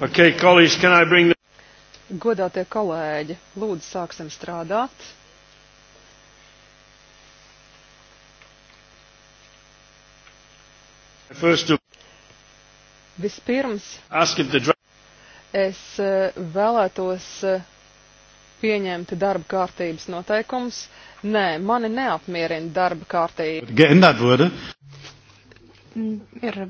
Okay, colleagues, can I bring the... Godātie kolēģi, lūdzu sāksim strādāt. First to... Vispirms the... es eh, vēlētos eh, pieņemt darba kārtības noteikums. Nē, mani neapmierina darba kārtība. Geändert wurde? Mm, ir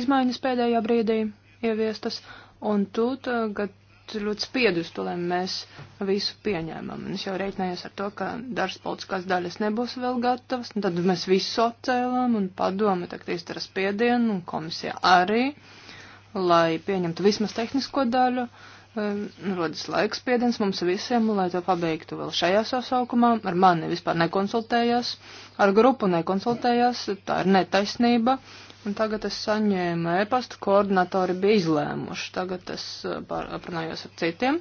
izmaiņas pēdējā brīdī ieviestas, Un tu tagad eh, ļoti spied uz to, lai mēs visu pieņēmām. Un es jau reiķinājos ar to, ka dažas politiskās daļas nebūs vēl gatavas, un tad mēs visu atcēlām, un padome tagad izdara spiedienu, un komisija arī, lai pieņemtu vismaz tehnisko daļu. Uh, Nu, rodas laikspiediens mums visiem, lai to pabeigtu vēl šajā sasaukumā. Ar mani vispār nekonsultējās, ar grupu nekonsultējās, tā ir netaisnība. Un tagad es saņēmu e-pastu, koordinatori bija izlēmuši. Tagad es eh, aprunājos ar citiem.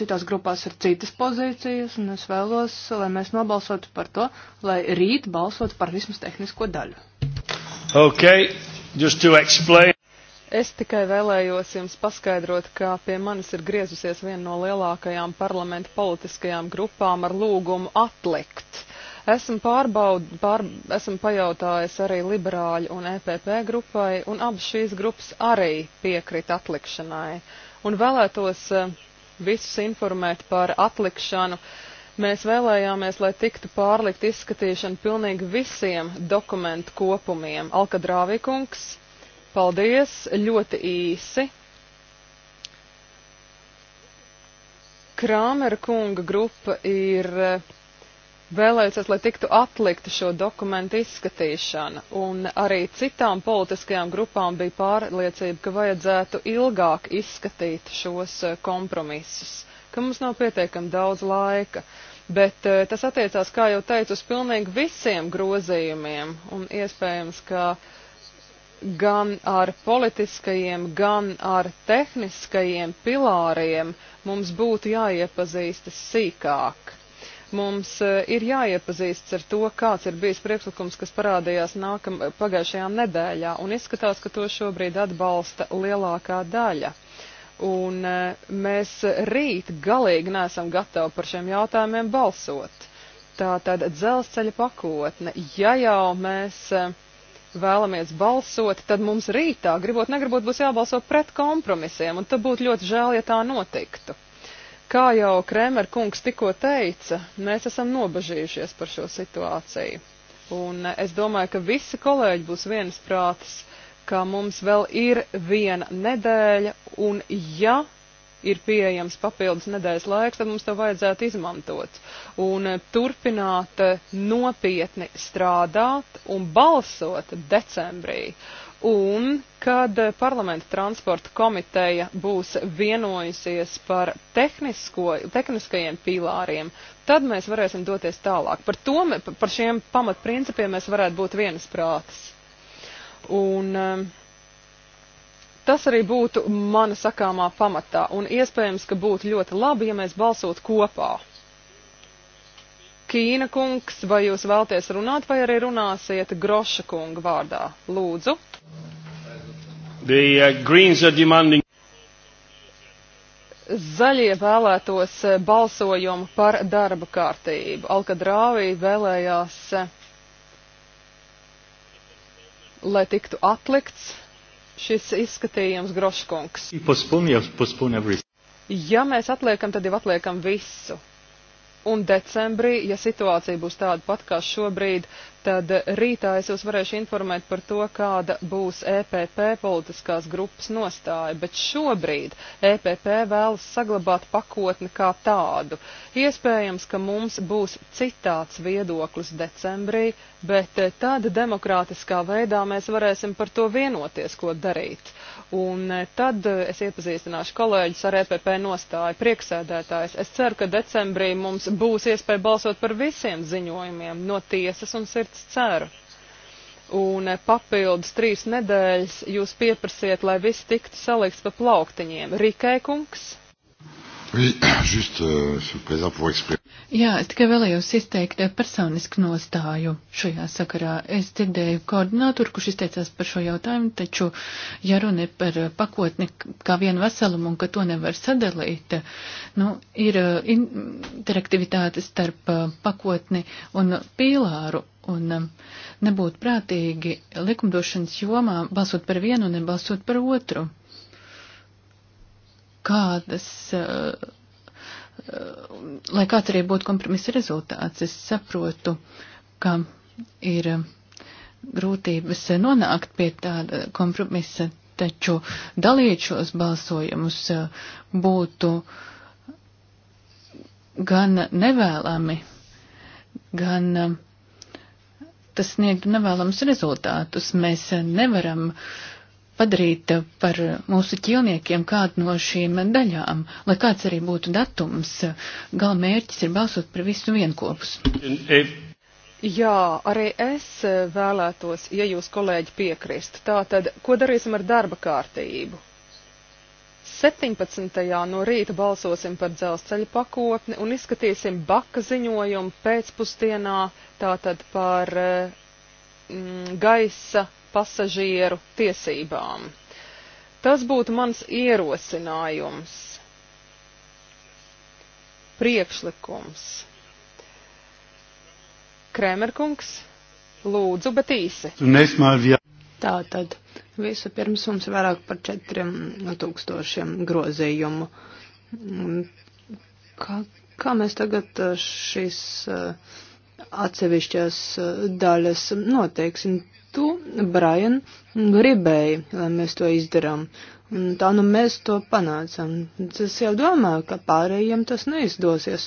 Citās grupās ir citas pozīcijas, un es vēlos, lai mēs nobalsotu par to, lai rīt balsotu par vismaz tehnisko daļu. Okay. Just to explain. Es tikai vēlējos jums paskaidrot, ka pie manis ir griezusies viena no lielākajām parlamenta politiskajām grupām ar lūgumu atlikt. Esmu, pārbaud, pār, esmu pajautājis arī liberāļu un EPP grupai, un abas šīs grupas arī piekrita atlikšanai. Un vēlētos eh, visus informēt par atlikšanu. Mēs vēlējāmies, lai tiktu pārlikt izskatīšana pilnīgi visiem dokumentu kopumiem. Alkadrāvikungs, Paldies, ļoti īsi. Krāmera kunga grupa ir eh, vēlējusies, lai tiktu atlikta šo dokumentu izskatīšana, un arī citām politiskajām grupām bija pārliecība, ka vajadzētu ilgāk izskatīt šos eh, kompromisus, ka mums nav pietiekami daudz laika. Bet eh, tas attiecās, kā jau teicu, uz pilnīgi visiem grozījumiem, un iespējams, ka uh, gan ar politiskajiem, gan ar tehniskajiem pilāriem mums būtu jāiepazīstas sīkāk. Mums e, ir jāiepazīstas ar to, kāds ir bijis priekšlikums, kas parādījās nākam, pagājušajā nedēļā, un izskatās, ka to šobrīd atbalsta lielākā daļa. Un e, mēs rīt galīgi nesam gatavi par šiem jautājumiem balsot. Tā tad dzelzceļa pakotne, ja jau mēs uh, vēlamies balsot, tad mums rītā, gribot, negribot, būs jābalso pret kompromisiem, un tad būtu ļoti žēl, ja tā notiktu. Kā jau Krēmer kungs tikko teica, mēs esam nobažījušies par šo situāciju. Un eh, es domāju, ka visi kolēģi būs viensprātis, ka mums vēl ir viena nedēļa, un ja ir pieejams papildus nedēļas laiks, tad mums to vajadzētu izmantot. Un eh, turpināt eh, nopietni strādāt un balsot decembrī. Un, kad eh, parlamenta transporta komiteja būs vienojusies par tehnisko, tehniskajiem pīlāriem, tad mēs varēsim doties tālāk. Par, to, par šiem pamatprincipiem mēs varētu būt vienas prātas. Un, uh, Tas arī būtu mana sakāmā pamatā, un iespējams, ka būtu ļoti labi, ja mēs balsotu kopā. Kīna kungs, vai jūs vēlties runāt, vai arī runāsiet Groša kunga vārdā? Lūdzu. The, uh, Greens are demanding zaļie vēlētos uh, balsojumu par darba kārtību. Alkadrāvī vēlējās, uh, lai tiktu atlikts šis izskatījums Groškungs. Ja mēs atliekam, tad jau atliekam visu. Un decembrī, ja situācija būs tāda pat kā šobrīd, tad rītā es jūs varēšu informēt par to, kāda būs EPP politiskās grupas nostāja. Bet šobrīd EPP vēlas saglabāt pakotni kā tādu. Iespējams, ka mums būs citāds viedoklis decembrī, bet tad demokrātiskā veidā mēs varēsim par to vienoties, ko darīt. Un eh, tad eh, es iepazīstināšu kolēģis ar EPP nostāju prieksēdētājs. Es ceru, ka decembrī mums būs iespēja balsot par visiem ziņojumiem no tiesas un sirds ceru. Un eh, papildus trīs nedēļas jūs pieprasiet, lai viss tiktu salikts pa plauktiņiem. Rikēkungs. kungs. Oui, juste, euh, Jā, es tikai vēlējos izteikt eh, personisku nostāju šajā sakarā. Es dzirdēju koordinātoru, kurš izteicās par šo jautājumu, taču, ja runa ir par eh, pakotni kā vienu veselumu un ka to nevar sadalīt, eh, nu, ir interaktivitāte starp pakotni un pīlāru. Un nebūtu prātīgi likumdošanas jomā balsot par vienu un nebalsot par otru kādas, eh, lai kāds arī būtu kompromisa rezultāts, es saprotu, ka ir grūtības nonākt pie tāda kompromisa, taču dalīt šos balsojumus eh, būtu gan nevēlami, gan eh, tas sniegtu nevēlams rezultātus. Mēs nevaram uh, padarīt par mūsu ķilniekiem kādu no šīm daļām, lai kāds arī būtu datums. Gala mērķis ir balsot par visu vienkopus. Jā, arī es vēlētos, ja jūs kolēģi piekrist. Tātad, ko darīsim ar darba kārtību? 17. no rīta balsosim par dzelzceļa pakotni un izskatīsim baka ziņojumu pēcpusdienā, tātad par mm, gaisa pasažieru tiesībām. Tas būtu mans ierosinājums, priekšlikums. Kremerkungs, lūdzu, bet īsi. Tātad, visu pirms mums ir vairāk par četriem tūkstošiem grozījumu. Mm, kā, kā mēs tagad eh, šīs eh, atsevišķās eh, daļas noteiksim? tu, Brian, gribēji, lai mēs to izdarām. Un tā nu mēs to panācam. Es jau domāju, ka pārējiem tas neizdosies.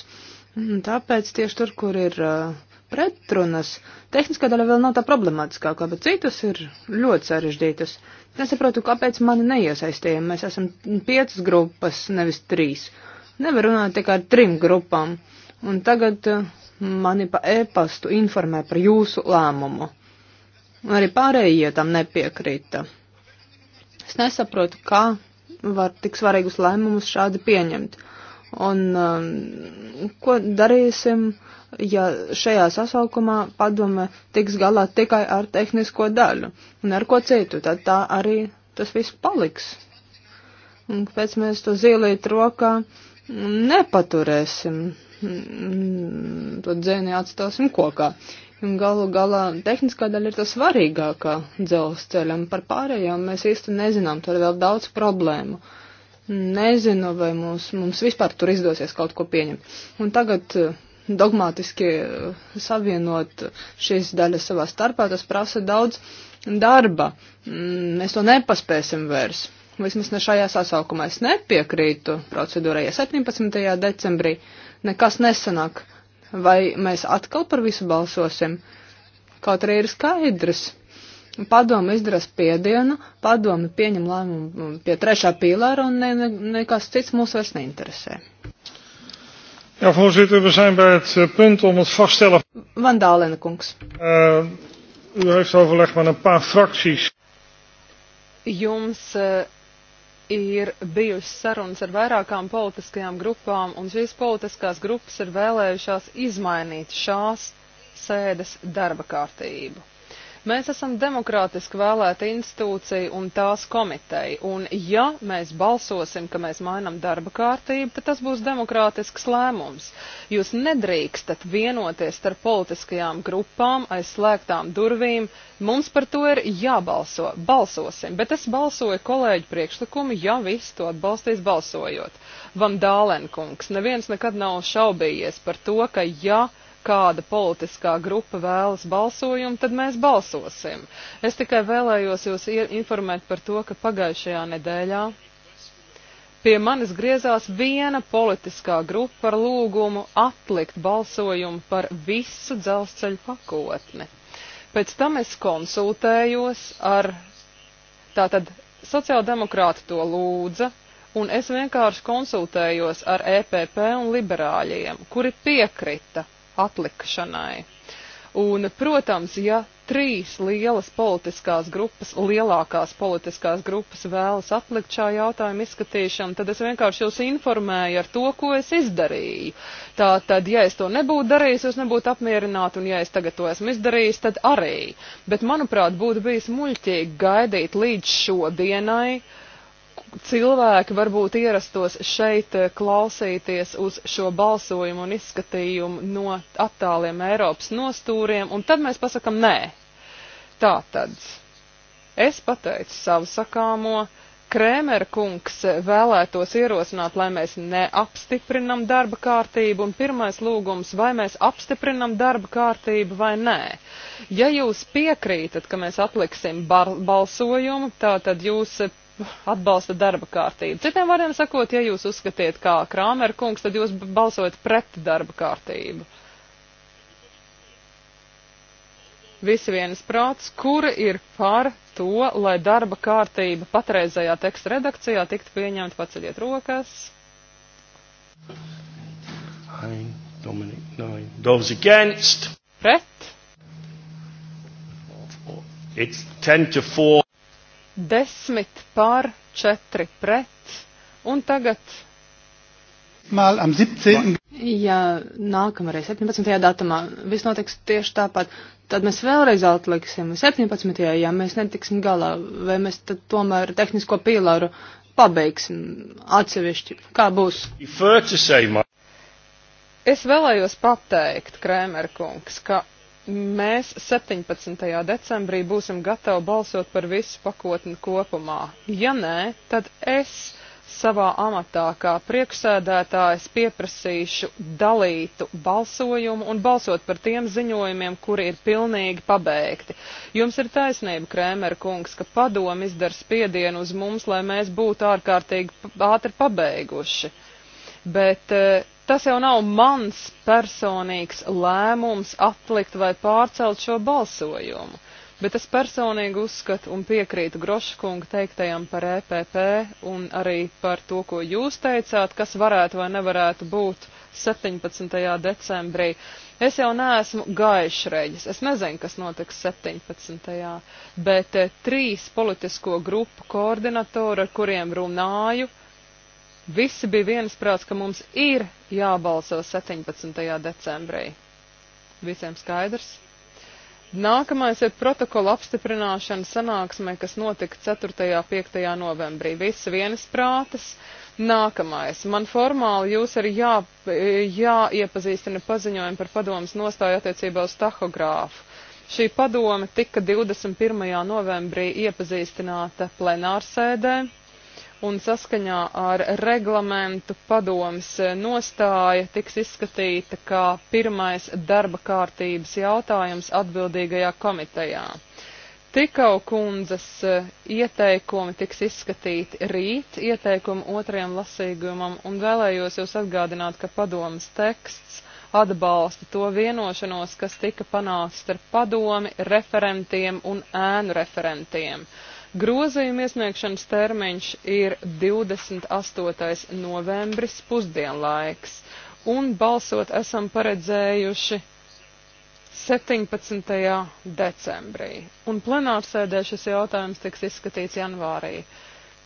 Un tāpēc tieši tur, kur ir uh, pretrunas, tehniskā daļa vēl nav tā problemātiskākā, bet citas ir ļoti sarežģītas. Nesaprotu, kāpēc mani neiesaistīja. Mēs esam piecas grupas, nevis trīs. Nevar runāt tikai ar trim grupām. Un tagad uh, mani pa e-pastu informē par jūsu lēmumu. Arī pārējie tam nepiekrita. Es nesaprotu, kā var tik svarīgus lēmumus šādi pieņemt. Un um, ko darīsim, ja šajā sasaukumā padome tiks galā tikai ar tehnisko daļu un ar ko citu, tad tā arī tas viss paliks. Un pēc mēs to zīlīt rokā nepaturēsim, mm, to dzēni atstāsim kokā. Uh, Galu galā tehniskā daļa ir tā svarīgākā dzelzceļam. Par pārējām mēs īsti nezinām, tur ir vēl daudz problēmu. Nezinu, vai mums, mums vispār tur izdosies kaut ko pieņemt. Un tagad eh, dogmātiski eh, savienot šīs daļas savā starpā, tas prasa daudz darba. Mm, mēs to nepaspēsim vairs. Vismaz ne šajā sasaukumā es nepiekrītu procedūrai, ja 17. decembrī nekas nesanāk Vai mēs atkal par visu balsosim? Kaut arī ir skaidrs. Padomu izdara spiedienu, padomu pieņem lēmumu pie trešā pīlāra un ne, ne, nekas cits mūs vairs neinteresē. Ja, voorzitter, we zijn bij het eh, punt om het vaststellen. Van Dalen, kungs. Uh, u heeft overleg met een paar fracties. Jums uh, ir bijušas sarunas ar vairākām politiskajām grupām, un šīs politiskās grupas ir vēlējušās izmainīt šās sēdes darba kārtību. Mēs esam demokrātiski vēlēta institūcija un tās komiteja, un ja mēs balsosim, ka mēs mainam darba kārtību, tad tas būs demokrātisks lēmums. Jūs nedrīkstat vienoties starp politiskajām grupām aiz slēgtām durvīm. Mums par to ir jābalso. Balsosim, bet es balsoju kolēģu priekšlikumu, ja visi to atbalstīs balsojot. Vam Dālenkungs, neviens nekad nav šaubījies par to, ka ja kāda politiskā grupa vēlas balsojumu, tad mēs balsosim. Es tikai vēlējos jūs informēt par to, ka pagājušajā nedēļā pie manis griezās viena politiskā grupa ar lūgumu atlikt balsojumu par visu dzelzceļu pakotni. Pēc tam es konsultējos ar, tātad sociāldemokrāti to lūdza, un es vienkārši konsultējos ar EPP un liberāļiem, kuri piekrita atlikšanai. Un, protams, ja trīs lielas politiskās grupas, lielākās politiskās grupas vēlas atlikt šā jautājuma izskatīšanu, tad es vienkārši jūs informēju ar to, ko es izdarīju. Tā tad, ja es to nebūtu darījis, jūs nebūtu apmierināti, un ja es tagad to esmu izdarījis, tad arī. Bet, manuprāt, būtu bijis muļķīgi gaidīt līdz šodienai, uh, cilvēki varbūt ierastos šeit eh, klausīties uz šo balsojumu un izskatījumu no attāliem Eiropas nostūriem, un tad mēs pasakam nē. Tātad, es pateicu savu sakāmo, Krēmera kungs vēlētos ierosināt, lai mēs neapstiprinam darba kārtību, un pirmais lūgums, vai mēs apstiprinam darba kārtību vai nē. Ja jūs piekrītat, ka mēs atliksim balsojumu, tātad jūs atbalsta darba kārtību. Citiem vārdiem sakot, ja jūs uzskatiet kā Krāmer kungs, tad jūs balsojat pret darba kārtību. Visi vienas prāts, kura ir par to, lai darba kārtība patreizējā teksta redakcijā tiktu pieņemta, paceļiet rokas. Ai, Dominik, nine. Those against. Pret. It's 10 to 4. 10 pār 4 pret. Un tagad. Mal am 17. Ja nākamreiz 17. datumā viss notiks tieši tāpat, tad mēs vēlreiz atliksim 17. ja mēs netiksim galā, vai mēs tad tomēr tehnisko pīlāru pabeigsim atsevišķi. Kā būs? Es vēlējos pateikt, Krēmerkungs, ka mēs 17. decembrī būsim gatavi balsot par visu pakotni kopumā. Ja nē, tad es savā amatā kā priekšsēdētājs pieprasīšu dalītu balsojumu un balsot par tiem ziņojumiem, kuri ir pilnīgi pabeigti. Jums ir taisnība, Krēmer kungs, ka padomi izdara spiedienu uz mums, lai mēs būtu ārkārtīgi ātri pabeiguši. Bet uh, Tas jau nav mans personīgs lēmums atlikt vai pārcelt šo balsojumu, bet es personīgi uzskatu un piekrītu Groškunga teiktajam par EPP un arī par to, ko jūs teicāt, kas varētu vai nevarētu būt 17. decembrī. Es jau neesmu gaišreģis, es nezinu, kas notiks 17. bet eh, trīs politisko grupu koordinatoru, ar kuriem runāju, Visi bija viensprāts, ka mums ir jābalso 17. decembrī. Visiem skaidrs? Nākamais ir protokola apstiprināšana sanāksmē, kas notika 4. un 5. novembrī. Visi viensprātis. Nākamais. Man formāli jūs arī jā, jāiepazīstina paziņojumi par padomas nostāju attiecībā uz tahogrāfu. Šī padome tika 21. novembrī iepazīstināta plenārsēdē un saskaņā ar reglamentu padomas eh, nostāja tiks izskatīta kā pirmais darba kārtības jautājums atbildīgajā komitejā. Tikau kundzes eh, ieteikumi tiks izskatīti rīt, ieteikumi otrajam lasīgumam, un vēlējos jūs atgādināt, ka padomas teksts atbalsta to vienošanos, kas tika panāks starp padomi, referentiem un ēnu referentiem. Uh, Grozījuma iesniegšanas termiņš ir 28. novembris pusdienlaiks, un balsot esam paredzējuši 17. decembrī, un plenārsēdē šis jautājums tiks izskatīts janvārī.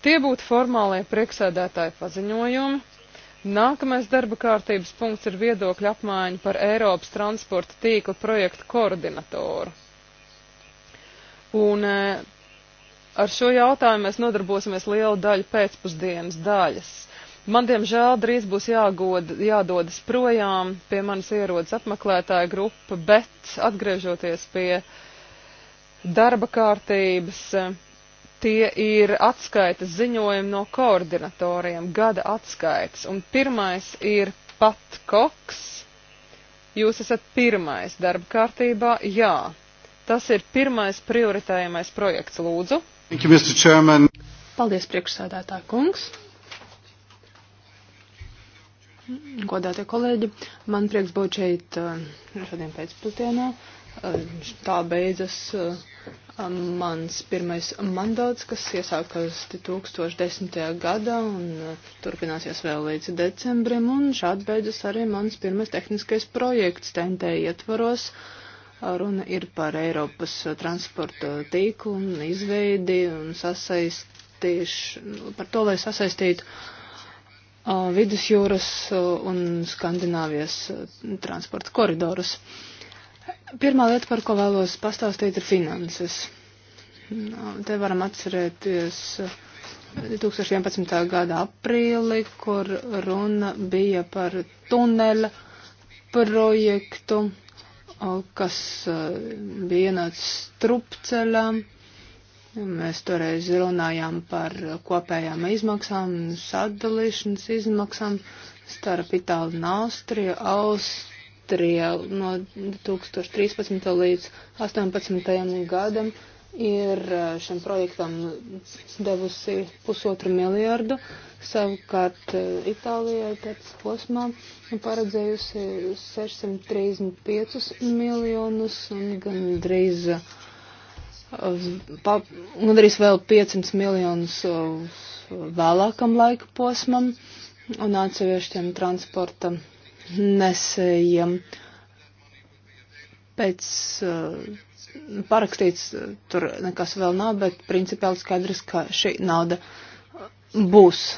Tie būtu formālie prieksēdētāji paziņojumi. Nākamais darba kārtības punkts ir viedokļa apmaiņa par Eiropas transporta tīkla projektu koordinatoru. Un eh, Ar šo jautājumu mēs nodarbosimies lielu daļu pēcpusdienas daļas. Man, diemžēl, drīz būs jāgod, jādodas projām, pie manis ierodas apmeklētāja grupa, bet atgriežoties pie darba kārtības, tie ir atskaites ziņojumi no koordinatoriem, gada atskaites. Un pirmais ir pat koks. Jūs esat pirmais darba kārtībā, jā. Tas ir pirmais prioritējamais projekts, lūdzu. Thank you, Mr. Chairman. Paldies, priekšsēdētā kungs. Godātie kolēģi, man prieks būt šeit eh, šodien pēcpusdienā. Eh, tā beidzas eh, mans pirmais mandāts, kas iesākas 2010. gadā un turpināsies vēl līdz decembrim, un šādi beidzas arī mans pirmais tehniskais projekts TNT ietvaros. Uh, Runa ir par Eiropas transporta tīklu un izveidi un sasaistīšanu, par to, lai sasaistītu uh, vidusjūras un Skandināvijas transporta koridorus. Pirmā lieta, par ko vēlos pastāstīt, ir finanses. Te varam atcerēties 2011. gada aprīli, kur runa bija par tuneļa projektu kas e, bija ienācis strupceļā. Mēs toreiz runājām par kopējām izmaksām, sadalīšanas izmaksām starp Itāliju un Austriju. Austrija no 2013. līdz 2018. gadam ir e, šim projektam devusi pusotru miljardu. Uh, Savukārt eh, Itālijai pēc posmā paredzējusi 635 miljonus un gandrīz, eh, pa, gandrīz vēl 500 miljonus eh, vēlākam laika posmam un atsevišķiem transporta nesējiem. Pēc uh, parakstīts tur nekas vēl nav, bet principiāli skaidrs, ka šī nauda uh, būs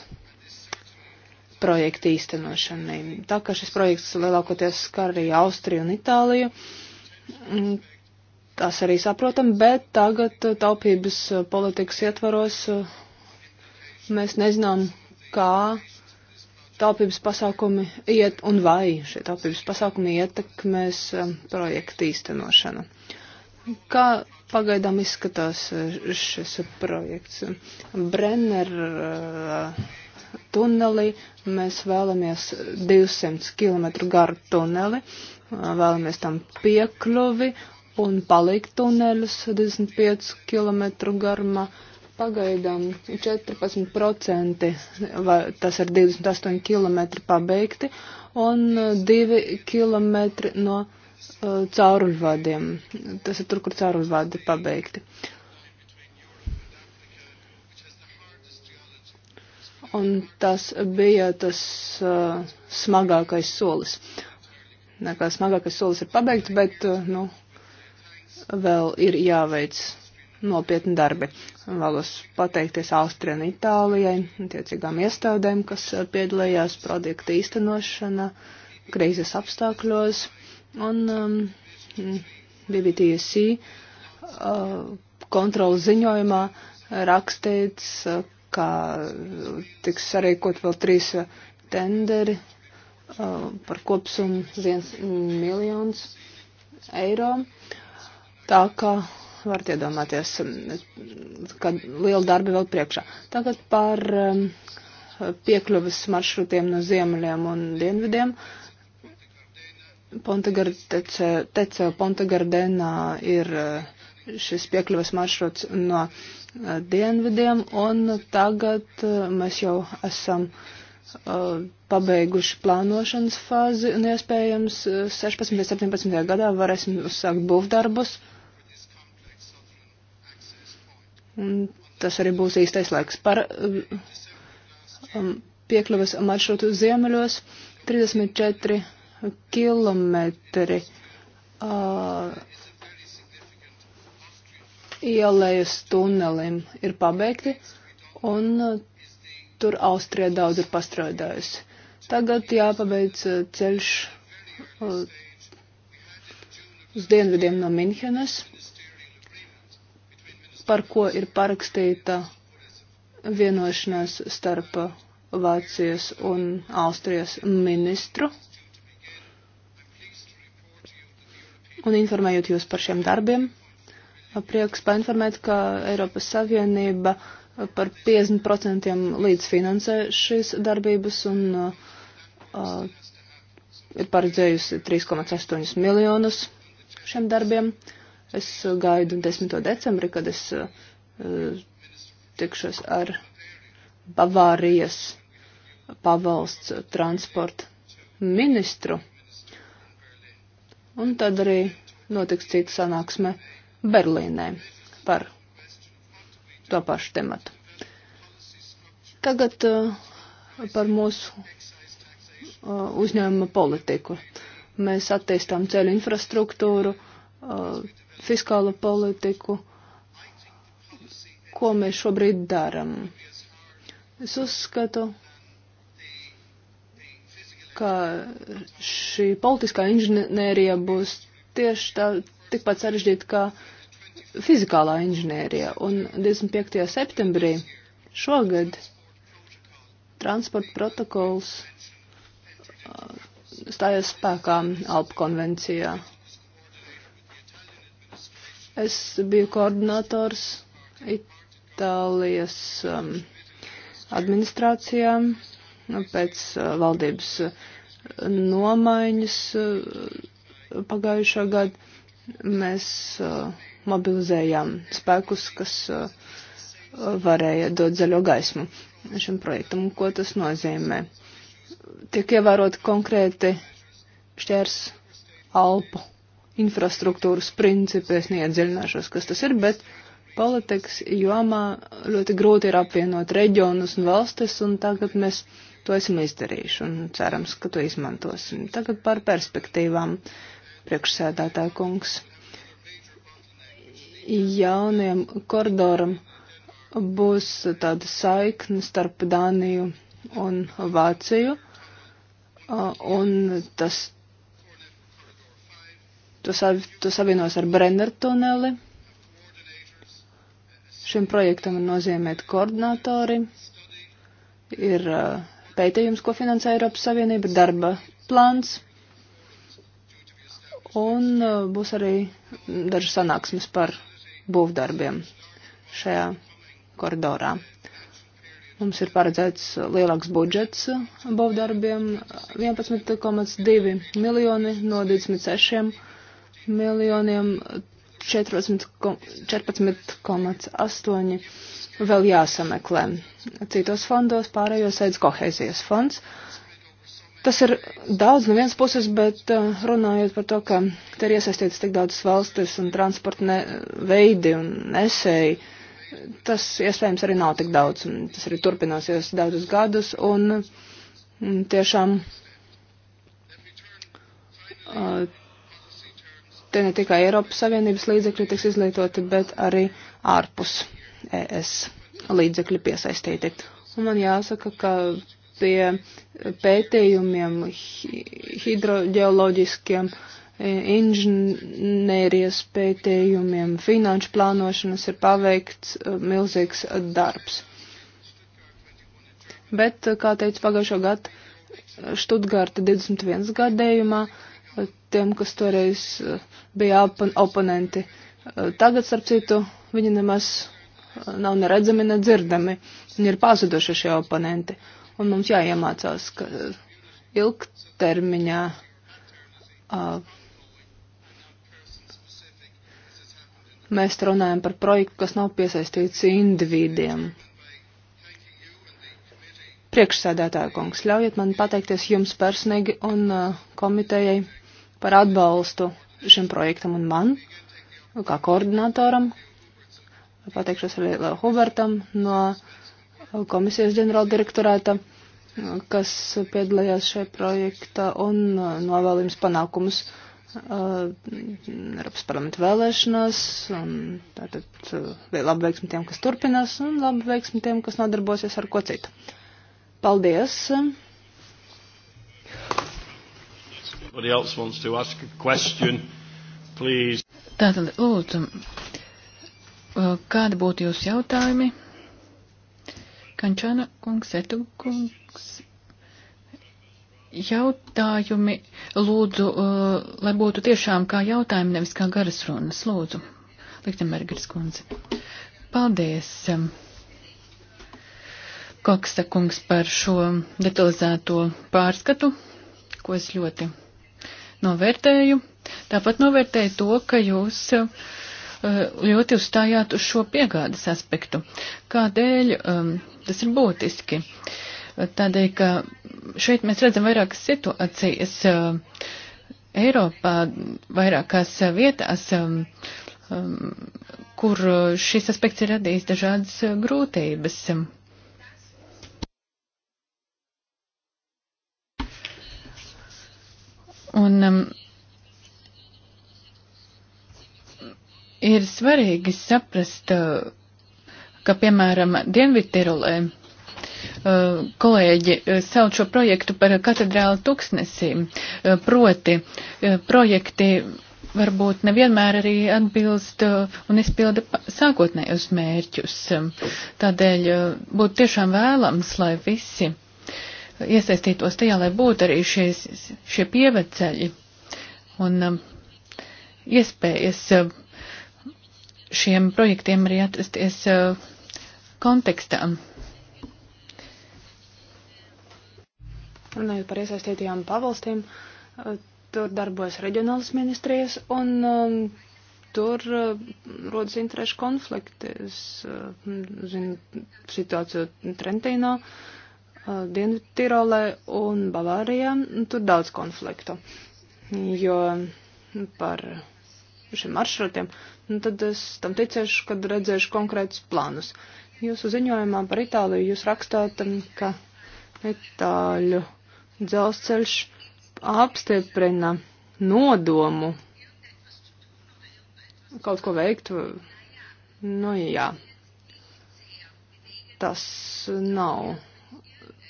projekta īstenošanai. Tā kā šis projekts lielākoties skar arī Austriju un Itāliju, mm, tas arī saprotam, bet tagad taupības politikas ietvaros mm, mēs nezinām, kā taupības pasākumi iet un vai šie taupības pasākumi ietekmēs mm, projekta īstenošanu. Kā pagaidām izskatās e, šis projekts. Brenner e, tunelī mēs vēlamies 200 km garu tuneli, e, vēlamies tam piekļuvi un palikt tuneļus 25 km garumā. Pagaidām 14% vai tas ir 28 km pabeigti un 2 km no cauruļvadiem. Tas ir tur, kur cauruļvadi pabeigti. Un tas bija tas uh, smagākais solis. Nē, kā smagākais solis ir pabeigts, bet, uh, nu, vēl ir jāveic nopietni darbi. Vēlos pateikties Austrijai un Itālijai, tiecīgām iestādēm, kas uh, piedalījās projekta īstenošana krīzes apstākļos. Un um, BBTC uh, kontrolas ziņojumā rakstīts, uh, ka tiks sarīkot vēl trīs uh, tenderi uh, par kopsumu viens miljons eiro. Tā kā varat iedomāties, ka liela darba vēl priekšā. Tagad par um, piekļuvas maršrutiem no ziemeļiem un dienvidiem. Uh, Tece Pontegardenā ir eh, šis piekļuvas maršruts no eh, dienvidiem, un tagad eh, mēs jau esam pabeiguši plānošanas fāzi, un iespējams 16. un 17. gadā varēsim uzsākt būvdarbus. Un tas arī būs īstais laiks par um, piekļuvas maršrutu ziemeļos 34 kilometri uh, ielējas tunelim ir pabeigti, un uh, tur Austrija daudz ir pastrādājusi. Tagad jāpabeidz uh, ceļš uh, uz dienvidiem no Minhenes, par ko ir parakstīta vienošanās starp Vācijas un Austrijas ministru un informējot jūs par šiem darbiem. Prieks painformēt, ka Eiropas Savienība par 50% līdzfinansē šīs darbības un uh, uh ir paredzējusi 3,8 miljonus šiem darbiem. Es gaidu 10. decembri, kad es uh, tikšos ar Bavārijas pavalsts transporta ministru un tad arī notiks cita sanāksme Berlīnē par to pašu tematu. Tagad uh, par mūsu uh, uzņēmuma politiku. Mēs attīstām ceļu infrastruktūru, uh, fiskālu politiku. Ko mēs šobrīd darām? Es uzskatu, ka šī politiskā inženierija būs tieši tā, tikpat sarežģīta kā fizikālā inženierija. Un 25. septembrī šogad transporta protokols uh, stājas spēkā Alpu konvencijā. Es biju koordinators Itālijas um, administrācijām Nu, pēc valdības nomaiņas pagājušā gada mēs mobilizējām spēkus, kas varēja dot zaļo gaismu šim projektam. Ko tas nozīmē? Tiek ievēroti konkrēti šķērs alpu infrastruktūras principi, es neiedziļināšos, kas tas ir, bet uh, politikas jomā ļoti grūti ir apvienot reģionus un valstis, un tagad mēs to esam izdarījuši un cerams, ka to izmantosim. Tagad par perspektīvām priekšsēdētā kungs. Jaunajam koridoram būs tāda saikne starp Dāniju un Vāciju, un tas to, sav, to savienos ar Brenner tuneli. Šim projektam ir nozīmēti koordinatori, ir uh, pētījums, ko finansē Eiropas Savienība, darba plāns, un uh, būs arī dažas sanāksmes par būvdarbiem šajā koridorā. Mums ir paredzēts lielāks budžets būvdarbiem - 11,2 miljoni no 26 miljoniem. 14,8 vēl jāsameklē. Citos fondos pārējos aiz kohēzijas fonds. Tas ir daudz no vienas puses, bet uh, runājot par to, ka te ir iesaistīts tik daudzas valstis un transporta ne, veidi un nesēji, tas iespējams arī nav tik daudz. Tas arī turpināsies daudzus gadus un tiešām uh, te ne tikai Eiropas Savienības līdzekļi tiks izlietoti, bet arī ārpus ES līdzekļi piesaistīti. Un man jāsaka, ka pie pētījumiem hidroģeoloģiskiem, e, inženērijas pētījumiem, finanšu plānošanas ir paveikts e, milzīgs darbs. Bet, kā teicu pagājušo gadu, Študgārta 21 gadējumā, uh, tiem, kas toreiz eh, bija opon oponenti. Eh, tagad, starp citu, viņi nemaz eh, nav neredzami, nedzirdami. Viņi ir pazuduši šie oponenti. Un mums jāiemācās, ka ilgtermiņā uh, mēs runājam par projektu, kas nav piesaistīts individiem. Priekšsēdētāja kungs, ļaujiet man pateikties jums personīgi un uh, komitejai par atbalstu šim projektam un man, kā koordinatoram. Pateikšos arī Hubertam no komisijas ģenerāldirektorēta, kas piedalījās šajā projektā un novēl jums panākumus uh, Eiropas parlamenta vēlēšanās. Un, tātad uh, labu veiksmi tiem, kas turpinās, un labu veiksmi tiem, kas nodarbosies ar ko citu. Paldies! Tātad, lūdzu, kāda būtu jūsu jautājumi? Kančana kungs, Etu kungs. Jautājumi, lūdzu, uh, lai būtu tiešām kā jautājumi, nevis kā garas runas, lūdzu. Liktenbergers kundze. Paldies, um, Koksa kungs, par šo detalizēto pārskatu, ko es ļoti novērtēju. Tāpat novērtēju to, ka jūs eh, ļoti uzstājāt uz šo piegādes aspektu. Kādēļ um, tas ir būtiski? Tādēļ, ka šeit mēs redzam vairākas situācijas. Uh, Eiropā vairākās vietās, um, um, kur šis aspekts ir radījis dažādas eh, grūtības. Um, Un um, ir svarīgi saprast, uh, ka, piemēram, Dienvidtirolē uh, kolēģi uh, sauc šo projektu par katedrālu tuksnesī. Proti, projekti varbūt nevienmēr arī atbilst un izpilda sākotnējos mērķus. Tādēļ būtu tiešām vēlams, lai visi iesaistītos tajā, lai būtu arī šies, šie pieveceļi un um, iespējas um, šiem projektiem arī atrasties um, uh, kontekstā. Runājot par iesaistītajām pavalstīm, uh, tur darbojas reģionālas ministrijas un um, tur uh, rodas interešu konflikti. Es uh, zinu situāciju Trentīnā. Uh, Dienvidtirolē un Bavārijā. Nu, tur daudz konfliktu, jo nu, par šiem maršrutiem, nu, tad es tam ticēšu, kad redzēšu konkrētus plānus. Jūsu ziņojumā par Itāliju jūs rakstāt, um, ka Itāļu dzelzceļš apstiprina nodomu kaut ko veikt. Nu jā, tas nav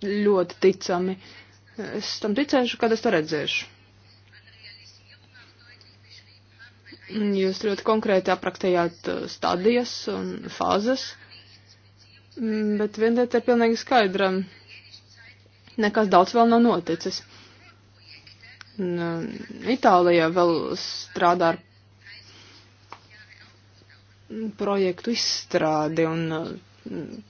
ļoti ticami. Es tam ticēšu, kad es to redzēšu. Jūs ļoti konkrēti aprakstījāt uh, stadijas un fāzes, bet viena lieta ir pilnīgi skaidra. Nekas daudz vēl nav noticis. Uh, Itālijā vēl strādā ar projektu izstrādi un uh,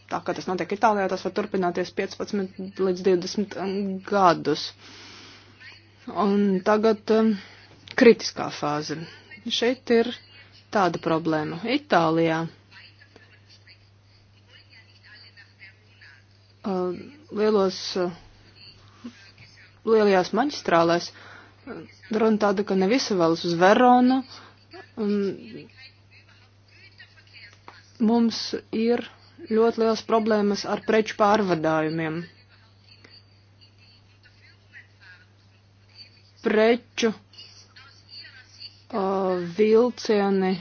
tā kā tas notiek Itālijā, tas var turpināties 15 līdz 20 um, gadus. Un tagad um, kritiskā fāze. Šeit ir tāda problēma. Itālijā uh, lielos, uh, lielajās maģistrālēs uh, runa tāda, ka ne visi vēlas uz Veronu. Um, mums ir ļoti liels problēmas ar preču pārvadājumiem. Preču uh, vilcieni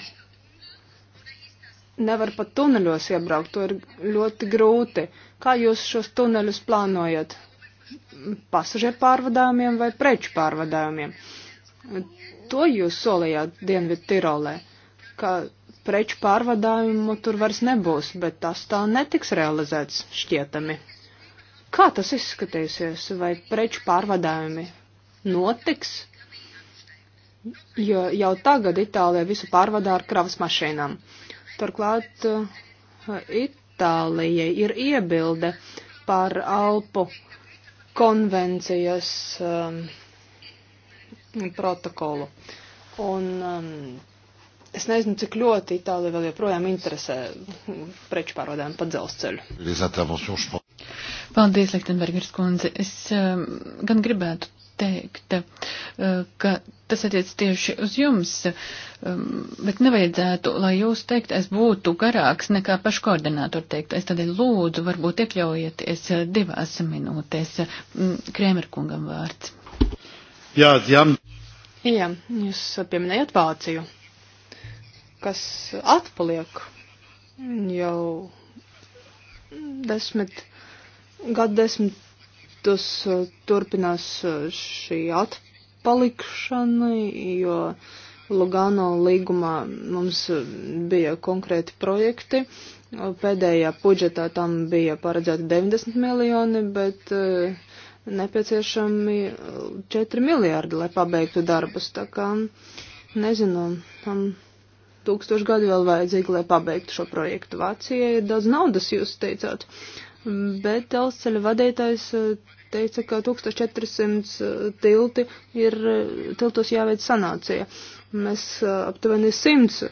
nevar pat tuneļos iebraukt, to ir ļoti grūti. Kā jūs šos tuneļus plānojat? Pasažieru pārvadājumiem vai preču pārvadājumiem? To jūs solījāt Dienvidu Tirolē, ka preču pārvadājumu tur vairs nebūs, bet tas tā netiks realizēts šķietami. Kā tas izskatīsies, vai preču pārvadājumi notiks? Jo jau tagad Itālija visu pārvadā ar kravas mašīnām. Turklāt eh, Itālijai ir iebilde par Alpu konvencijas um, protokolu. Un um, Es nezinu, cik ļoti Itālija vēl joprojām interesē preču pārvadājumu pa dzelzceļu. Paldies, Lektenbergers kundze. Es um, gan gribētu teikt, uh, ka tas attiec tieši uz jums, um, bet nevajadzētu, lai jūs teiktais būtu garāks nekā pašu koordinātoru teiktais. Tādēļ lūdzu, varbūt iekļaujieties uh, divās minūtēs. Mm, Krēmerkungam vārds. Jā, jā. Jā, jūs pieminējat Vāciju kas atpaliek jau desmit, gadu desmitus eh, turpinās eh, šī atpalikšana, jo Lugano līgumā mums eh, bija konkrēti projekti. Pēdējā budžetā tam bija paredzēta 90 miljoni, bet nepieciešami 4 miljārdi, lai pabeigtu darbus. Tā kā nezinu, tam. Um, tūkstoši gadi vēl vajadzīgi, lai pabeigtu šo projektu. Vācijai ir daudz naudas, jūs teicāt, bet dzelzceļa vadītājs eh, teica, ka 1400 eh, tilti ir, eh, tiltos jāveic sanācija. Mēs aptuveni 100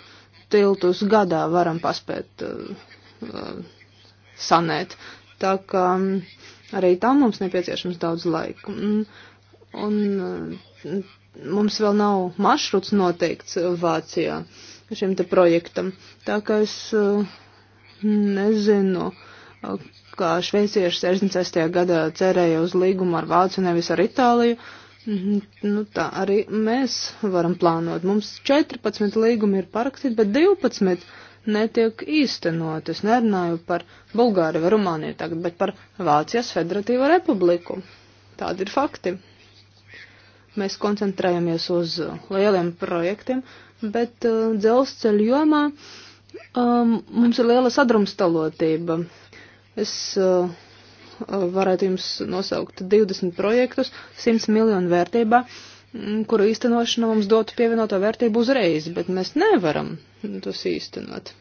tiltus gadā varam paspēt sanēt, tā ka mm, arī tam mums nepieciešams daudz laika. Mm, un, un mm, mums vēl nav maršruts noteikts Vācijā. Uh, šim te projektam. Tā kā es eh, nezinu, kā šveicieši 66. gadā cerēja uz līgumu ar Vāciju, nevis ar Itāliju. Mhm, nu, tā arī mēs varam plānot. Mums 14 līgumi ir parakstīti, bet 12 netiek īstenot. Es nerunāju par Bulgāriju vai Rumāniju tagad, bet par Vācijas Federatīvo republiku. Tādi ir fakti. Mēs koncentrējamies uz lieliem projektiem, uh, bet uh, dzelzceļu jomā um, mums ir liela sadrumstalotība. Es uh, varētu jums nosaukt 20 projektus 100 miljonu vērtībā, mm, kuru īstenošana mums dotu pievienoto vērtību uzreiz, bet mēs nevaram tos īstenot.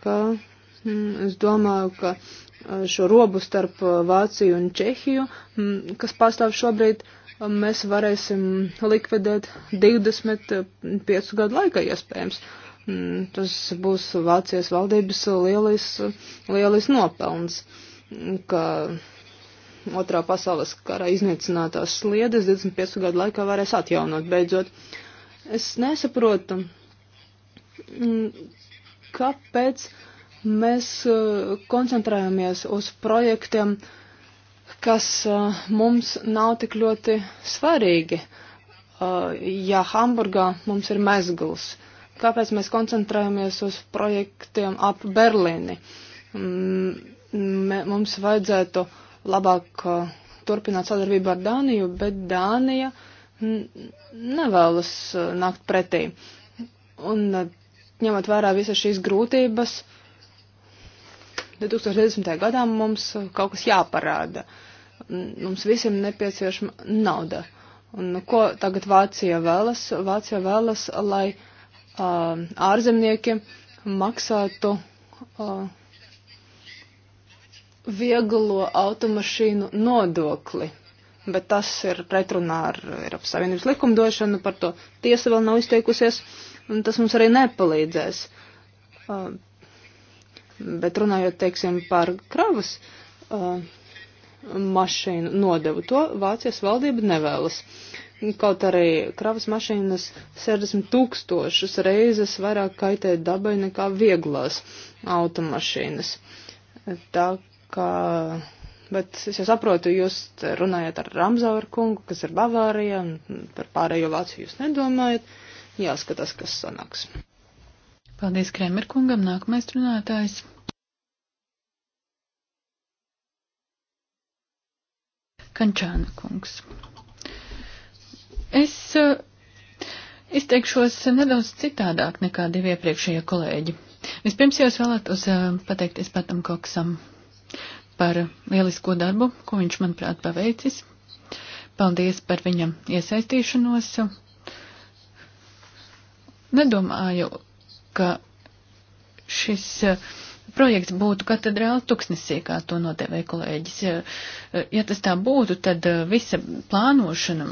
Kā, mm, es domāju, ka uh, šo robu starp uh, Vāciju un Čehiju, mm, kas pastāv šobrīd, uh, mēs varēsim likvidēt 25 gadu laikā iespējams. Mm, tas būs Vācijas valdības lielais, lielais nopelns, ka otrā pasaules kara iznīcinātās sliedes 25 gadu laikā varēs atjaunot beidzot. Es nesaprotu, mm, kāpēc mēs eh, koncentrējamies uz projektiem, uh, kas mums nav tik ļoti svarīgi. Ja Hamburgā mums ir mezgls, kāpēc mēs koncentrējamies uz projektiem ap Berlīni? Mm, mums vajadzētu labāk turpināt sadarbību ar Dāniju, bet Dānija nevēlas nākt pretī. Un ņemot vērā visas šīs grūtības, 2020. gadā mums kaut kas jāparāda. Uh, Mums visiem nepieciešama nauda. Un ko tagad Vācija vēlas? Vācija vēlas, lai uh, ārzemnieki maksātu uh, vieglo automašīnu nodokli bet tas ir pretrunā ar Eiropas Savienības likumdošanu, par to tiesa vēl nav izteikusies, un tas mums arī nepalīdzēs. Uh, bet runājot, teiksim, par kravas uh, mašīnu nodevu. To Vācijas valdība nevēlas. Kaut arī kravas mašīnas 60 tūkstošus reizes vairāk kaitē dabai nekā vieglās automašīnas. Tā kā, bet es jau saprotu, jūs runājat ar Ramzauru kungu, kas ir Bavārija, un par pārējo Vāciju jūs nedomājat. Jāskatās, kas sanāks. Paldies Kremerkungam, nākamais runātājs. Kančāna kungs. Es eh, izteikšos nedaudz citādāk nekā divi iepriekšējie kolēģi. Vispirms jau es vēlētos eh, pateikties Patam Koksam par lielisko darbu, ko viņš, manuprāt, paveicis. Paldies par viņa iesaistīšanos. Nedomāju, ka šis eh, projekts būtu katedrāla tuksnesī, kā to notevē kolēģis. Ja tas tā būtu, tad eh, visa plānošana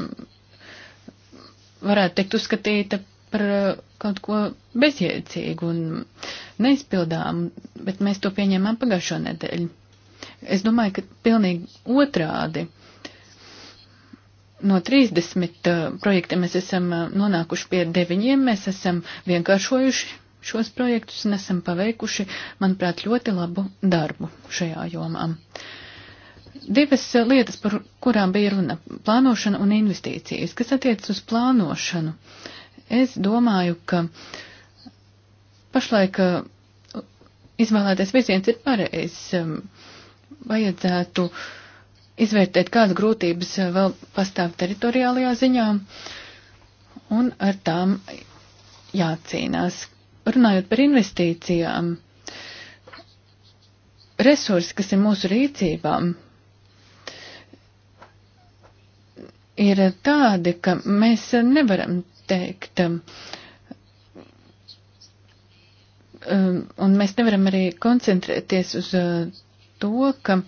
varētu teikt uzskatīta par eh, kaut ko bezjēdzīgu un neizpildām, bet mēs to pieņēmām pagājušo nedēļu. Es domāju, ka pilnīgi otrādi. No 30 eh, projektiem mēs esam nonākuši pie 9, mēs esam vienkāršojuši šos projektus un esam paveikuši, manuprāt, ļoti labu darbu šajā jomā. Divas lietas, par kurām bija runa - plānošana un investīcijas. Kas attiecas uz plānošanu? Es domāju, ka pašlaik uh, izvēlētais virziens ir pareizs. Um, vajadzētu izvērtēt, kādas grūtības uh, vēl pastāv teritoriālajā ziņā, un ar tām jācīnās. Runājot par investīcijām, resursi, kas ir mūsu rīcībām, ir tādi, ka mēs nevaram teikt, um, un mēs nevaram arī koncentrēties uz uh, to, ka uh,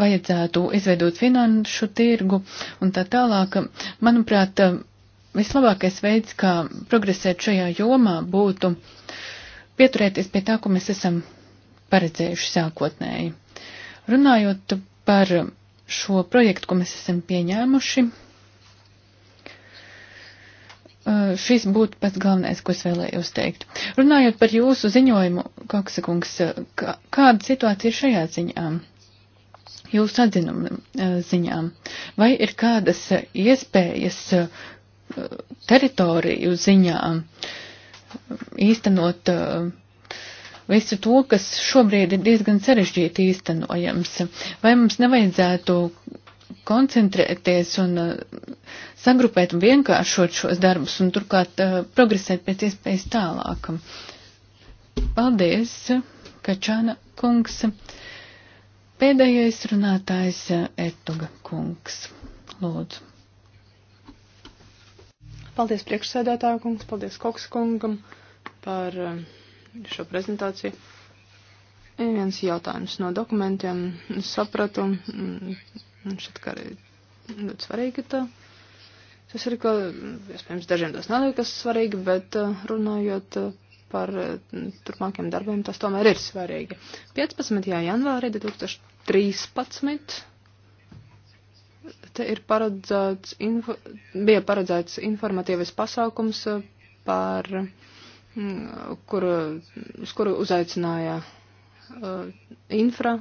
vajadzētu izveidot finanšu tirgu un tā tālāk. Manuprāt, um, vislabākais veids, kā progresēt šajā jomā, būtu pieturēties pie tā, ko mēs esam paredzējuši sākotnēji. Runājot par šo projektu, ko mēs esam pieņēmuši, šis būtu pats galvenais, ko es vēlējos teikt. Runājot par jūsu ziņojumu, Kaksakungs, kā, kāda situācija ir šajā ziņā? Jūsu atzinuma ziņām. Vai ir kādas iespējas teritoriju ziņā um, īstenot uh, visu to, kas šobrīd ir diezgan sarežģīti īstenojams. Vai mums nevajadzētu koncentrēties un uh, sagrupēt un vienkāršot šos darbus un turklāt uh, progresēt pēc iespējas tālāk? Paldies, Kačāna kungs. Pēdējais runātājs Etuga kungs. Lūdzu. Paldies priekšsēdētāju kungs, paldies Koks kungam par um, šo prezentāciju. Ir viens jautājums no dokumentiem. Es sapratu, mm, šit kā arī ļoti svarīgi tā. Tas ir, ka, mm, iespējams, dažiem tas neliekas svarīgi, bet uh, runājot uh, par uh, turpmākiem darbiem, tas tomēr ir svarīgi. 15. janvārī 2013 te ir paredzēts, info, bija paredzēts informatīvas pasākums eh, par, mm, kur, uz kuru uzaicināja uh, infra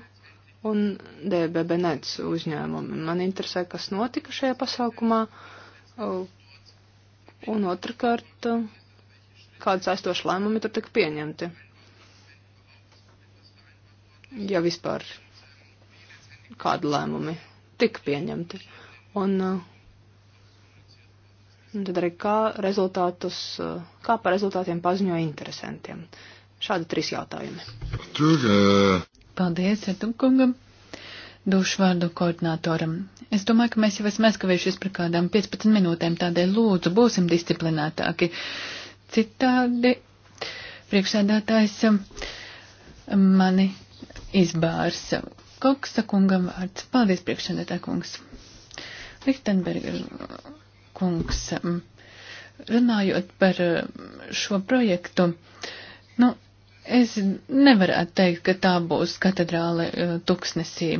un DBB nets uzņēmumi. Man interesē, kas notika šajā pasākumā, uh, un otrkārt, uh, kādas aizstoši lēmumi tur tika pieņemti. Ja vispār kādi lēmumi tika pieņemti. Un, un uh, tad arī kā rezultātus, uh, kā par rezultātiem paziņo interesantiem. Šādi trīs jautājumi. Tur, uh... Paldies, Etumkungam. Došu vārdu koordinatoram. Es domāju, ka mēs jau esam aizkavējušies par kādām 15 minūtēm, tādēļ lūdzu būsim disciplinētāki. Citādi priekšsēdētājs um, mani izbārs. Koksa kungam vārds. Paldies, priekšsēdētā kungs. Lichtenberger kungs, mm, runājot par mm, šo projektu, nu, es nevarētu teikt, ka tā būs katedrāle eh, tuksnesī.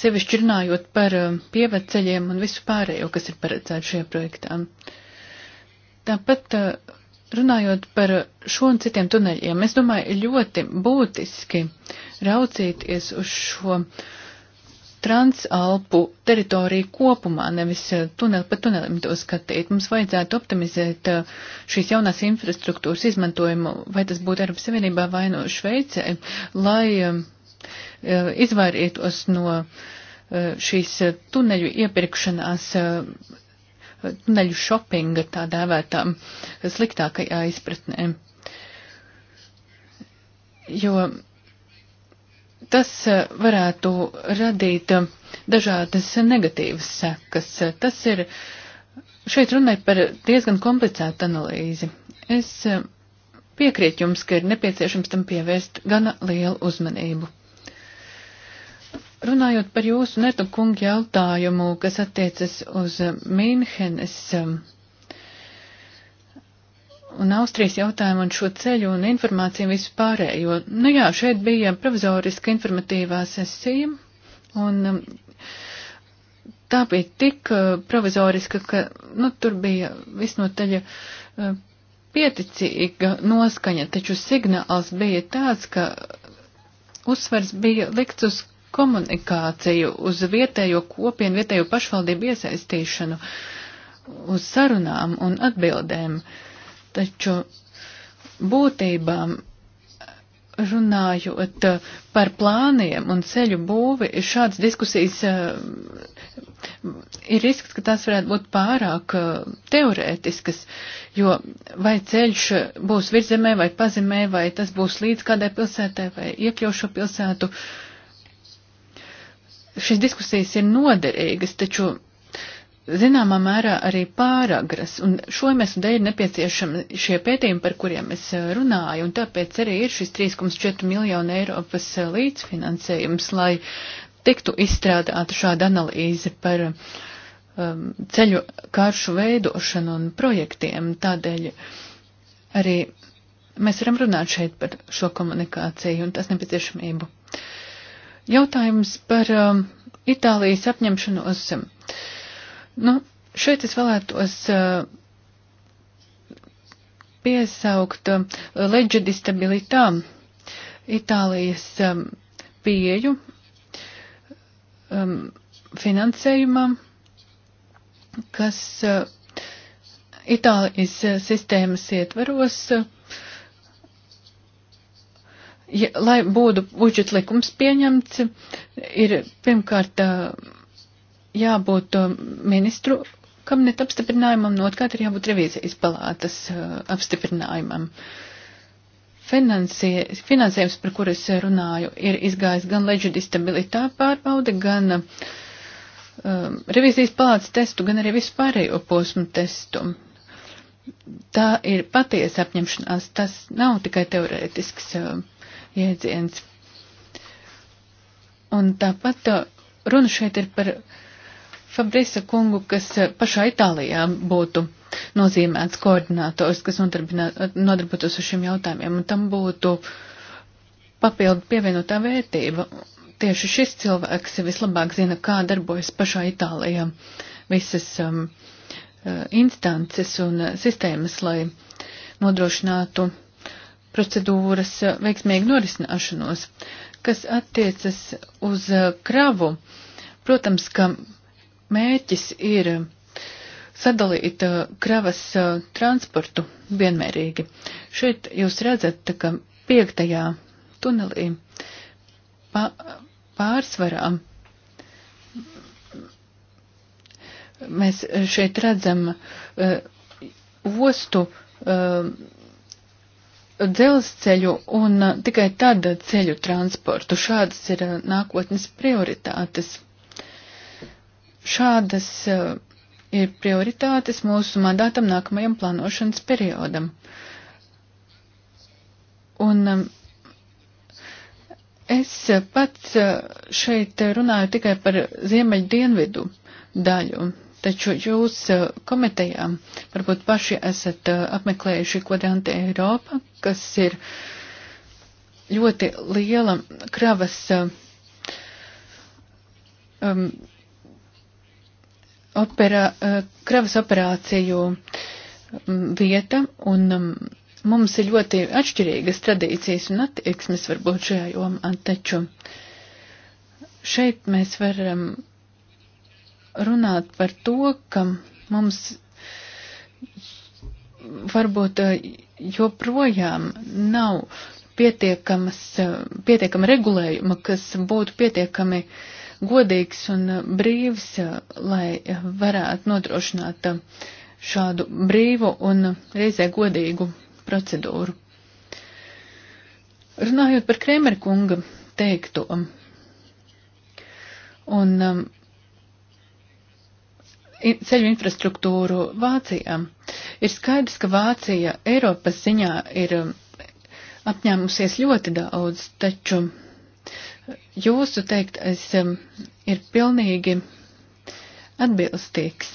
Sevišķi runājot par eh, pievedceļiem un visu pārējo, kas ir paredzēts šajā projektā. Tāpat eh, runājot par šo un citiem tuneļiem, es domāju, ļoti būtiski raucīties uz šo uh, transalpu teritoriju kopumā, nevis eh, tuneli pa tunelim to skatīt. Mums vajadzētu optimizēt eh, šīs jaunās infrastruktūras izmantojumu, vai tas būtu Eiropas Savienībā vai no Šveicē, lai eh, izvairītos no šīs tuneļu iepirkšanās, tuneļu šopinga tā dēvētā sliktākajā izpratnē. Jo tas eh, varētu radīt eh, dažādas negatīvas sekas. Tas ir, šeit runai par diezgan komplicētu analīzi. Es eh, piekrītu jums, ka ir nepieciešams tam pievērst gana lielu uzmanību. Runājot par jūsu netu kungu jautājumu, kas attiecas uz Mīnhenes um, un Austrijas jautājumu un šo ceļu un informāciju vispārējo. Nu jā, šeit bija provizoriska informatīvā sesija, un um, tā bija tik uh, provizoriska, ka, nu, tur bija visnotaļ uh, pieticīga noskaņa, taču signāls bija tāds, ka uzsvers bija likts uz komunikāciju, uz vietējo kopienu, vietējo pašvaldību iesaistīšanu, uz sarunām un atbildēm. Uh, Taču būtībām runājot par plāniem un ceļu būvi, šādas diskusijas eh, ir risks, ka tās varētu būt pārāk eh, teorētiskas, jo vai ceļš būs virzemē vai pazemē, vai tas būs līdz kādai pilsētai vai iekļaušo pilsētu. Šīs diskusijas ir noderīgas, taču zināmā mērā arī pāragras, un šo iemeslu dēļ nepieciešami šie pētījumi, par kuriem es eh, runāju, un tāpēc arī ir šis 3,4 miljonu Eiropas eh, līdzfinansējums, lai tiktu izstrādāta šāda analīze par um, ceļu karšu veidošanu un projektiem. Tādēļ arī mēs varam runāt šeit par šo komunikāciju un tās nepieciešamību. Jautājums par um, Itālijas apņemšanos. Um, Nu, šeit es vēlētos uh, piesaukt um, leģa distabilitā Itālijas um, pieju um, finansējumam, kas uh, Itālijas uh, sistēmas ietvaros, ja, lai būtu budžeta likums pieņemts, ir pirmkārt jābūt um, ministru, kam net apstiprinājumam, no otrkārt ir jābūt revīzijas palātas uh, apstiprinājumam. Finansie, finansējums, par kur es runāju, ir izgājis gan leģidi stabilitā pārbaude, gan um, revīzijas palātas testu, gan arī vispārējo posmu testu. Tā ir patiesa apņemšanās, tas nav tikai teorētisks um, jēdziens. Un tāpat uh, runa šeit ir par uh, Fabrisa kungu, kas eh, pašā Itālijā būtu nozīmēts koordinators, kas nodarbotos ar šiem jautājumiem, un tam būtu papildu pievienotā vērtība. Tieši šis cilvēks vislabāk zina, kā darbojas pašā Itālijā visas um, eh, instances un eh, sistēmas, lai nodrošinātu procedūras veiksmīgu norisināšanos. Kas attiecas uz kravu, protams, ka mērķis ir sadalīt uh, kravas uh, transportu vienmērīgi. Šeit jūs redzat, ka piektajā tunelī pārsvarā mēs šeit redzam uh, ostu uh, dzelzceļu un uh, tikai tad ceļu transportu. Šādas ir uh, nākotnes prioritātes. Šādas eh, ir prioritātes mūsu mandātam nākamajam plānošanas periodam. Un eh, es pats eh, šeit runāju tikai par ziemeļu dienvidu daļu, taču jūs komitejām varbūt paši esat apmeklējuši kvadranti Eiropa, kas ir ļoti liela kravas um, opera, eh, kravas operāciju mm, vieta, un mm, mums ir ļoti atšķirīgas tradīcijas un attieksmes varbūt šajā jomā, taču šeit mēs varam runāt par to, ka mums varbūt eh, joprojām nav pietiekamas, eh, pietiekama regulējuma, kas būtu pietiekami uh, godīgs un brīvs, eh, lai varētu nodrošināt eh, šādu brīvu un reizē godīgu procedūru. Runājot par Kremera kunga teikto, un um, ceļu infrastruktūru Vācijā. Ir skaidrs, ka Vācija Eiropas ziņā ir apņēmusies ļoti daudz, taču Jūsu teiktais ir pilnīgi atbilstīgs.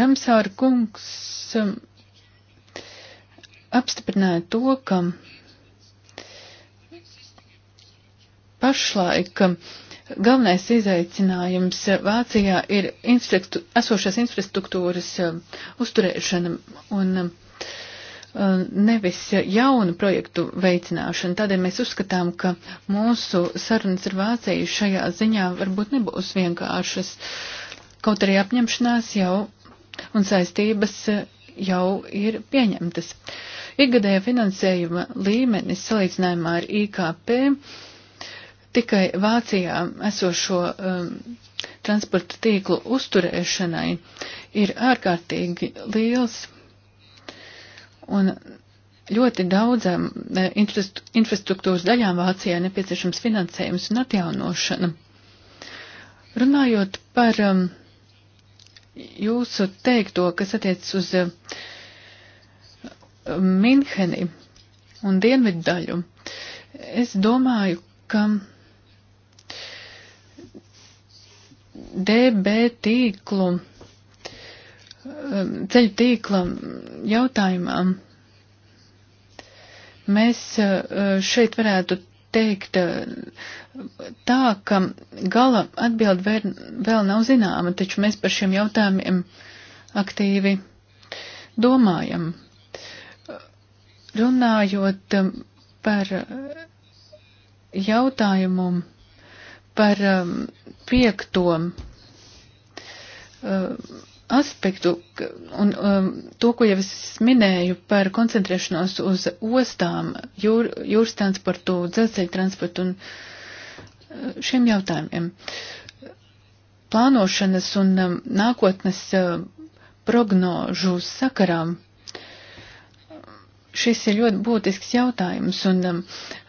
Ramsāra kungs apstiprināja to, ka pašlaik galvenais izaicinājums Vācijā ir infrastu, esošās infrastruktūras uzturēšana un uh, Uh, nevis jaunu projektu veicināšanu. Tādēļ mēs uzskatām, ka mūsu sarunas ar Vāciju šajā ziņā varbūt nebūs vienkāršas. Kaut arī apņemšanās jau un saistības jau ir pieņemtas. Ikgadējā finansējuma līmenis salīdzinājumā ar IKP tikai Vācijā esošo um, transporta tīklu uzturēšanai ir ārkārtīgi liels Un ļoti daudzām e, infrastruktūras daļām Vācijā nepieciešams finansējums un atjaunošana. Runājot par um, jūsu teikto, kas attiecas uz e, Minheni un dienvidu daļu, es domāju, ka DB tīklu Um, ceļu tīkla jautājumā. Mēs uh, šeit varētu teikt uh, tā, ka gala atbildi vēl nav zināma, taču mēs par šiem jautājumiem aktīvi domājam. Runājot um, par jautājumu par um, piekto uh, aspektu un um, to, ko jau es minēju par koncentrēšanos uz ostām, jūr, jūras transportu, dzelzceļa transportu un uh, šiem jautājumiem. Plānošanas un um, nākotnes uh, prognožu sakarām šis ir ļoti būtisks jautājums un um,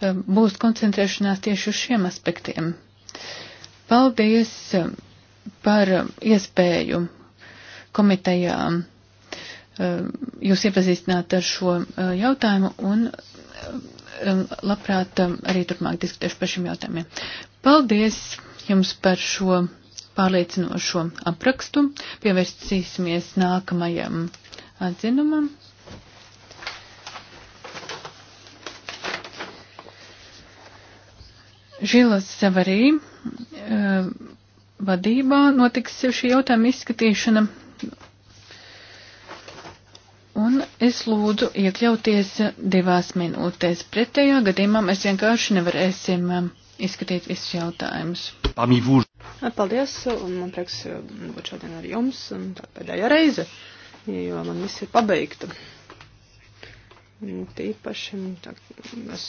um būs koncentrēšanās tieši uz šiem aspektiem. Paldies um, par um, iespēju komitejā eh, jūs iepazīstināt ar šo eh, jautājumu un eh, labprāt arī turpmāk diskutēšu par šiem jautājumiem. Paldies jums par šo pārliecinošo aprakstu. Pievērsīsimies nākamajam atzinumam. Žilas Savarī vadībā notiks šī jautājuma izskatīšana. Un es lūdzu iekļauties divās minūtēs. Pretējā gadījumā mēs vienkārši nevarēsim um, izskatīt visus jautājumus. Paldies, un man prieks uh, būt šodien ar jums, un tā pēdējā reize, jo man viss ir pabeigta. Tīpaši, tā, es,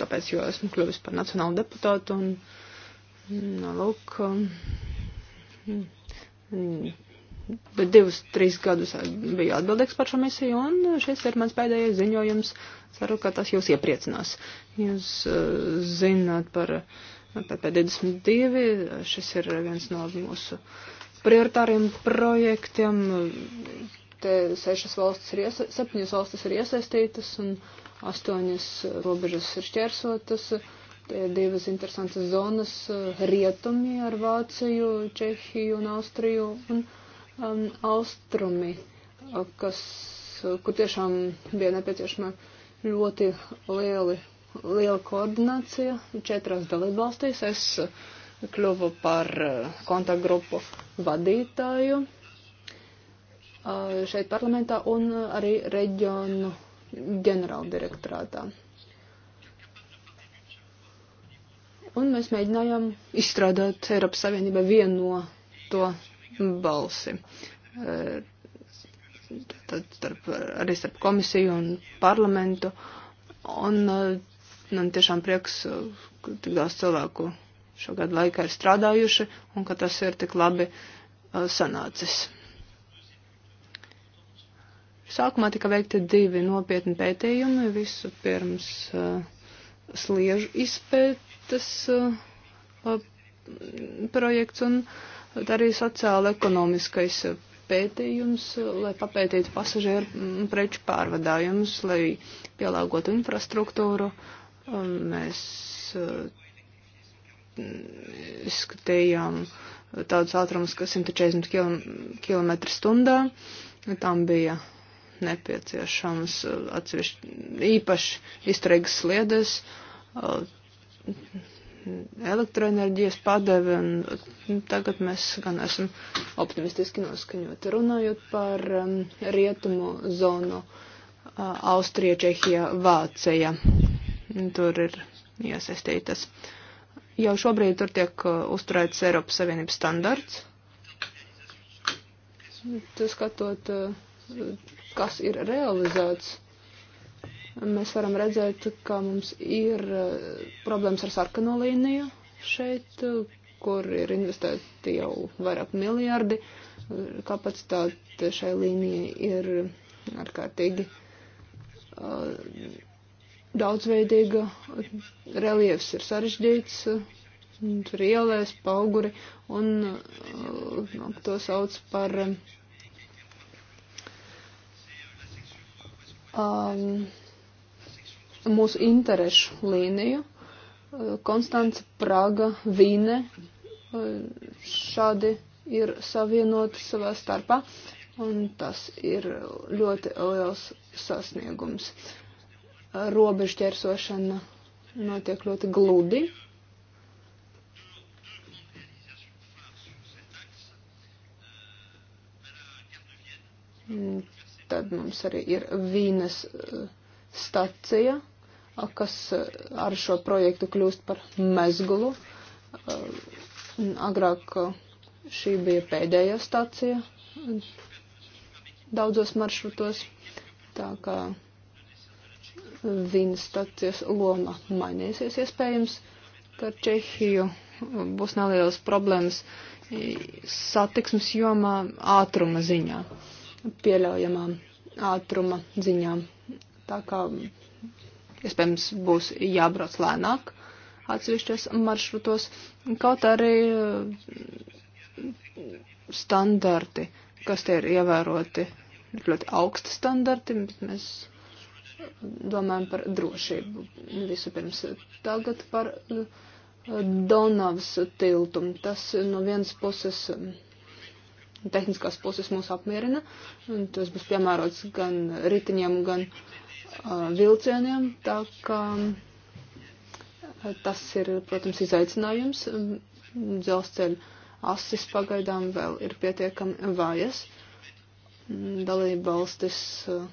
tāpēc, jo esmu kļuvis par nacionālu deputātu, un, nu, lūk, um, mm, bet divus, trīs gadus eh, biju atbildīgs par šo misiju, un šis ir mans pēdējais ziņojums. Ceru, ka tas jūs iepriecinās. Jūs uh, zināt par PP22, šis ir viens no mūsu prioritāriem projektiem. Te sešas valstis ir, iesa septiņas valstis ir iesaistītas, un astoņas robežas ir šķērsotas. Te ir divas interesantas zonas eh, - rietumi ar Vāciju, Čehiju un Austriju. Un, uh, um, austrumi, uh, kas, uh, kur tiešām bija nepieciešama ļoti lieli, liela koordinācija četrās dalībvalstīs. Es uh, kļuvu par kontaktgrupu vadītāju šeit parlamentā un arī reģionu ģenerāldirektorātā. Un mēs mēģinājām izstrādāt Eiropas Savienībai vieno to balsi. Tad starp, arī starp komisiju un parlamentu. Un eh, man tiešām prieks, ka tik daudz cilvēku šo gadu laikā ir strādājuši un ka tas ir tik labi eh, sanācis. Sākumā tika veikti divi nopietni pētījumi. Visu pirms uh, sliežu izpētes uh, projekts un uh, arī sociāla ekonomiskais pētījums, lai papētītu pasažieru mm, preču pārvadājumus, lai pielāgotu infrastruktūru. Mēs mm, izskatījām tādus ātrumus, kas 140 km stundā. Tam bija nepieciešams uh, atsevišķi īpaši izturīgas sliedes, uh, elektroenerģijas padevi, un nu, tagad mēs gan esam optimistiski noskaņoti. Runājot par um, rietumu zonu, uh, Austrija, Čehija, Vācija, tur ir iesaistītas. Jau šobrīd tur tiek uh, uzturēts Eiropas Savienības standarts. Tas skatot, uh, kas ir realizēts Mēs varam redzēt, ka mums ir eh, problēmas ar sarkano līniju šeit, eh, kur ir investēti jau vairāk miljardi. Eh, kapacitāte šai līnijai ir ārkārtīgi uh, daudzveidīga. Reliefs ir sarežģīts, tur ielēs, pauguri, un uh, to sauc par. Um, mūsu interešu līniju. Eh, Konstance, Praga, Vīne eh, šādi ir savienoti savā starpā, un tas ir ļoti liels sasniegums. Robežu ķersošana notiek ļoti gludi. Tad mums arī ir vīnes uh, stacija, kas eh, ar šo projektu kļūst par mezgulu. Eh, agrāk eh, šī bija pēdējā stacija daudzos maršrutos, tā kā vīna stacijas loma mainīsies iespējams, ka Čehiju būs nelielas problēmas satiksmes jomā ātruma ziņā, pieļaujamā ātruma ziņā. Tā kā iespējams būs jābrauc lēnāk atsevišķos maršrutos, kaut arī eh, standarti, kas tie ir ievēroti, ir ļoti augsti standarti, bet mēs domājam par drošību vispirms. Tagad par eh, Donavas tiltu. Tas no vienas puses eh, tehniskās puses mūs apmierina. Tas būs piemērots gan ritiņiem, gan uh, Uh, vilcieniem, tā kā uh, tas ir, protams, izaicinājums. Um, dzelzceļa asis pagaidām vēl ir pietiekami vājas. Um, dalība valstis uh,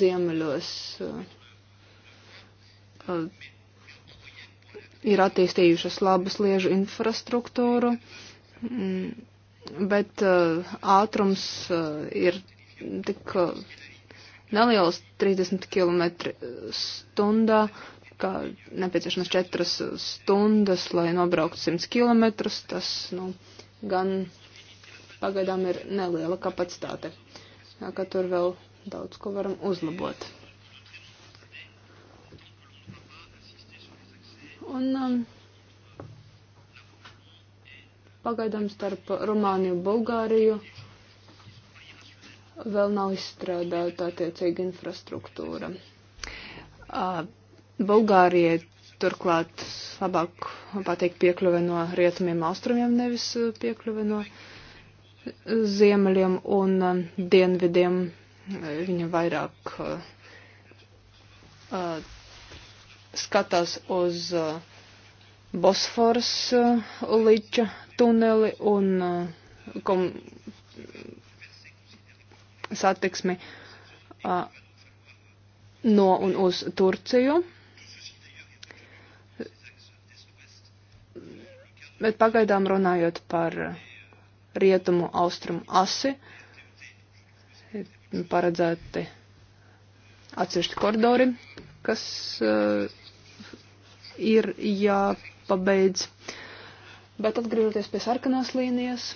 ziemeļos ir attīstījušas labas liežu infrastruktūru, um, bet ātrums ir tik nelielas 30 km stundā, kā nepieciešams 4 stundas, lai nobrauktu 100 km. Tas, nu, gan pagaidām ir neliela kapacitāte, ka tur vēl daudz ko varam uzlabot. Un um, pagaidām starp Rumāniju un Bulgāriju vēl nav izstrādāta attiecīga infrastruktūra. Bulgārijai turklāt labāk patīk piekļuve no rietumiem austrumiem, nevis piekļuve no ziemeļiem un dienvidiem. Viņa vairāk uh, skatās uz uh, Bosforas uh, līča tuneli un uh, kom satiksmi no un uz Turciju. Bet pagaidām runājot par rietumu austrumu asi, ir paredzēti atsevišķi koridori, kas uh, ir jāpabeidz. Bet atgriežoties pie sarkanās līnijas,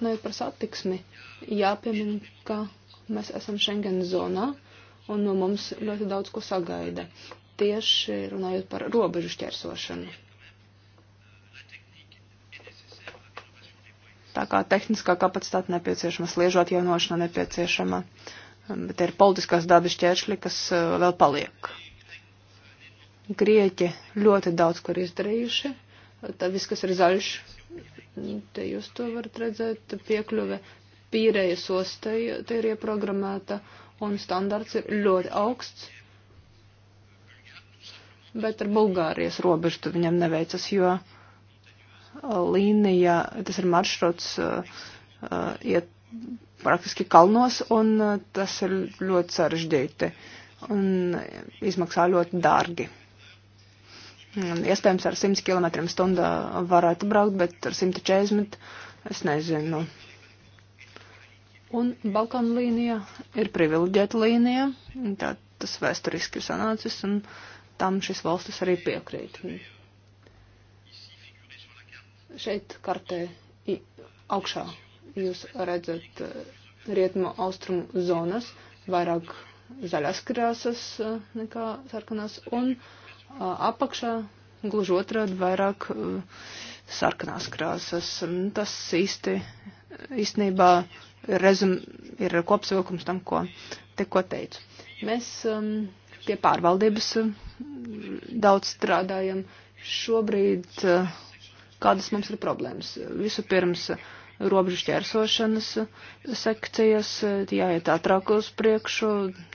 Runājot par satiksmi, jāpiemina, ka mēs esam Schengen zonā un no mums ļoti daudz ko sagaida. Tieši runājot par robežu šķērsošanu. Tā kā tehniskā kapacitāte nepieciešama, sliežu atjaunošana nepieciešama, bet ir politiskās dabas šķēršļi, kas eh, vēl paliek. Grieķi ļoti daudz kur izdarījuši, tā viss, kas ir zaļš, Te jūs to varat redzēt, piekļuve pīrējas ostai, te ir ieprogrammēta, un standarts ir ļoti augsts. Bet ar Bulgārijas robežu tu viņam neveicas, jo līnija, tas ir maršruts, uh, uh, iet praktiski kalnos, un uh, tas ir ļoti sarežģīti un izmaksā ļoti dārgi. Mm, iespējams, ar 100 km stundā varētu braukt, bet ar 140 es nezinu. Un Balkanu līnija ir privileģēta līnija, tā tas vēsturiski ir sanācis, un tam šis valstis arī piekrīt. Šeit kartē augšā jūs redzat eh, rietumu austrumu zonas, vairāk zaļās krāsas eh, nekā sarkanās, un uh, apakšā, gluži otrādi vairāk sarkanās krāsas. Tas īsti, īstenībā rezum, ir kopsavilkums tam, ko tikko teicu. Mēs pie pārvaldības daudz strādājam. Šobrīd kādas mums ir problēmas? Visu pirms uh, robežu ķērsošanas sekcijas, jāiet ātrāk uz priekšu,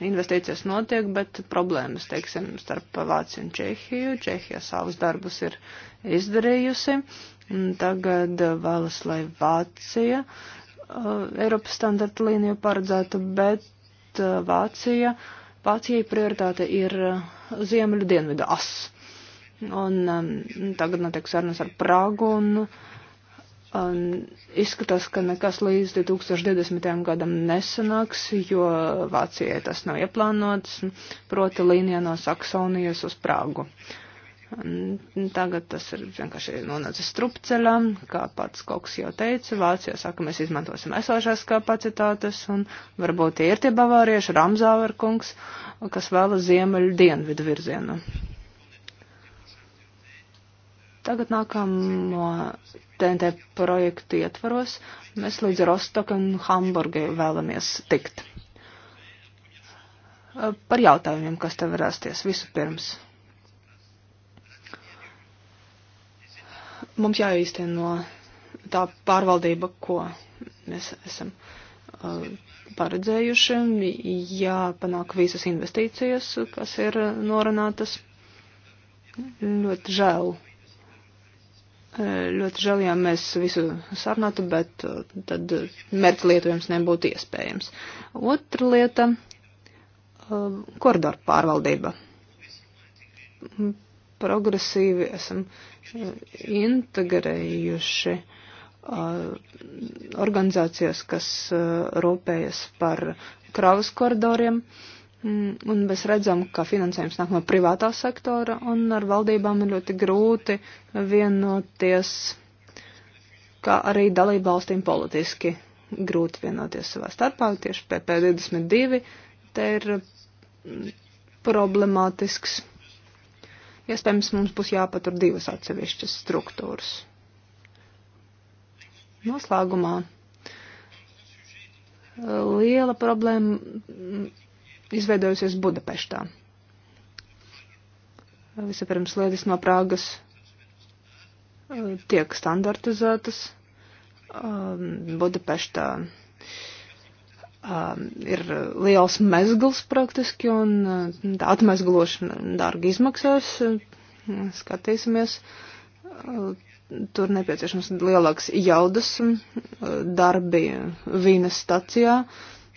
investīcijas notiek, bet problēmas, teiksim, starp Vāciju un Čehiju. Čehija savus darbus ir izdarījusi. Tagad vēlas, lai Vācija uh, Eiropas standarta līniju paredzētu, bet uh, Vācija, Vācijai prioritāte ir uh, ziemeļu dienvidu as. Un um, tagad notiek sarunas ar Pragu un uh, Un izskatās, ka nekas līdz 2020. gadam nesanāks, jo Vācijai tas nav ieplānots, proti līnijā no Saksonijas uz Prāgu. Un tagad tas ir vienkārši nonācis strupceļā, kā pats Koks jau teica, Vācijā saka, mēs izmantosim esošās kapacitātes, un varbūt tie ir tie bavārieši, Ramzāverkungs, kas vēlas ziemeļu dienvidu virzienu. Tagad nākamo TNT projektu ietvaros mēs līdz Rostokam un Hamburgai vēlamies tikt. Par jautājumiem, kas tev rasties vispirms. Mums jāīsteno tā pārvaldība, ko mēs esam paredzējuši, jāpanāk visas investīcijas, kas ir norunātas. Ļoti žēl, Ļoti žēl, ja mēs visu sarunātu, bet uh, tad mērķa lietojums nebūtu iespējams. Otra lieta uh, - koridoru pārvaldība. Progresīvi esam uh, integrējuši organizācijas, kas rūpējas par kravas koridoriem. Uh, Mm, un mēs redzam, ka finansējums nāk no privātā sektora, un ar valdībām ir ļoti grūti vienoties, kā arī dalībvalstīm politiski grūti vienoties savā starpā. Tieši PP22 te ir mm, problemātisks. Iespējams, mums būs jāpatur divas atsevišķas struktūras. Noslēgumā e, liela problēma izveidojusies Budapeštā. Vispirms lietas no Prāgas uh, tiek standartizētas. Um, Budapeštā um, ir liels mezgls praktiski, un uh, tā atmezglošana dārgi izmaksās. Skatīsimies. Uh, tur nepieciešams lielāks jaudas darbi vīna stacijā. Uh,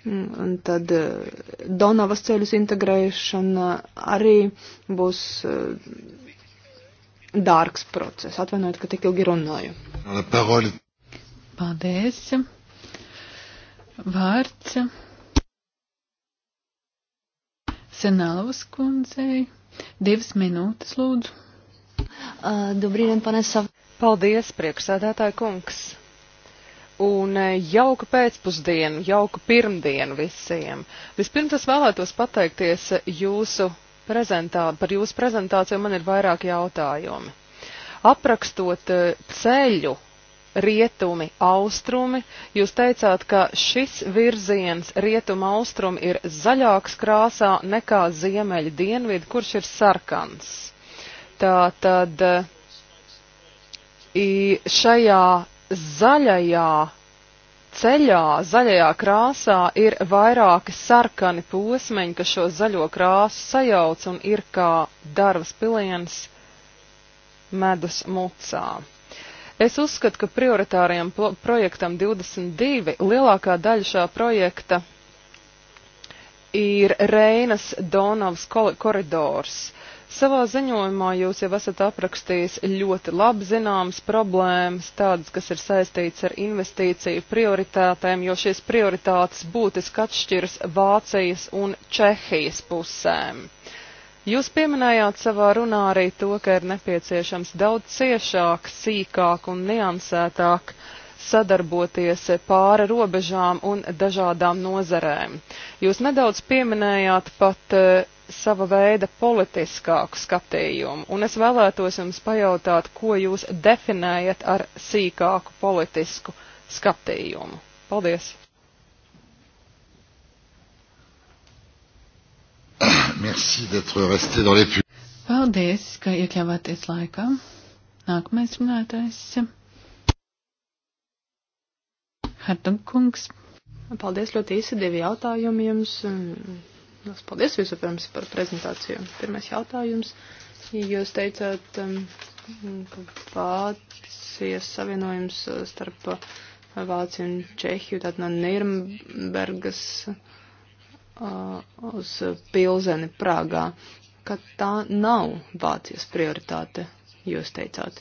Un tad eh, Donavas ceļus integrēšana arī būs eh, dārgs process. Atvainojiet, ka tik ilgi runāju. Paldies. Vārds Senālavas kundzei. Divas minūtes, lūdzu. Dobrīdien, panesam. Paldies, priekšsēdētāja kungs un e, jauka pēcpusdienu, jauka pirmdienu visiem. Vispirms es vēlētos pateikties jūsu prezentā, par jūsu prezentāciju, man ir vairāk jautājumi. Aprakstot e, ceļu rietumi, austrumi, jūs teicāt, ka šis virziens rietuma austrumi ir zaļāks krāsā nekā ziemeļa dienvidi, kurš ir sarkans. Tā tad e, šajā zaļajā ceļā, zaļajā krāsā ir vairāki sarkani posmeņi, kas šo zaļo krāsu sajauc un ir kā darvas piliens medus mucā. Es uzskatu, ka prioritārajam projektam 22 lielākā daļa šā projekta ir Reinas Donavas koridors. Savā ziņojumā jūs jau esat aprakstījis ļoti labi zināmas problēmas, tādas, kas ir saistīts ar investīciju prioritātēm, jo šīs prioritātes būtiski atšķiras Vācijas un Čehijas pusēm. Jūs pieminējāt savā runā arī to, ka ir nepieciešams daudz ciešāk, sīkāk un niansētāk sadarboties pāri robežām un dažādām nozarēm. Jūs nedaudz pieminējāt pat e, sava veida politiskāku skatījumu, un es vēlētos jums pajautāt, ko jūs definējat ar sīkāku politisku skatījumu. Paldies! Merci d'être resté dans les puits. Paldies, ka iekļāvāties laikā. Nākamais runātājs. Hartunkungs. Paldies ļoti īsi divi jautājumi jums. Paldies vispirms par prezentāciju. Pirmais jautājums. Jūs teicāt, um, ka Vācijas savienojums starp Vāciju un Čehiju, tad no Nirmbergas uh, uz Pilzeni Prāgā, ka tā nav Vācijas prioritāte, jūs teicāt.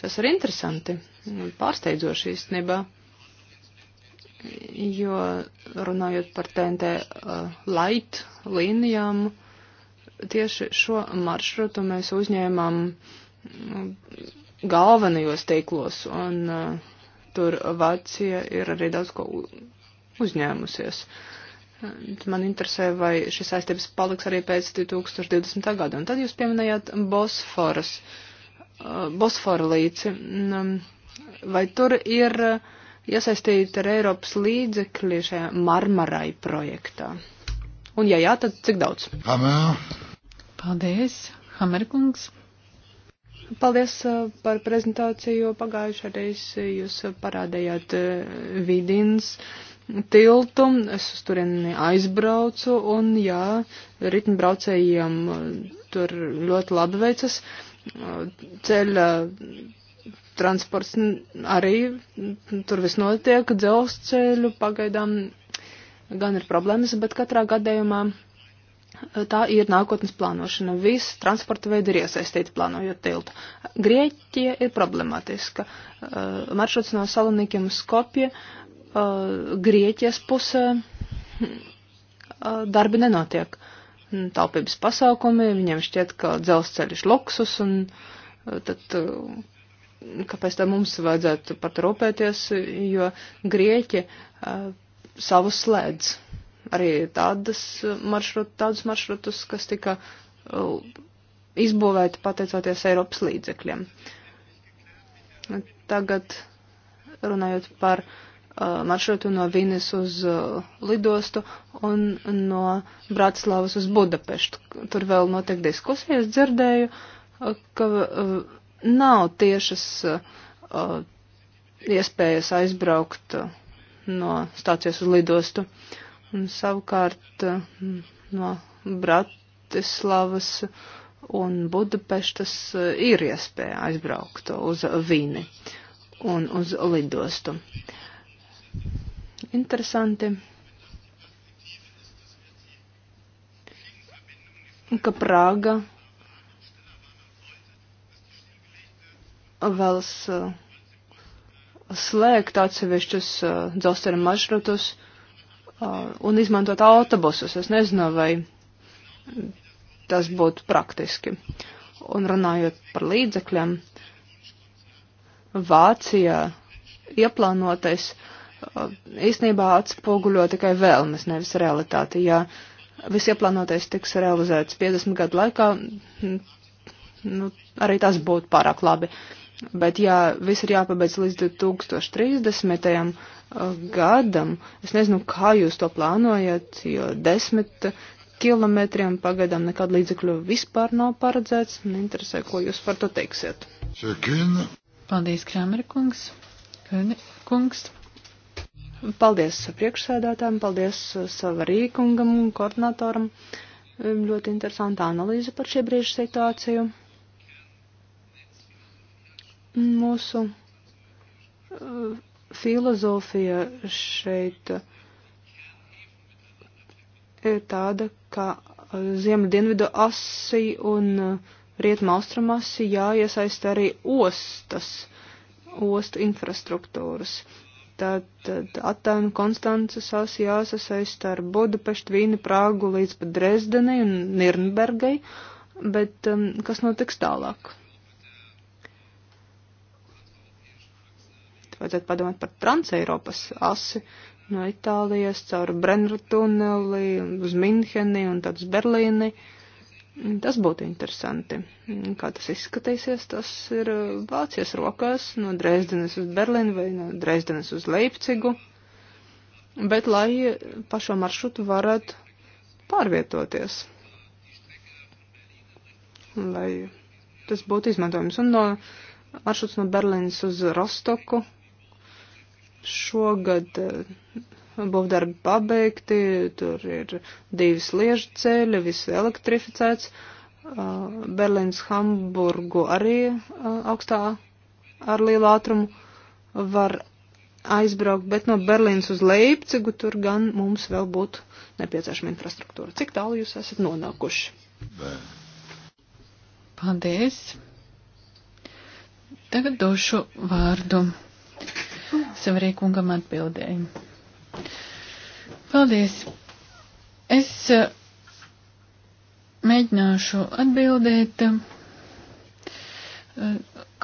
Tas ir interesanti, pārsteidzoši īstenībā jo runājot par TNT uh, eh, light līnijām, tieši šo maršrutu mēs uzņēmām mm, galvenajos tīklos, un uh, tur Vācija ir arī daudz ko uzņēmusies. Eh, man interesē, vai šis saistības paliks arī pēc 2020. gada. Un tad jūs pieminējāt Bosforas, uh, Bosfora līci. Um, vai tur ir uh, iesaistīti ar Eiropas līdzekļi šajā marmarai projektā? Un, ja jā, tad cik daudz? Hamēr. Paldies, Hamerkungs. Paldies uh, par prezentāciju. Pagājušā reizē jūs parādījāt uh, vidins tiltu. Es uz turieni aizbraucu un, jā, ritmbraucējiem uh, tur ļoti labi veicas. Ceļa transports arī tur viss notiek, dzelzceļu pagaidām gan ir problēmas, bet katrā gadījumā e, tā ir nākotnes plānošana. Viss transporta veidi ir iesaistīti plānojot tiltu. Grieķija ir problemātiska. E, maršruts no Salonikiem uz Skopje e, Grieķijas pusē darbi nenotiek. Taupības pasākumi, viņiem šķiet, ka dzelzceļš luksus un tad kāpēc tā mums vajadzētu par to rūpēties, jo Grieķi savus slēdz arī tādas maršrut, tādus maršrutus, kas tika izbūvēti pateicoties Eiropas līdzekļiem. Tagad runājot par maršrutu no Vīnes uz lidostu un no Bratislavas uz Budapeštu. Tur vēl notiek diskusijas, dzirdēju, ka nav tiešas uh, iespējas aizbraukt uh, no stācijas uz lidostu. Un savukārt uh, no Bratislavas un Budapeštas uh, ir iespēja aizbraukt uz Vīni un uz lidostu. Interesanti. ka Prāga vēlas uh, slēgt atsevišķus uh, dzelzceļa maršrutus uh, un izmantot autobusus. Es nezinu, vai tas būtu praktiski. Un runājot par līdzekļiem, Vācijā ieplānotais īstenībā atspoguļo tikai vēlmes, nevis realitāti. Ja viss ieplānotais tiks realizēts 50 gadu laikā, nu, arī tas būtu pārāk labi. Uh, Bet, ja viss ir jāpabeidz līdz 2030. Uh, gadam, es nezinu, kā jūs to plānojat, jo desmit kilometriem pagaidām nekāda līdzekļu vispār nav paredzēts. Man interesē, ko jūs par to teiksiet. Čekina. Paldies, Krāmera kungs. Kani, kungs. Paldies priekšsēdētājiem, paldies uh, Savarīkungam un koordinatoram. Ļoti interesanta analīze par šī brīža situāciju. Mūsu uh, filozofija šeit uh, ir tāda, ka uh, ziemeļdienvidu asi un uh, rietumaustrumu asi jāiesaista arī ostas, ostu infrastruktūras. Tad, tad Atēnu Konstances asi jāsasaista ar Budapeštu, Vīnu, Prāgu līdz pat Dresdenei un Nirnbergai, bet um, kas notiks tālāk? vajadzētu padomāt par Transeiropas asi no Itālijas caur Brenru tuneli uz Minheni un tad uz Berlīni. Tas būtu interesanti. Kā tas izskatīsies, tas ir uh, Vācijas rokās no Dresdenes uz Berlīnu vai no Dresdenes uz Leipcigu. Bet lai pa šo maršrutu varētu pārvietoties. Lai tas būtu izmantojums. Un no maršruts no Berlīnas uz Rostoku šogad eh, būvdarbi pabeigti, tur ir divi sliežu ceļi, viss elektrificēts. Eh, Berlīns Hamburgu arī eh, augstā ar lielu ātrumu var aizbraukt, bet no Berlīnas uz Leipcigu tur gan mums vēl būtu nepieciešama infrastruktūra. Cik tālu jūs esat nonākuši? Bē. Paldies. Tagad došu vārdu Esam arī kungam atbildēju. Paldies. Es eh, mēģināšu atbildēt, eh,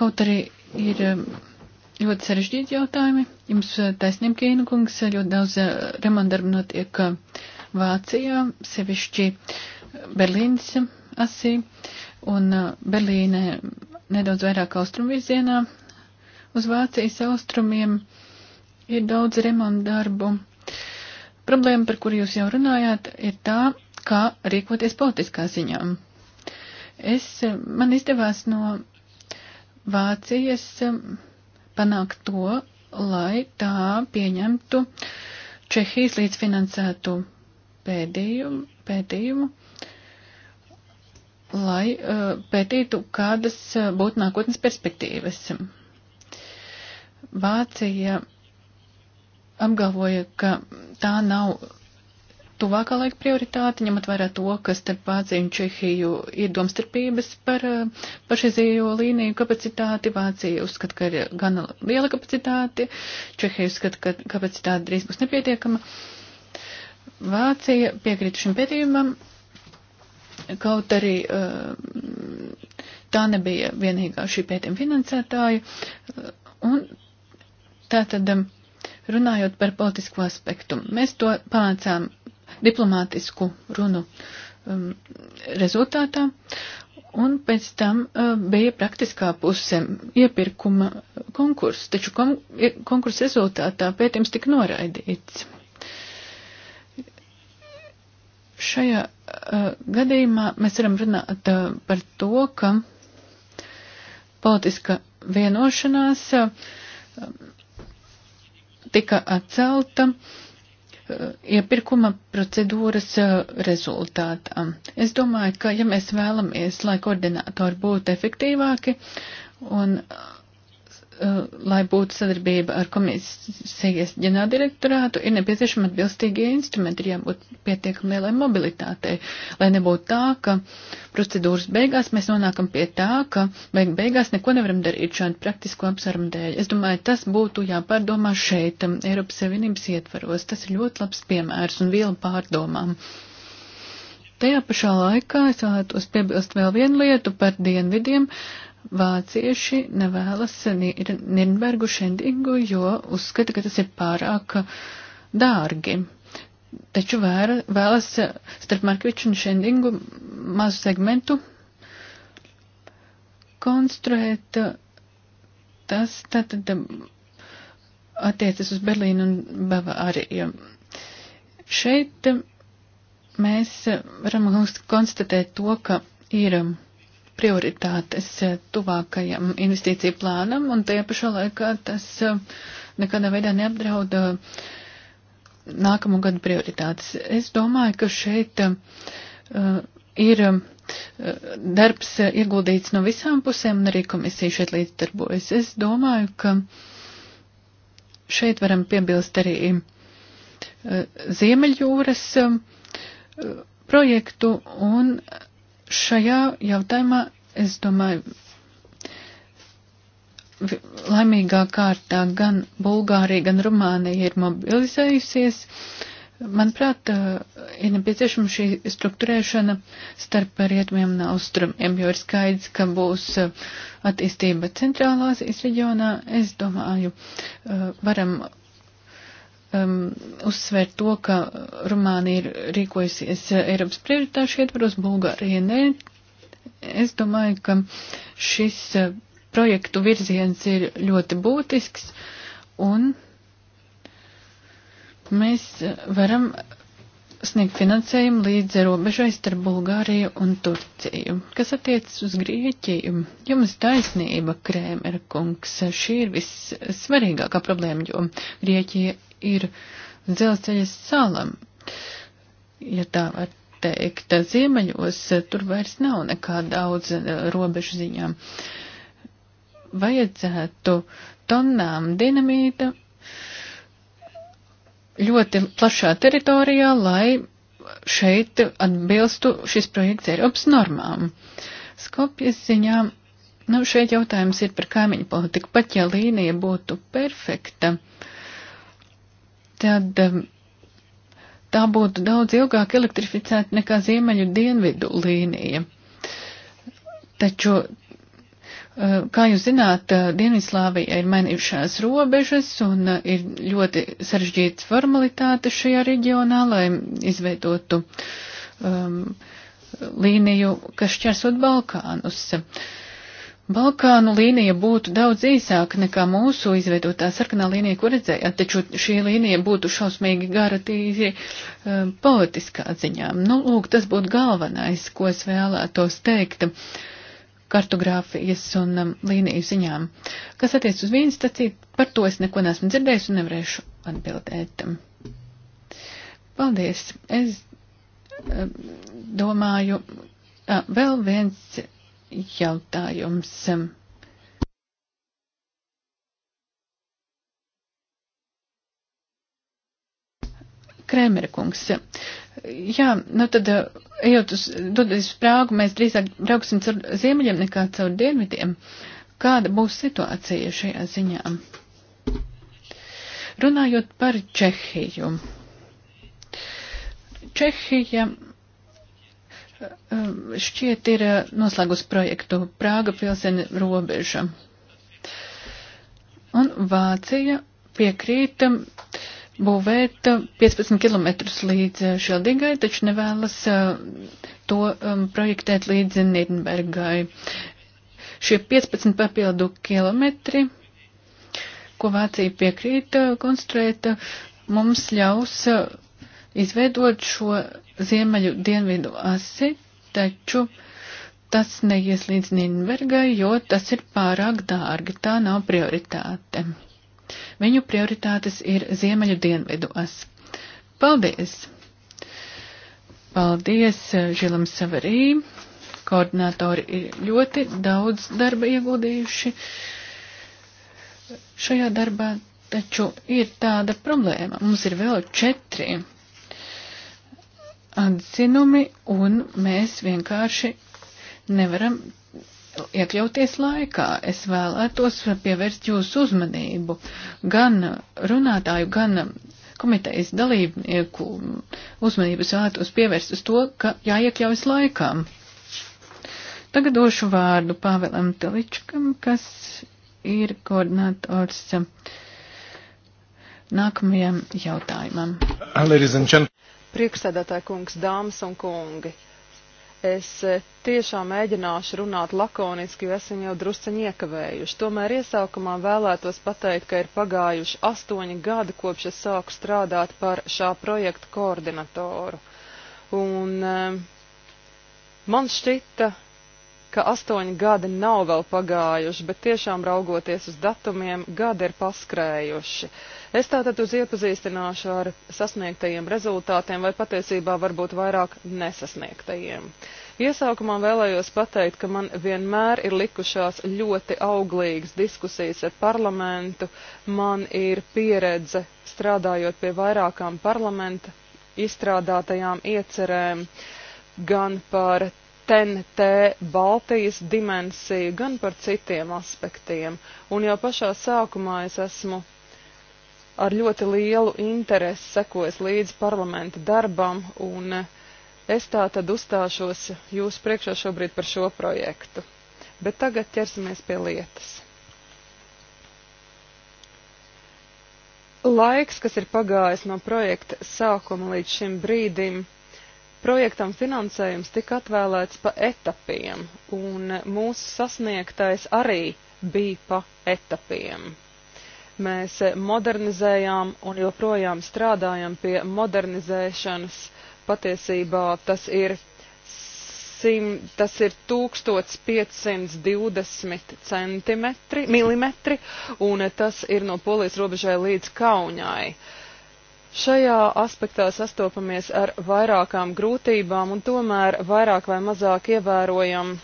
kaut arī ir eh, ļoti sarežģīti jautājumi. Jums taisnība, Kīna kungs, ļoti daudz remondarbu notiek Vācijā, sevišķi Berlīnas asī, un Berlīne nedaudz vairāk austrumvirzienā, Uz Vācijas austrumiem ir daudz remontu darbu. Problēma, par kuru jūs jau runājāt, ir tā, kā rīkoties politiskā ziņā. Es, man izdevās no Vācijas um, panākt to, lai tā pieņemtu Čehijas līdzfinansētu pētījumu, pētījumu lai uh, pētītu, kādas uh, būtu nākotnes perspektīvas. Vācija apgalvoja, ka tā nav tuvākā laika prioritāte, ņemot vērā to, ka starp Vāciju un Čehiju ir domstarpības par eh, pašreizējo līniju kapacitāti. Vācija uzskata, ka ir gana liela kapacitāte, Čehija uzskata, ka kapacitāte drīz būs nepietiekama. Vācija piekrīt šim pētījumam, kaut arī eh, tā nebija vienīgā šī pētījuma finansētāja. Un Tātad, um, runājot par politisko aspektu, mēs to pamācām diplomātisku runu um, rezultātā, un pēc tam uh, bija praktiskā puse iepirkuma konkurss, taču kon konkurss rezultātā pētījums tika noraidīts. Šajā uh, gadījumā mēs varam runāt uh, par to, ka politiska vienošanās uh, tika atcelta eh, iepirkuma procedūras eh, rezultātā. Es domāju, ka ja mēs vēlamies, lai koordinātori būtu efektīvāki un uh, Eh, lai būtu sadarbība ar komisijas ģenerāldirektorātu, ir nepieciešama atbilstīgie instrumenti, ir jābūt pietiekami lielai mobilitātei, lai nebūtu tā, ka procedūras beigās mēs nonākam pie tā, ka beig beigās neko nevaram darīt šādu praktisko apsvērumu dēļ. Es domāju, tas būtu jāpārdomā šeit, eh, Eiropas Savienības ietvaros. Tas ir ļoti labs piemērs un viela pārdomām. Tajā pašā laikā es vēlētos piebilst vēl vienu lietu par dienvidiem. Uh, vācieši nevēlas Nirnbergu šendingu, jo uzskata, ka tas ir pārāk dārgi. Taču vēra, vēlas starp Markviču un šendingu mazu segmentu konstruēt. Tas tātad attiecas uz Berlīnu un Bavāriju. Šeit mēs varam konstatēt to, ka ir prioritātes eh, tuvākajam investīciju plānam, un tajā pašā laikā tas eh, nekādā veidā neapdrauda eh, nākamo gadu prioritātes. Es domāju, ka šeit ir darbs ieguldīts no visām pusēm, un arī komisija šeit līdzdarbojas. Es domāju, ka šeit varam piebilst arī Ziemeļjūras projektu, un šajā jautājumā es domāju, laimīgā kārtā gan Bulgārija, gan Rumānija ir mobilizējusies. Manuprāt, eh, ir nepieciešama šī struktūrēšana starp rietumiem un austrumiem, jo ir skaidrs, ka būs eh, attīstība centrālā Azijas reģionā. Es domāju, eh, varam um, uzsvērt to, ka Rumānija ir rīkojusies Eiropas prioritāšu ietvaros, Bulgārija nē, Es domāju, ka šis eh, projektu virziens ir ļoti būtisks un mēs eh, varam sniegt finansējumu līdz robežai starp Bulgāriju un Turciju. Kas attiecas uz Grieķiju, jums taisnība, Krēmera kungs, šī ir vissvarīgākā problēma, jo Grieķija ir dzelzceļa salam, ja tā var noteikta. Ziemeļos eh, tur vairs nav nekā daudz eh, robežu ziņām. Vajadzētu tonnām dinamīta ļoti plašā teritorijā, lai šeit atbilstu šis projekts Eiropas normām. Skopjas ziņā, nu, šeit jautājums ir par kaimiņu politiku. Pat ja līnija būtu perfekta, tad tā būtu daudz ilgāk elektrificēta nekā ziemeļu dienvidu līnija. Taču, eh, kā jūs zināt, eh, Dienvidslāvija ir mainījušās robežas un eh, ir ļoti sarežģīta formalitāte šajā reģionā, lai izveidotu um, līniju, kas šķērsot Balkānus. Uh, Balkānu līnija būtu daudz īsāka nekā mūsu izveidotā sarkanā līnija, ko redzējāt, taču šī līnija būtu šausmīgi gara tīri um, politiskā ziņā. Nu, lūk, tas būtu galvenais, ko es vēlētos teikt kartogrāfijas un um, līniju ziņām. Kas attiec uz vīnu staciju, par to es neko neesmu dzirdējis un nevarēšu atbildēt. Paldies. Es um, domāju, vēl viens jautājums. Krēmerkungs. Jā, nu tad, eh, ejot uz, doties uz Prāgu, mēs drīzāk brauksim caur ziemeļiem nekā caur dienvidiem. Kāda būs situācija šajā ziņā? Runājot par Čehiju. Čehija Um, šķiet ir uh, noslēgus projektu Prāga pilsēna robeža. Un Vācija piekrīt um, būvēt 15 um, km līdz uh, Šildīgai, taču nevēlas uh, to projektēt līdz Nirnbergai. Šie 15 papildu kilometri, ko Vācija piekrīt konstruēt, mums ļaus izveidot šo ziemeļu dienvidu asi, taču tas neies līdz Nīnbergai, jo tas ir pārāk dārgi, tā nav prioritāte. Viņu prioritātes ir ziemeļu dienvidu as. Paldies! Paldies eh, Žilam Savarī. Koordinātori ir ļoti daudz darba ieguldījuši šajā darbā, taču ir tāda problēma. Mums ir vēl četri atzinumi, un mēs vienkārši nevaram iekļauties laikā. Es vēlētos pievērst jūsu uzmanību gan runātāju, gan komitejas dalībnieku uzmanības vēlētos pievērst uz to, ka jāiekļaujas laikām. Tagad došu vārdu Pāvēlam Teličkam, kas ir koordinators nākamajam jautājumam. Priekšsēdētāja kungs, dāmas un kungi, es eh, tiešām mēģināšu runāt lakoniski, jo esam jau drusceņi iekavējuši. Tomēr iesākumā vēlētos pateikt, ka ir pagājuši astoņi gadi, kopš es sāku strādāt par šā projekta koordinatoru. Un eh, man šķita, ka astoņi gadi nav vēl pagājuši, bet tiešām raugoties uz datumiem, gadi ir paskrējuši. Uh, Es tātad uz iepazīstināšu ar sasniegtajiem rezultātiem vai patiesībā varbūt vairāk nesasniegtajiem. Iesākumā vēlējos pateikt, ka man vienmēr ir likušās ļoti auglīgas diskusijas ar parlamentu. Man ir pieredze strādājot pie vairākām parlamenta izstrādātajām iecerēm gan par TNT Baltijas dimensiju, gan par citiem aspektiem. Un jau pašā sākumā es esmu ar ļoti lielu interesi sekos līdz parlamenta darbam, un es tā tad uzstāšos jūsu priekšā šobrīd par šo projektu. Bet tagad ķersimies pie lietas. Laiks, kas ir pagājis no projekta sākuma līdz šim brīdim, projektam finansējums tika atvēlēts pa etapiem, un mūsu sasniegtais arī bija pa etapiem mēs modernizējām un joprojām strādājam pie modernizēšanas. Patiesībā tas ir, sim, tas ir 1520 centimetri, milimetri, un tas ir no polijas robežai līdz Kaunai. Šajā aspektā sastopamies ar vairākām grūtībām un tomēr vairāk vai mazāk ievērojam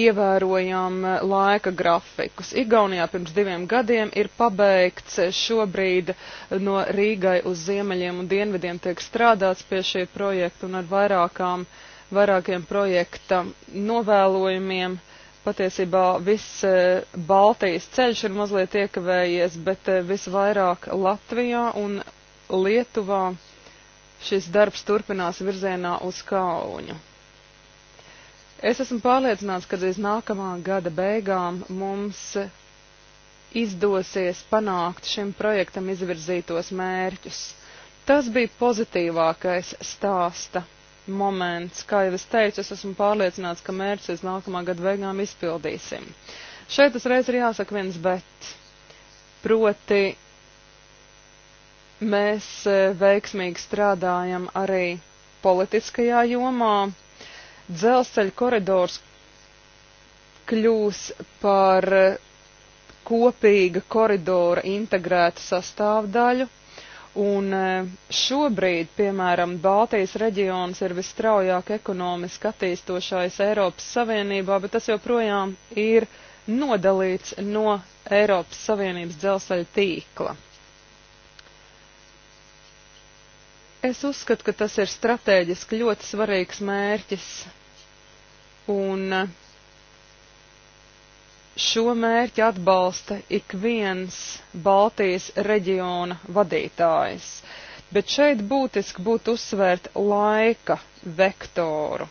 ievērojam eh, laika grafikus. Igaunijā pirms diviem gadiem ir pabeigts eh, šobrīd eh, no Rīgai uz ziemeļiem un dienvidiem tiek strādāts pie šī projekta un ar vairākām, vairākiem projekta novēlojumiem. Patiesībā viss Baltijas ceļš ir mazliet iekavējies, bet visvairāk Latvijā un Lietuvā šis darbs turpinās virzienā uz Kauņu. Es esmu pārliecināts, ka līdz nākamā gada beigām mums izdosies panākt šim projektam izvirzītos mērķus. Tas bija pozitīvākais stāsta moments. Kā jau es teicu, es esmu pārliecināts, ka mērķis līdz nākamā gada beigām izpildīsim. Šeit uzreiz ir jāsaka viens bet. Proti, mēs eh, veiksmīgi strādājam arī politiskajā jomā dzelzceļa koridors kļūs par kopīga koridora integrētu sastāvdaļu, un e, šobrīd, piemēram, Baltijas reģions ir visstraujāk ekonomiski attīstošais Eiropas Savienībā, bet tas joprojām ir nodalīts no Eiropas Savienības dzelzceļa tīkla. Es uzskatu, ka tas ir strateģiski ļoti svarīgs mērķis, un eh, šo mērķi atbalsta ik viens Baltijas reģiona vadītājs. Bet šeit būtiski būtu uzsvērt laika vektoru.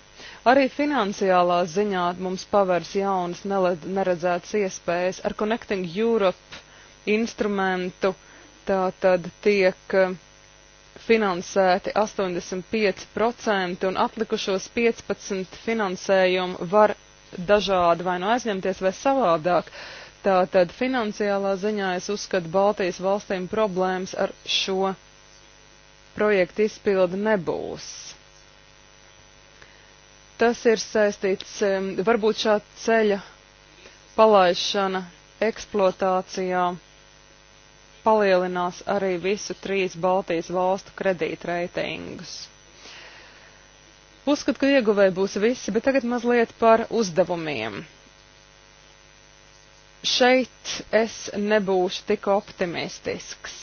Arī finansiālā ziņā mums pavērs jaunas neredzētas iespējas ar Connecting Europe instrumentu, tā tad tiek uh, finansēti 85% un atlikušos 15% finansējumu var dažādi vai nu aizņemties vai savādāk. Tātad finansiālā ziņā es uzskatu Baltijas valstīm problēmas ar šo projektu izpildi nebūs. Tas ir saistīts, varbūt šā ceļa palaišana eksploatācijā palielinās arī visu trīs Baltijas valstu kredītreitingus. Uzskatu, ka ieguvēji būs visi, bet tagad mazliet par uzdevumiem. Šeit es nebūšu tik optimistisks.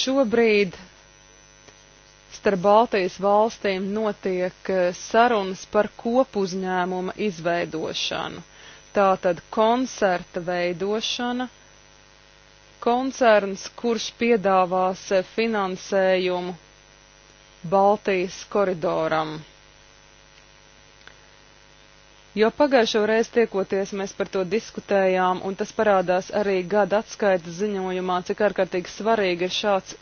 Šobrīd starp Baltijas valstīm notiek eh, sarunas par kopuzņēmuma izveidošanu, tātad koncerta veidošana – koncerns, kurš piedāvās finansējumu Baltijas koridoram. Jo pagājušo reizi tiekoties mēs par to diskutējām, un tas parādās arī gada atskaitas ziņojumā, cik ārkārtīgi svarīgi ir šāds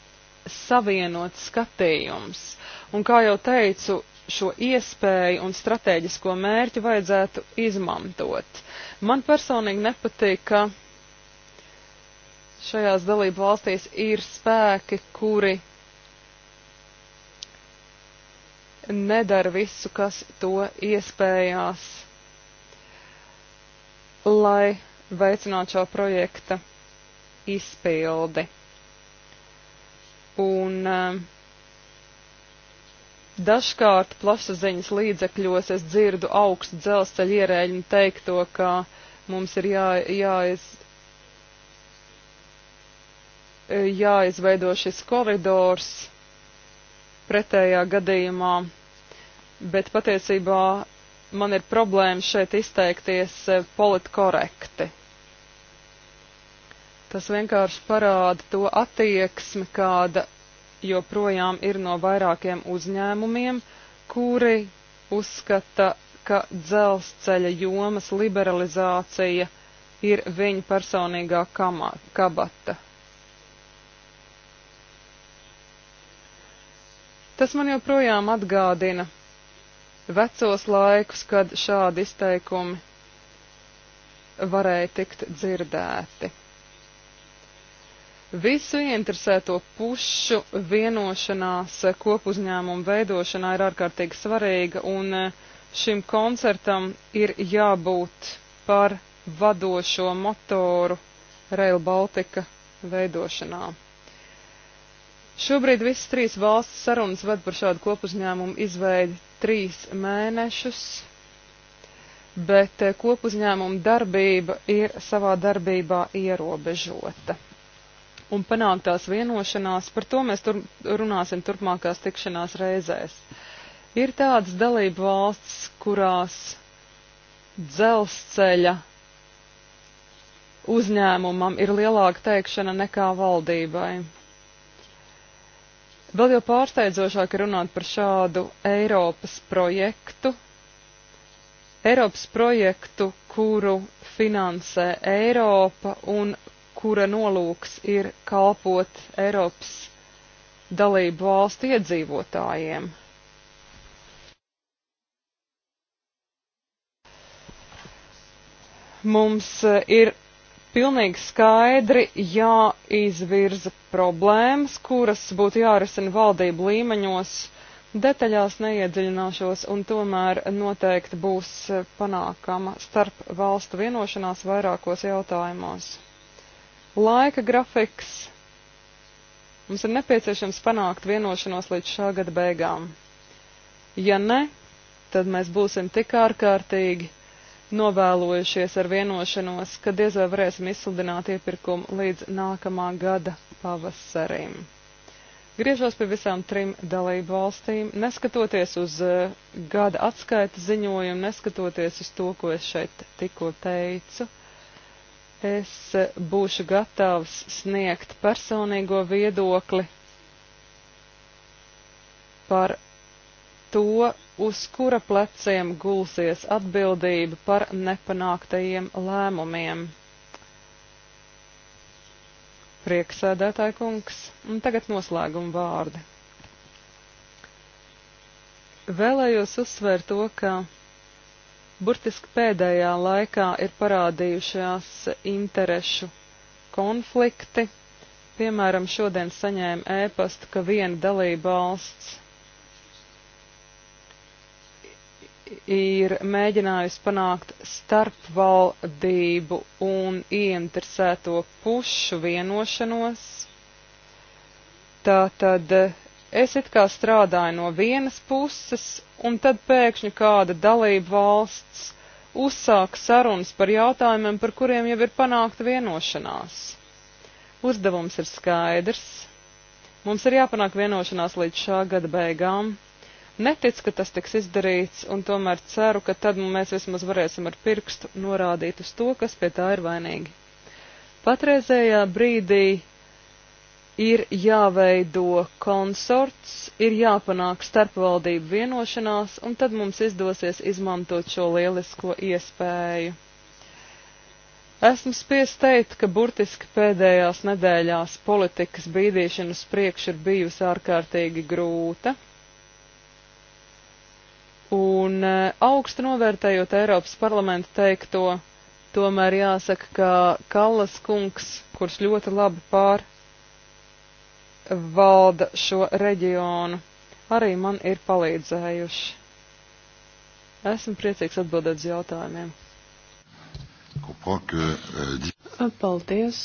savienots skatījums. Un kā jau teicu, šo iespēju un strateģisko mērķu vajadzētu izmantot. Man personīgi nepatīk, ka šajās dalību valstīs ir spēki, kuri nedara visu, kas to iespējās, lai veicinātu šo projekta izpildi. Un um, dažkārt plašsaziņas līdzekļos es dzirdu augstu dzelzceļa ierēģinu teikto, ka mums ir jā, jāiz, jāizveido šis koridors pretējā gadījumā, bet patiesībā man ir problēma šeit izteikties e, politkorekti. Tas vienkārši parāda to attieksmi, kāda joprojām ir no vairākiem uzņēmumiem, kuri uzskata, ka dzelzceļa jomas liberalizācija ir viņa personīgā kabata. Tas man joprojām atgādina vecos laikus, kad šādi izteikumi varēja tikt dzirdēti. Visu interesēto pušu vienošanās kopuzņēmumu veidošanā ir ārkārtīgi svarīga, un eh, šim koncertam ir jābūt par vadošo motoru Rail Baltica veidošanā. Šobrīd visas trīs valsts sarunas ved par šādu kopuzņēmumu izveidi trīs mēnešus, bet eh, kopuzņēmuma darbība ir savā darbībā ierobežota. Un panāktās vienošanās, par to mēs tur runāsim turpmākās tikšanās reizēs. Ir tādas dalība valsts, kurās dzelzceļa uzņēmumam ir lielāka teikšana nekā valdībai Vēl jau pārsteidzošāk ir runāt par šādu Eiropas projektu, Eiropas projektu, kuru finansē Eiropa un kura nolūks ir kalpot Eiropas dalību valstu iedzīvotājiem. Mums ir pilnīgi skaidri jāizvirza problēmas, kuras būtu jārisina valdību līmeņos. Detaļās neiedziļināšos, un tomēr noteikti būs panākama starp valstu vienošanās vairākos jautājumos. Laika grafiks. Mums ir nepieciešams panākt vienošanos līdz šā gada beigām. Ja ne, tad mēs būsim tik ārkārtīgi novēlojušies ar vienošanos, ka diez vai varēsim izsludināt iepirkumu līdz nākamā gada pavasarim. Griežos pie visām trim dalību valstīm, neskatoties uz eh, gada atskaita ziņojumu, neskatoties uz to, ko es šeit tikko teicu, es eh, būšu gatavs sniegt personīgo viedokli par to, uz kura pleciem gulsies atbildība par nepanāktajiem lēmumiem. Prieksēdētāji kungs, un tagad noslēguma vārdi. Vēlējos uzsvērt to, ka burtiski pēdējā laikā ir parādījušās interešu konflikti. Piemēram, šodien saņēma ēpastu, ka viena dalība valsts ir mēģinājusi panākt starpvaldību un ieinteresēto pušu vienošanos. Tātad es it kā strādāju no vienas puses, un tad pēkšņi kāda dalība valsts uzsāk sarunas par jautājumiem, par kuriem jau ir panākta vienošanās. Uzdevums ir skaidrs. Mums ir jāpanāk vienošanās līdz šā gada beigām. Netic, ka tas tiks izdarīts, un tomēr ceru, ka tad mēs vismaz varēsim ar pirkstu norādīt uz to, kas pie tā ir vainīgi. Patreizējā brīdī ir jāveido konsorts, ir jāpanāk starpvaldību vienošanās, un tad mums izdosies izmantot šo lielisko iespēju. Esmu spiest teikt, ka burtiski pēdējās nedēļās politikas bīdīšana uz priekšu ir bijusi ārkārtīgi grūta. Un e, augstu novērtējot Eiropas parlamentu teikto, tomēr jāsaka, ka Kallas kungs, kurš ļoti labi pārvalda šo reģionu, arī man ir palīdzējuši. Esmu priecīgs atbildēt uz jautājumiem. Paldies.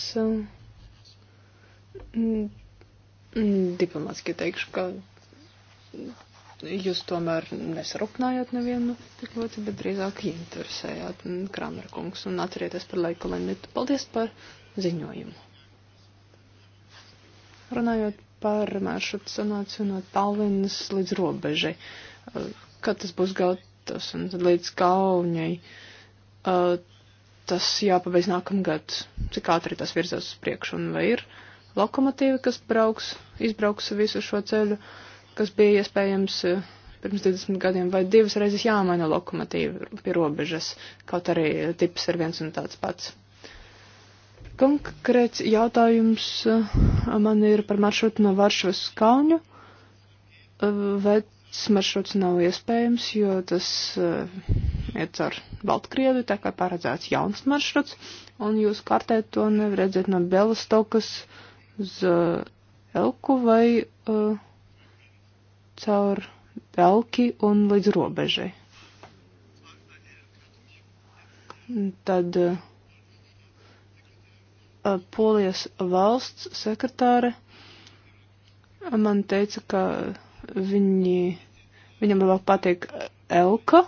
Diplomātski teikšu, ka jūs tomēr nesarupnājāt nevienu tik ļoti, bet drīzāk interesējāt mm, Kramer kungs un atcerieties par laika limitu. Paldies par ziņojumu. Runājot par maršrutu sanāciju no Tallinas līdz robežai, eh, kad tas būs gatavs un līdz Kaunai, eh, tas jāpabeidz nākamgad, cik ātri tas virzās uz priekšu un vai ir lokomotīvi, kas brauks, izbrauks visu šo ceļu. Uh, kas bija iespējams eh, pirms 20 gadiem, vai divas reizes jāmaina lokomotīva pie robežas, kaut arī tips ir viens un tāds pats. Konkrēts jautājums eh, man ir par maršrutu no Varšavas Kauņu. Eh, Vec maršruts nav iespējams, jo tas iet caur Baltkrievi, tā kā paredzēts jauns maršruts, un jūs kartē to nevar redzēt no Belastokas uz Elku vai uh, caur Elki un līdz robežai. Tad uh, Polijas valsts sekretāre man teica, ka viņi, viņam labāk patīk Elka,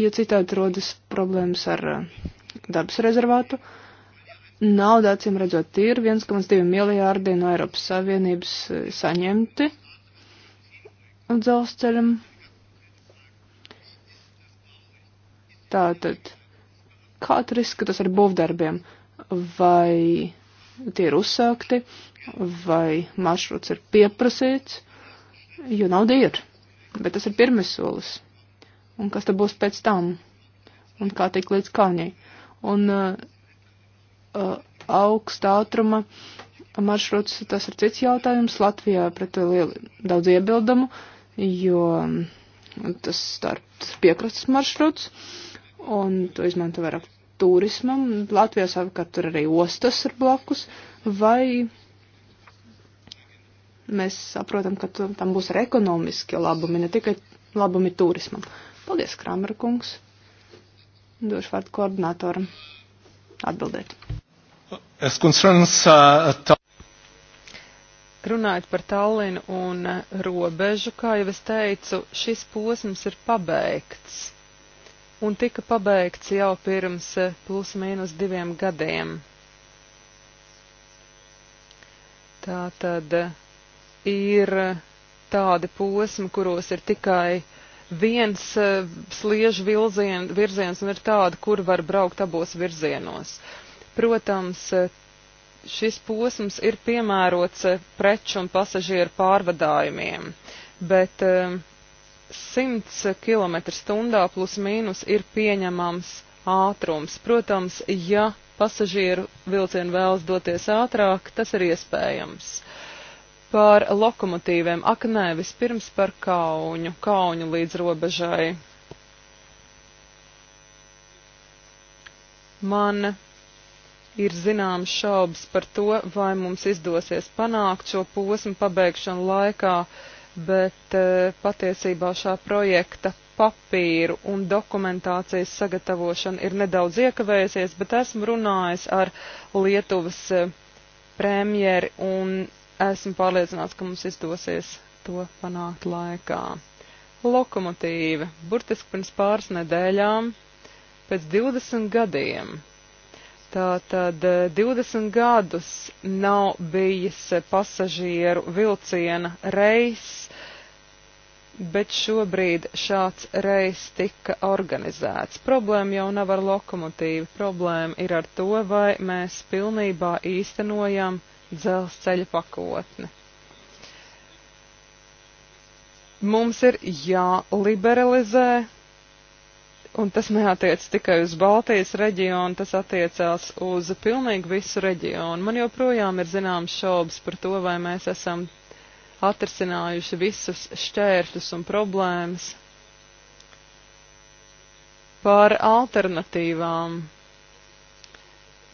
jo citādi rodas problēmas ar dabas rezervātu. Nauda, acīm redzot, ir 1,2 miljārdi no Eiropas Savienības e, saņemti un dzelzceļam. Tātad, kā tur izskatās ar būvdarbiem? Vai tie ir uzsākti, vai maršruts ir pieprasīts, jo nauda ir, bet tas ir pirmais solis. Un kas tad būs pēc tam? Un kā tikt līdz kalņai? Un uh, uh, augsta ātruma maršruts, tas ir cits jautājums. Latvijā pret lielu, daudz iebildumu. Uh, jo tas starp piekrastes maršruts, un to izmanto vairāk turismam. Latvijā savukārt tur arī ostas ir blakus, vai mēs saprotam, ka tam būs arī ekonomiski labumi, ne tikai labumi turismam. Paldies, Krāmera kungs. Došu vārdu koordinātoram atbildēt. As concerns uh, Runājot par Tallinu un eh, robežu, kā jau es teicu, šis posms ir pabeigts un tika pabeigts jau pirms eh, plus mīnus diviem gadiem. Tā tad eh, ir tādi posmi, kuros ir tikai viens sliežu vilzien, virziens un ir tādi, kur var braukt abos virzienos. Protams, šis posms ir piemērots eh, preču un pasažieru pārvadājumiem, bet 100 eh, km stundā plus mīnus ir pieņemams ātrums. Protams, ja pasažieru vilcienu vēlas doties ātrāk, tas ir iespējams. Par lokomotīviem, ak nē, vispirms par kauņu, kauņu līdz robežai. Man ir zināmas šaubas par to, vai mums izdosies panākt šo posmu pabeigšanu laikā, bet eh, patiesībā šā projekta papīru un dokumentācijas sagatavošana ir nedaudz iekavējusies, bet esmu runājis ar Lietuvas eh, premjeri un esmu pārliecināts, ka mums izdosies to panākt laikā. Lokomotīve burtiski pirms pāris nedēļām, pēc 20 gadiem, Tātad 20 eh, gadus nav bijis eh, pasažieru vilciena reis, bet šobrīd šāds reis tika organizēts. Problēma jau nav ar lokomotīvu, problēma ir ar to, vai mēs pilnībā īstenojam dzelzceļa pakotni. Mums ir jāliberalizē Un tas neatiec tikai uz Baltijas reģionu, tas attiecās uz pilnīgi visu reģionu. Man joprojām ir zināms šaubas par to, vai mēs esam atrisinājuši visus šķēršļus un problēmas. Par alternatīvām.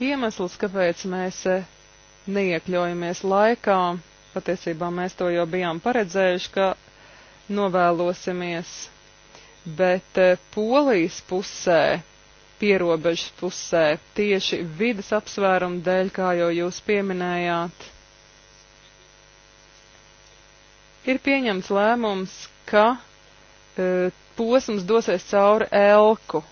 Iemesls, kāpēc mēs neiekļojamies laikā, patiesībā mēs to jau bijām paredzējuši, ka novēlosimies bet eh, Polijas pusē, pierobežas pusē, tieši vidas apsvērumu dēļ, kā jau jūs pieminējāt, ir pieņemts lēmums, ka e, posms dosies cauri elku.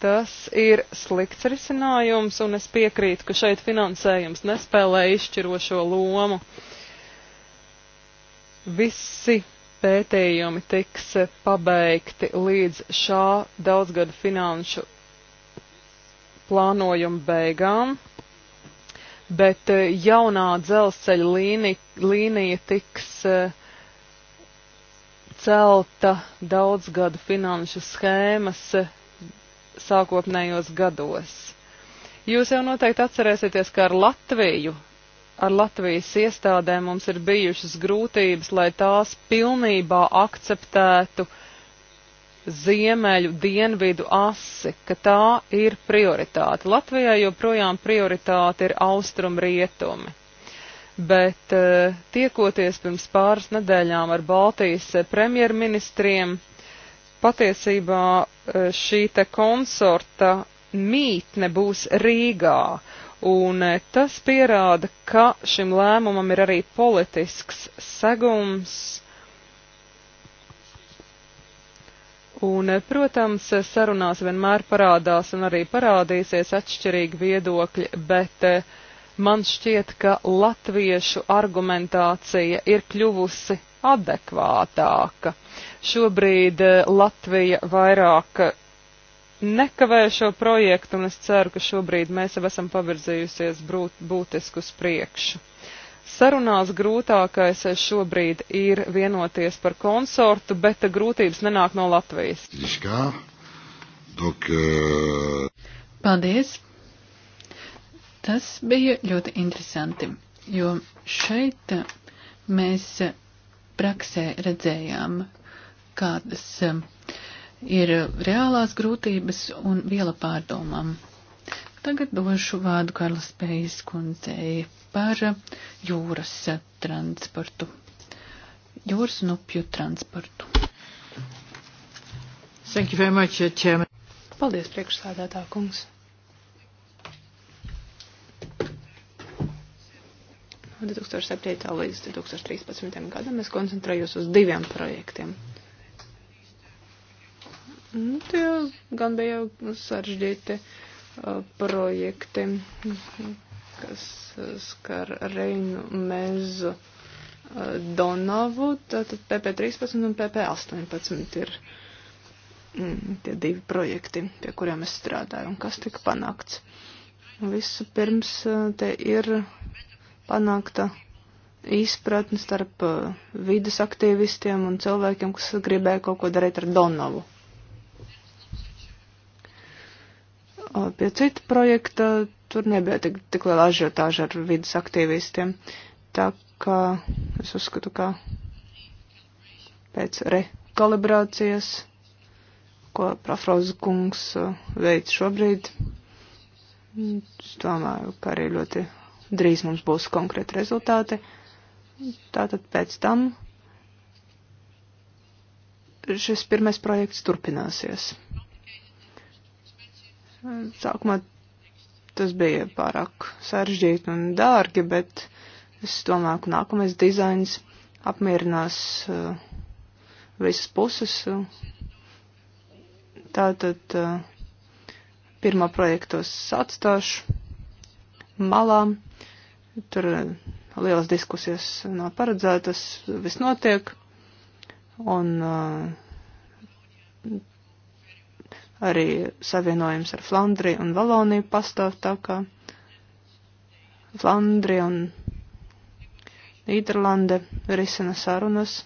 Tas ir slikts risinājums, un es piekrītu, ka šeit finansējums nespēlē izšķirošo lomu. Visi pētījumi tiks pabeigti līdz šā daudzgada finanšu plānojuma beigām, bet eh, jaunā dzelzceļa līnija, līnija tiks eh, celta daudzgada finanšu schēmas eh, sākotnējos gados. Jūs jau noteikti atcerēsieties, ka ar Latviju ar Latvijas iestādēm mums ir bijušas grūtības, lai tās pilnībā akceptētu ziemeļu dienvidu asi, ka tā ir prioritāte. Latvijai joprojām prioritāte ir austrum rietumi. Bet eh, tiekoties pirms pāris nedēļām ar Baltijas eh, premjerministriem, patiesībā eh, šī te konsorta mītne būs Rīgā Un e, tas pierāda, ka šim lēmumam ir arī politisks segums. Un, e, protams, e, sarunās vienmēr parādās un arī parādīsies atšķirīgi viedokļi, bet man šķiet, ka latviešu argumentācija ir kļuvusi adekvātāka. Šobrīd Latvija vairāk nekavēju šo projektu, un es ceru, ka šobrīd mēs jau esam pavirzījusies brūt, būtisku uz priekšu. Sarunās grūtākais šobrīd ir vienoties par konsortu, bet grūtības nenāk no Latvijas. E, Paldies! Tas bija ļoti interesanti, jo šeit mēs praksē redzējām, kādas e, ir reālās grūtības un viela pārdomām. Tagad došu vārdu Karlas Pējas kundzei par jūras transportu. Jūras un upju transportu. Thank you very much, uh, Chairman. Paldies, priekšsādātā kungs. No 2007. līdz 2013. gadam es koncentrējos uz diviem projektiem. Nu, tie gan bija saržģīti uh, projekti, kas uh, skar Reinu mezu uh, Donavu, tātad PP13 un PP18 ir mm, tie divi projekti, pie kuriem es strādāju un kas tika panākts. Visu pirms uh, te ir panākta izpratne starp uh, vidas aktīvistiem un cilvēkiem, kas gribēja kaut ko darīt ar Donavu Uh, pie cita projekta tur nebija tik, tik liela ažiotāža ar vidas aktīvistiem. Tā kā es uzskatu, ka pēc rekalibrācijas, ko Prafroza kungs uh, veic šobrīd, es domāju, ka arī ļoti drīz mums būs konkrēti rezultāti. Tātad pēc tam šis pirmais projekts turpināsies. Sākumā tas bija pārāk sarežģīti un dārgi, bet es domāju, ka nākamais dizains apmierinās uh, visas puses. Tātad uh, pirmā projektos atstāšu malā. Tur uh, lielas diskusijas nav paredzētas, viss notiek. Un uh, arī savienojums ar Flandriju un Valoniju pastāv tā kā Flandrija un Nīderlande risina sarunas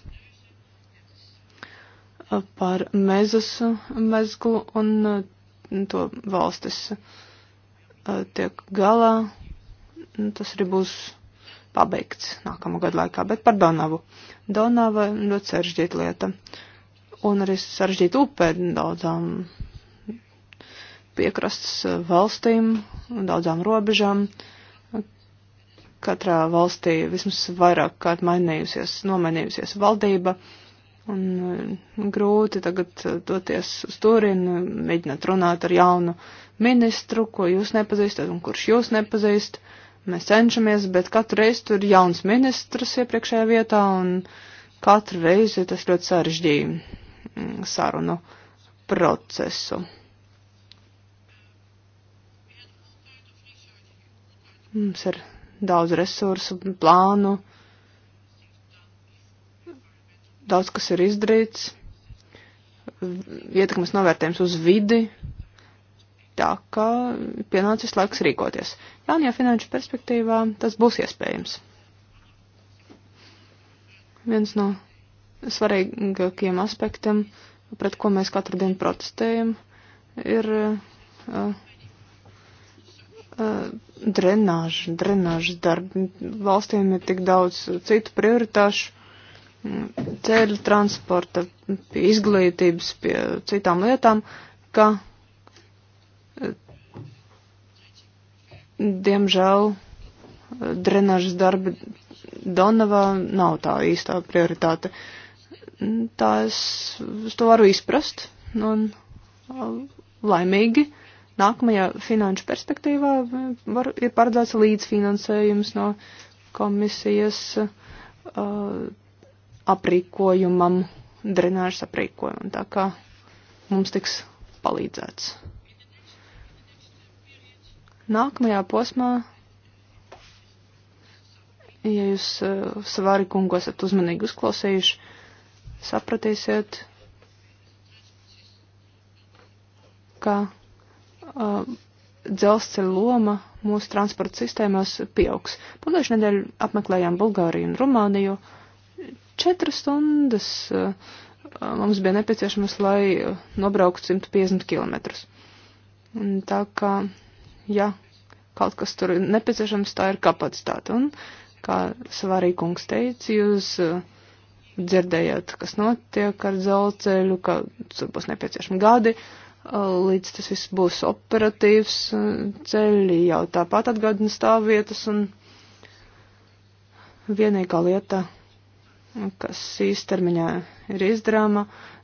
par mezas mezglu un uh, to valstis uh, tiek galā. Tas arī būs pabeigts nākamo gadu laikā, bet par Donavu. Donava ļoti sarežģīta lieta. Un arī sarežģīta upē daudzām piekrastas eh, valstīm, daudzām robežām. Katrā valstī vismaz vairāk kārt mainījusies, nomainījusies valdība. Un eh, grūti tagad eh, doties uz turienu, mēģināt runāt ar jaunu ministru, ko jūs nepazīstat un kurš jūs nepazīst. Mēs cenšamies, bet katru reizi tur ir jauns ministrs iepriekšējā vietā un katru reizi tas ļoti sarežģīja mm, sarunu procesu. Mums ir daudz resursu, plānu, daudz kas ir izdarīts, ietekmes novērtējums uz vidi, tā kā pienācis laiks rīkoties. Jaunajā finanšu perspektīvā tas būs iespējams. Viens no svarīgākajiem aspektiem, pret ko mēs katru dienu protestējam, ir uh, drenāža, uh, drenāža darbi. Valstīm ir tik daudz citu prioritāšu, mm, ceļu transporta, pie izglītības, pie citām lietām, ka uh, diemžēl uh, drenāžas darbi Donavā nav tā īstā prioritāte. Mm, tā es, es to varu izprast un laimīgi. Uh, nākamajā finanšu perspektīvā var, ir paredzēts līdzfinansējums no komisijas uh, aprīkojumam, drenāžas aprīkojumam, tā kā mums tiks palīdzēts. Nākamajā posmā, ja jūs uh, savāri kungu esat uzmanīgi uzklausījuši, sapratīsiet, ka Uh, dzelzceļa loma mūsu transporta sistēmās pieaugs. Pagājušajā nedēļā apmeklējām Bulgāriju un Rumāniju. Četras stundas uh, mums bija nepieciešamas, lai uh, nobrauktu 150 km. Tā kā, ja kaut kas tur ir nepieciešams, tā ir kapacitāte. Un, kā Svarīkungs teica, jūs dzirdējāt, kas notiek ar dzelzceļu, ka tur būs nepieciešami gadi. Uh, līdz tas viss būs operatīvs, e, ceļi jau tāpat atgādina stāvvietas un vienīgā lieta, kas īstermiņā ir izdarāma,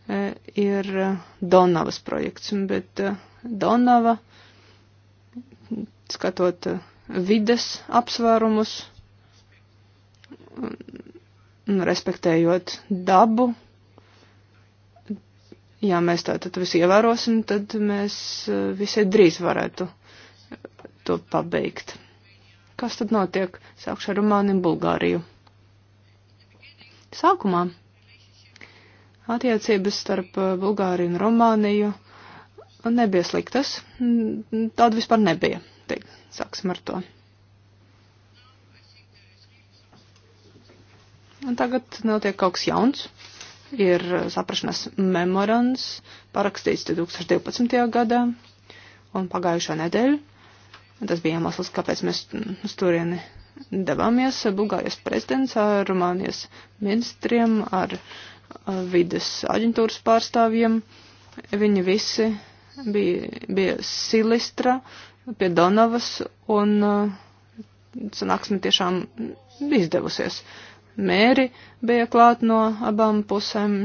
e, ir e, Donavas projekts, bet Donava, skatot vides apsvērumus, respektējot dabu, ja mēs tā tad visu ievērosim, tad mēs eh, visai drīz varētu eh, to pabeigt. Kas tad notiek? Sākšu ar Rumāniju un Bulgāriju. Sākumā attiecības starp eh, Bulgāriju un Rumāniju nebija sliktas. Tāda vispār nebija. Teik, sāksim ar to. Un tagad notiek kaut kas jauns ir saprašanās memorands parakstīts 2012. gadā un pagājušā nedēļa. Tas bija iemesls, kāpēc mēs uz turieni devāmies. Bulgārijas prezidents ar Rumānijas ministriem, ar uh, vides aģentūras pārstāvjiem. Viņi visi bija, bija Silistra pie Donavas un uh, sanāksme tiešām izdevusies. Uh, mēri bija klāt no abām pusēm,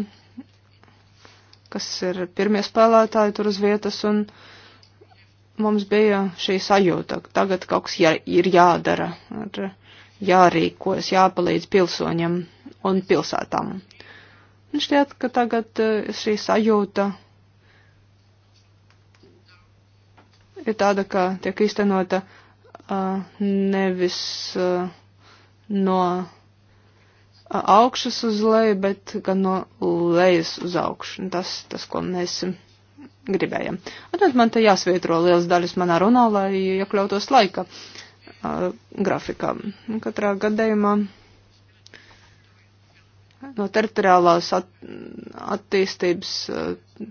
kas ir pirmie spēlētāji tur uz vietas, un mums bija šī sajūta, ka tagad kaut kas jā, ir jādara, ir jārīkojas, jāpalīdz pilsoņiem un pilsētām. Un šķiet, ka tagad eh, šī sajūta ir tāda, ka tiek īstenota uh, nevis uh, no augšas uz leju, bet gan no lejas uz augšu. Nu, tas, tas ko mēs gribējam. Atnāt man te jāsvietro liels daļas manā runā, lai iekļautos laika uh, grafikā. Katrā gadījumā no teritoriālās at, attīstības,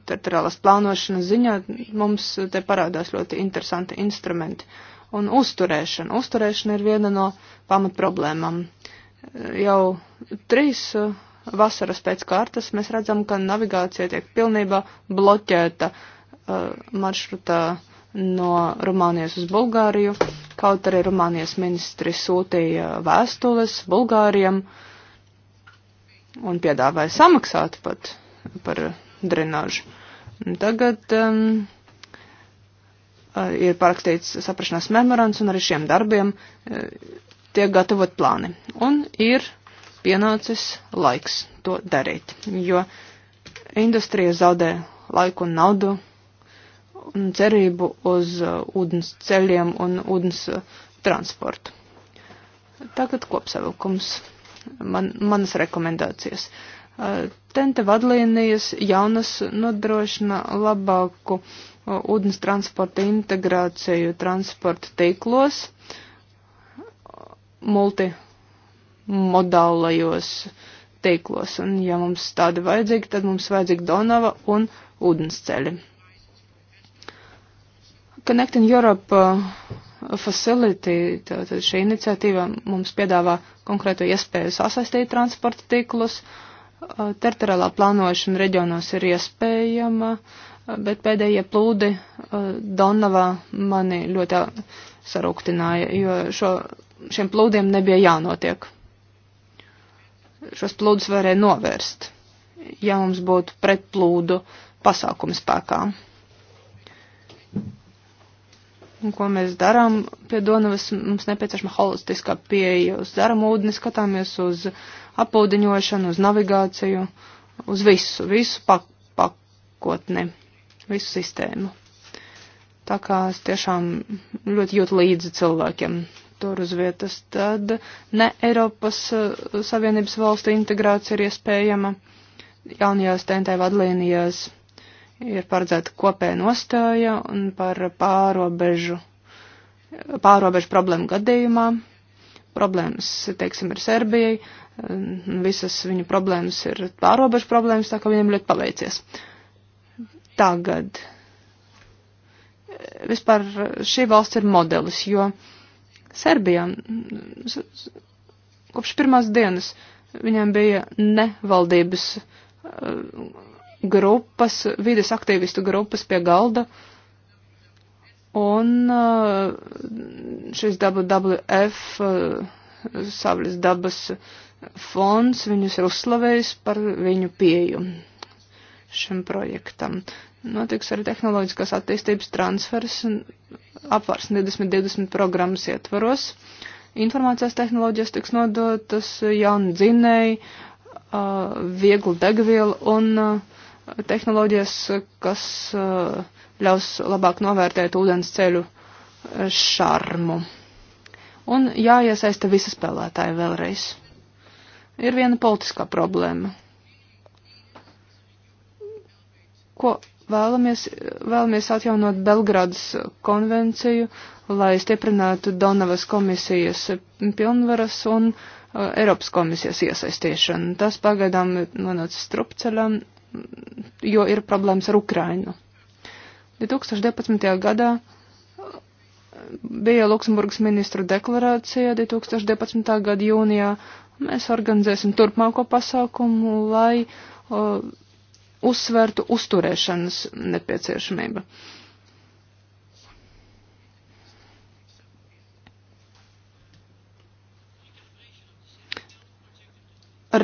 teritoriālās plānošanas ziņā mums te parādās ļoti interesanti instrumenti. Un uzturēšana. Uzturēšana ir viena no pamatproblēmām. Uh, jau trīs uh, vasaras pēc kārtas mēs redzam, ka navigācija tiek pilnībā bloķēta uh, maršrutā no Rumānijas uz Bulgāriju. Kaut arī Rumānijas ministri sūtīja vēstules Bulgārijam un piedāvāja samaksāt pat par drenāžu. Tagad um, uh, ir parakstīts saprašanās memorands un arī šiem darbiem uh, tiek gatavot plāni. Un ir pienācis laiks to darīt, jo industrija zaudē laiku un naudu un cerību uz uh, ūdens ceļiem un ūdens uh, transportu. Tagad kopsavilkums. Man, manas rekomendācijas. Uh, tente vadlīnijas jaunas nodrošina labāku ūdens transporta integrāciju transporta tīklos. Uh, multimodālajos tīklos. Un, ja mums tāda vajadzīga, tad mums vajadzīga Donava un ūdensceļi. Connecting Europe uh, Facility, tātad šī iniciatīva mums piedāvā konkrēto iespēju sasaistīt transporta tīklus. Uh, teritoriālā plānošana reģionos ir iespējama, uh, bet pēdējie plūdi Donavā mani ļoti sarūktināja, jo šo šiem plūdiem nebija jānotiek. Šos plūdus varēja novērst, ja mums būtu pretplūdu pasākumi spēkā. Un ko mēs darām pie Donavas? Mums nepieciešama holistiskā pieeja uz dzeramu ūdeni, skatāmies uz apūdeņošanu, uz navigāciju, uz visu, visu pak pakotni, visu sistēmu. Tā kā es tiešām ļoti jūtu līdzi cilvēkiem tur uz vietas, tad ne Eiropas eh, Savienības valstu integrācija ir iespējama. Jaunajās TNT vadlīnijās ir paredzēta kopēja nostāja un par pārobežu, pārobežu problēmu gadījumā. Problēmas, teiksim, ir Serbijai, visas viņu problēmas ir pārobežu problēmas, tā ka viņiem ļoti paveicies. Tagad eh, vispār šī valsts ir modelis, jo uh, Serbijā kopš pirmās dienas viņiem bija nevaldības eh, grupas, vides aktīvistu grupas pie galda, un eh, šis WWF, eh, savas dabas fonds, viņus ir uzslavējis par viņu pieejumu šim projektam. Notiks arī tehnoloģiskās attīstības transfers apvārs 2020 programmas ietvaros. Informācijas tehnoloģijas tiks nodotas jaunu dzinēju, vieglu degvielu un tehnoloģijas, kas ļaus labāk novērtēt ūdens ceļu šarmu. Un jāiesaista visi spēlētāji vēlreiz. Ir viena politiskā problēma ko vēlamies, vēlamies atjaunot Belgrādas konvenciju, lai stiprinātu Donavas komisijas pilnvaras un uh, Eiropas komisijas iesaistīšanu. Tas pagaidām nonāca strupceļam, jo ir problēmas ar Ukrainu. 2012. gadā uh, bija Luksemburgas ministru deklarācija 2012. gada jūnijā. Mēs organizēsim turpmāko pasākumu, lai uh, uzsvertu uzturēšanas nepieciešamība.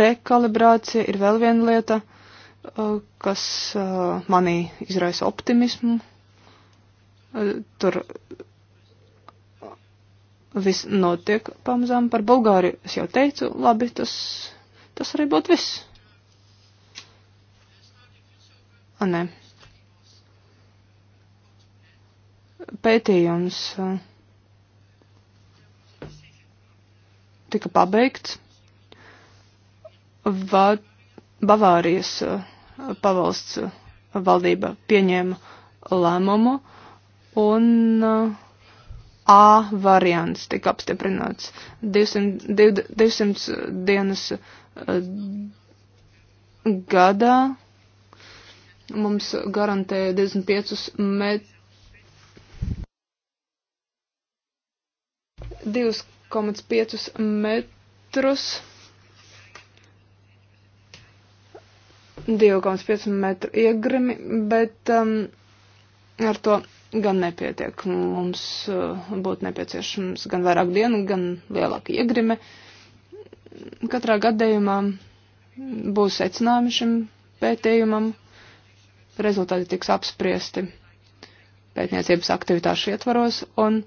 Rekalibrācija ir vēl viena lieta, uh, kas uh, manī izraisa optimismu. Uh, tur viss notiek pamazām par Bulgāriju. Es jau teicu, labi, tas, tas arī būtu viss. Nē. Pētījums tika pabeigts Va Bavārijas pavalsts valdība pieņēma lēmumu un A variants tika apstiprināts 200, 200 dienas gadā mums garantēja 25 metrus. 2,5 metrus. 2,5 metru iegrimi, bet um, ar to gan nepietiek. Mums uh, būtu nepieciešams gan vairāk dienu, gan lielāka iegrime. Katrā gadījumā būs secinājumi šim pētījumam rezultāti tiks apspriesti pētniecības aktivitāšu ietvaros, un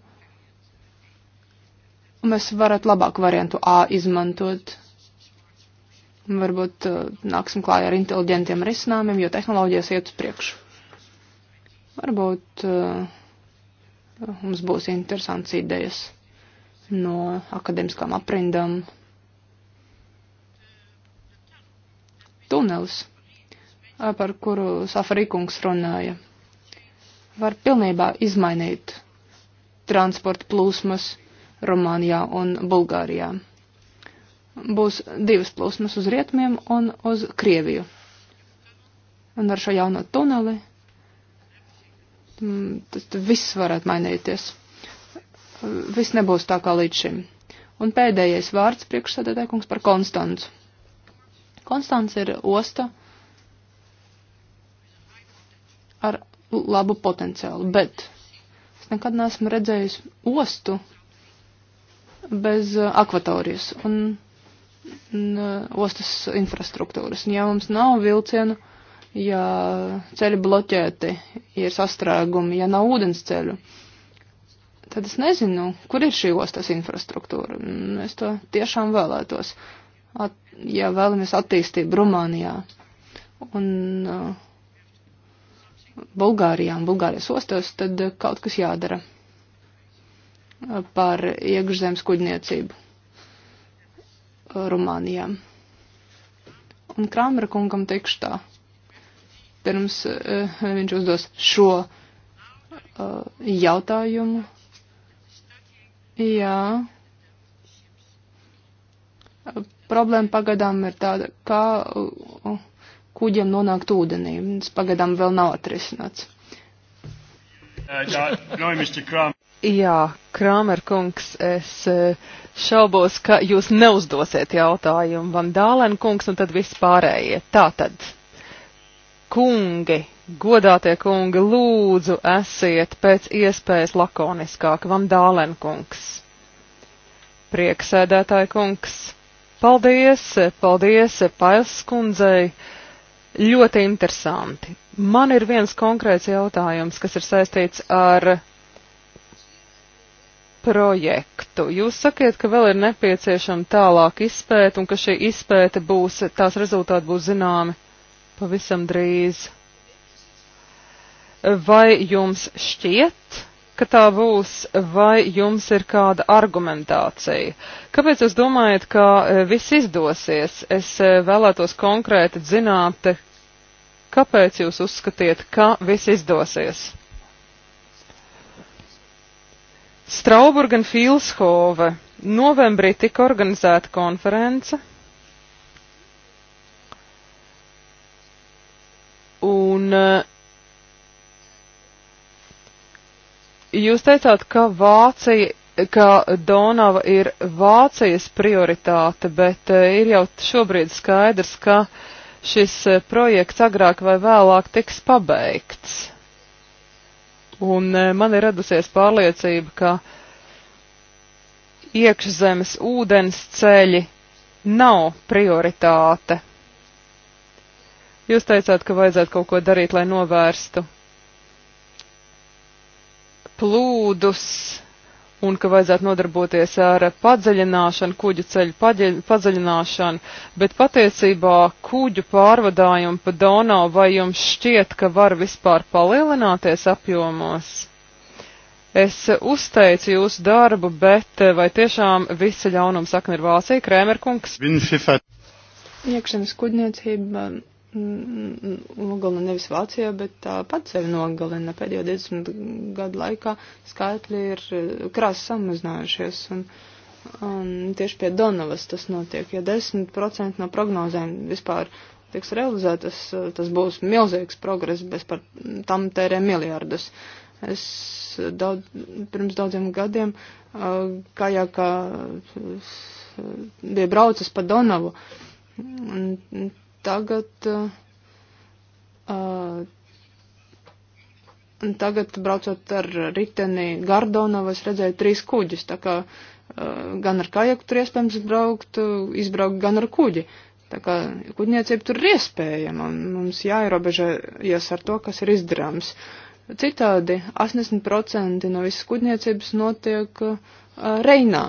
mēs varat labāku variantu A izmantot. Varbūt uh, nāksim klāj ar inteliģentiem risinājumiem, jo tehnoloģijas iet uz priekšu. Varbūt uh, mums būs interesants idejas no akadēmiskām aprindām. Tunelis par kuru Safarīkungs runāja, var pilnībā izmainīt transporta plūsmas Rumānijā un Bulgārijā. Būs divas plūsmas uz rietumiem un uz Krieviju. Un ar šo jauno tuneli mm, tas viss varētu mainīties. Viss nebūs tā kā līdz šim. Un pēdējais vārds priekšsēdētāj kungs par Konstancu. Konstants ir osta, uh, ar labu potenciālu, bet es nekad neesmu redzējis ostu bez uh, akvatorijas un, un uh, ostas infrastruktūras. Un, ja mums nav vilcienu, ja ceļi bloķēti, ja ir sastrēgumi, ja nav ūdens ceļu, tad es nezinu, kur ir šī ostas infrastruktūra. Mm, es to tiešām vēlētos, at, ja vēlamies attīstību Rumānijā. Un uh, Bulgārijā un Bulgārijas ostos, tad eh, kaut kas jādara eh, par iekšzemes kuģniecību eh, Rumānijā. Un Krāmera kungam teikšu tā, pirms uh, viņš uzdos šo uh, jautājumu. Jā. Problēma pagadām ir tāda, kā. Uh, uh, kuģiem nonākt ūdenī. Tas pagaidām vēl nav atrisināts. Jā, Krāmer kungs, es eh, šaubos, ka jūs neuzdosiet jautājumu Van Dālen kungs un tad viss pārējie. Tātad, kungi, godātie kungi, lūdzu esiet pēc iespējas lakoniskāk Van Dālen kungs. Prieksēdētāji kungs, paldies, paldies Pails kundzei Ļoti interesanti. Man ir viens konkrēts jautājums, kas ir saistīts ar projektu. Jūs sakiet, ka vēl ir nepieciešama tālāk izpēta un ka šī izpēta būs, tās rezultāti būs zināmi pavisam drīz. Vai jums šķiet, ka tā būs, vai jums ir kāda argumentācija. Kāpēc jūs domājat, ka e, viss izdosies? Es e, vēlētos konkrēti zināt, e, kāpēc jūs uzskatiet, ka viss izdosies? Strauburgen Filshove. Novembrī tika organizēta konference. Un uh, Jūs teicāt, ka Vācija ka Donava ir Vācijas prioritāte, bet eh, ir jau šobrīd skaidrs, ka šis eh, projekts agrāk vai vēlāk tiks pabeigts. Un eh, man ir radusies pārliecība, ka iekšzemes ūdens ceļi nav prioritāte. Jūs teicāt, ka vajadzētu kaut ko darīt, lai novērstu plūdus un ka vajadzētu nodarboties ar padziļināšanu, kuģu ceļu padziļināšanu, bet patiecībā kuģu pārvadājumu pa Donau vai jums šķiet, ka var vispār palielināties apjomos? Es uzteicu jūsu darbu, bet vai tiešām visa ļaunuma sakna ir Vācija, Krēmerkungs? Iekšzemes kuģniecība Mm, mm, nogalina nevis Vācijā, bet tā pat sevi nogalina. Pēdējo 20 gadu laikā skaitļi ir eh, krāsa samazinājušies. Un, un tieši pie Donavas tas notiek. Ja 10% no prognozēm vispār tiks realizētas, eh, tas būs milzīgs progress, bez par tam tērē miljārdus. Es daudz, pirms daudziem gadiem eh, kājākā bija braucis pa Donavu. Un tagad, uh, tagad braucot ar riteni Gardonavas, redzēju trīs kuģis, tā kā uh, gan ar kajaku tur iespējams braukt, uh, izbraukt gan ar kuģi. Tā kā kuģniecība tur ir iespējama, un mums jāierobežojas ar to, kas ir izdarāms. Citādi 80% no visas kuģniecības notiek uh, Reinā,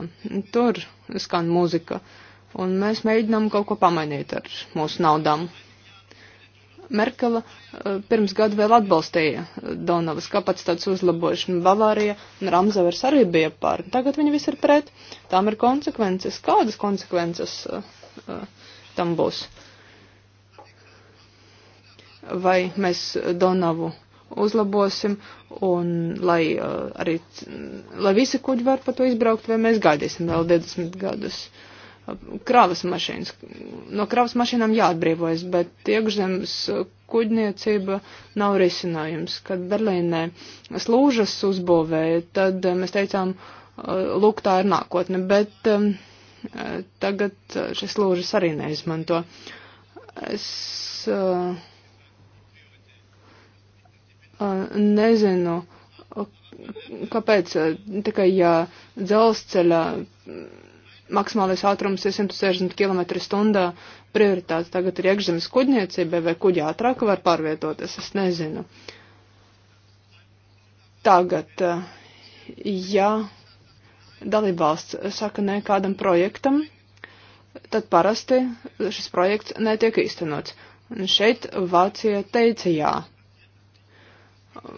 tur skan mūzika. Uh, un mēs mēģinām kaut ko pamainīt ar mūsu naudām. Merkela eh, pirms gadu vēl atbalstīja eh, Donavas kapacitātes uzlabošanu Bavārijā, un Ramzavers arī bija par. Tagad viņi visi ir pret. Tām ir konsekvences. Kādas konsekvences eh, tam būs? Vai mēs Donavu uzlabosim, un lai arī, lai visi kuģi var pa to izbraukt, vai mēs gaidīsim vēl 20 gadus? Uh, kravas mašīnas. No kravas mašīnām jāatbrīvojas, bet iekšzemes kuģniecība nav risinājums. Kad Berlīnē slūžas uzbūvēja, tad eh, mēs teicām, eh, lūk, tā ir nākotne, bet eh, tagad šis slūžas arī neizmanto. Es nezinu, kāpēc tikai ja dzelzceļa maksimālais ātrums ir 160 km/h. Prioritāte tagad ir iekšzemes kuģniecībai vai kuģi ātrāk var pārvietoties, es nezinu. Tagad, eh, ja dalībvalsts saka nē kādam projektam, tad parasti šis projekts netiek īstenots. Un šeit Vācija teica jā.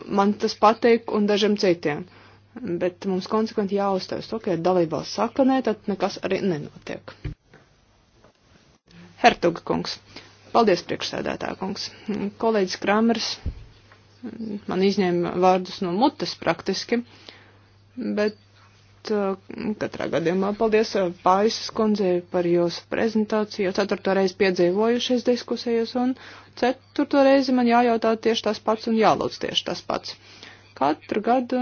Man tas patīk un dažiem citiem bet mums konsekventi jāuzstājas to, ka, ja dalībvalsts saka nē, tad nekas arī nenotiek. Hertuga kungs. Paldies, priekšsēdētā kungs. Kolēģis Kramers man izņēma vārdus no mutes praktiski, bet uh, katrā gadījumā paldies uh, Paisas kundzei par jūsu prezentāciju. Ceturto reizi piedzīvojušies diskusijas un ceturto reizi man jājautā tieši tas pats un jālūdz tieši tas pats. Katru gadu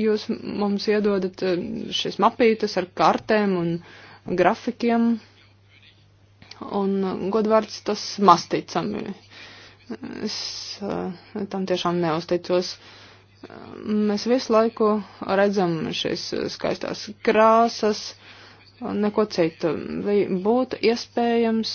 jūs mums iedodat eh, šīs mapītes ar kartēm un grafikiem, un eh, godvārds tas masticami. Es eh, tam tiešām neusticos. Mēs visu laiku redzam šīs skaistās krāsas, neko citu. Vai būtu iespējams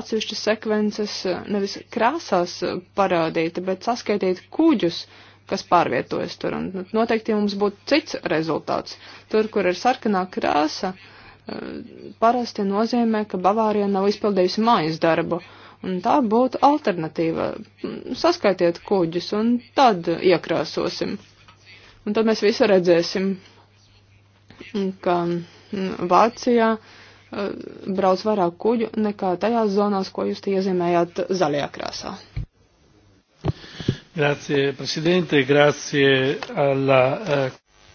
atsevišķas sekvences nevis krāsās parādīt, bet saskaitīt kuģus? Uh, kas pārvietojas tur. Un noteikti mums būtu cits rezultāts. Tur, kur ir sarkanā krāsa, eh, parasti nozīmē, ka Bavārija nav izpildījusi mājas darbu. Un tā būtu alternatīva. Mm, saskaitiet kuģus un tad iekrāsosim. Un tad mēs visi redzēsim, ka mm, Vācijā eh, brauc vairāk kuģu nekā tajās zonās, ko jūs tie iezīmējāt zaļajā krāsā. Grazie, prezidente, grazie alla. Eh,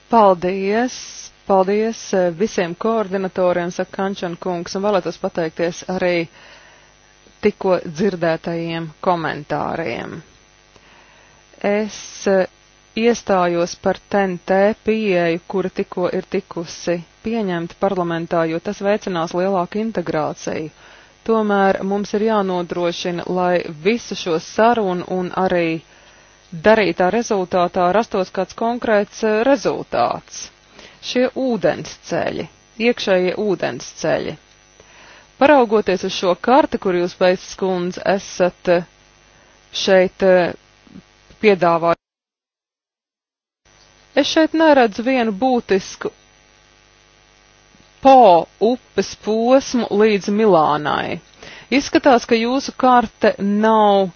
paldies, paldies eh, visiem koordinatoriem, saka Kančana kungs, un vēlētos pateikties arī tikko dzirdētajiem komentāriem. Es eh, iestājos par TNT pieeju, kura tikko ir tikusi pieņemta parlamentā, jo tas veicinās lielāku integrāciju. Tomēr mums ir jānodrošina, lai visu šo sarunu un arī darītā rezultātā rastos kāds konkrēts eh, rezultāts. Šie ūdensceļi, iekšējie ūdensceļi. Paraugoties uz šo karti, kur jūs pēc skundz esat eh, šeit eh, piedāvājis, es šeit neredzu vienu būtisku Po upes posmu līdz Milānai. Izskatās, ka jūsu karte nav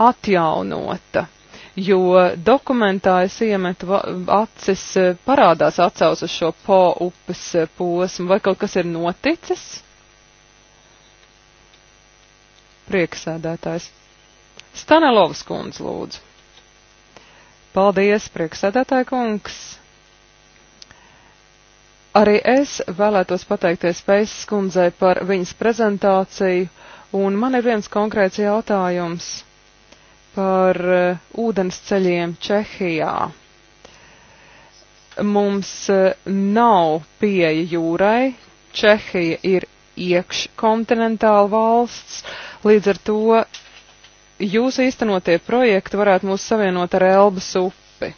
atjaunota jo dokumentā es iemetu acis, eh, parādās atsauc uz šo po upes eh, posmu, vai kaut kas ir noticis? Prieksēdētājs. Stanelovs kundz lūdzu. Paldies, prieksēdētāja kungs. Arī es vēlētos pateikties Peisas kundzei par viņas prezentāciju, un man ir viens konkrēts jautājums par eh, ūdensceļiem Čehijā. Mums eh, nav pieeja jūrai, Čehija ir iekškontinentāla valsts, līdz ar to jūsu īstenotie projekti varētu mūs savienot ar Elbas upi.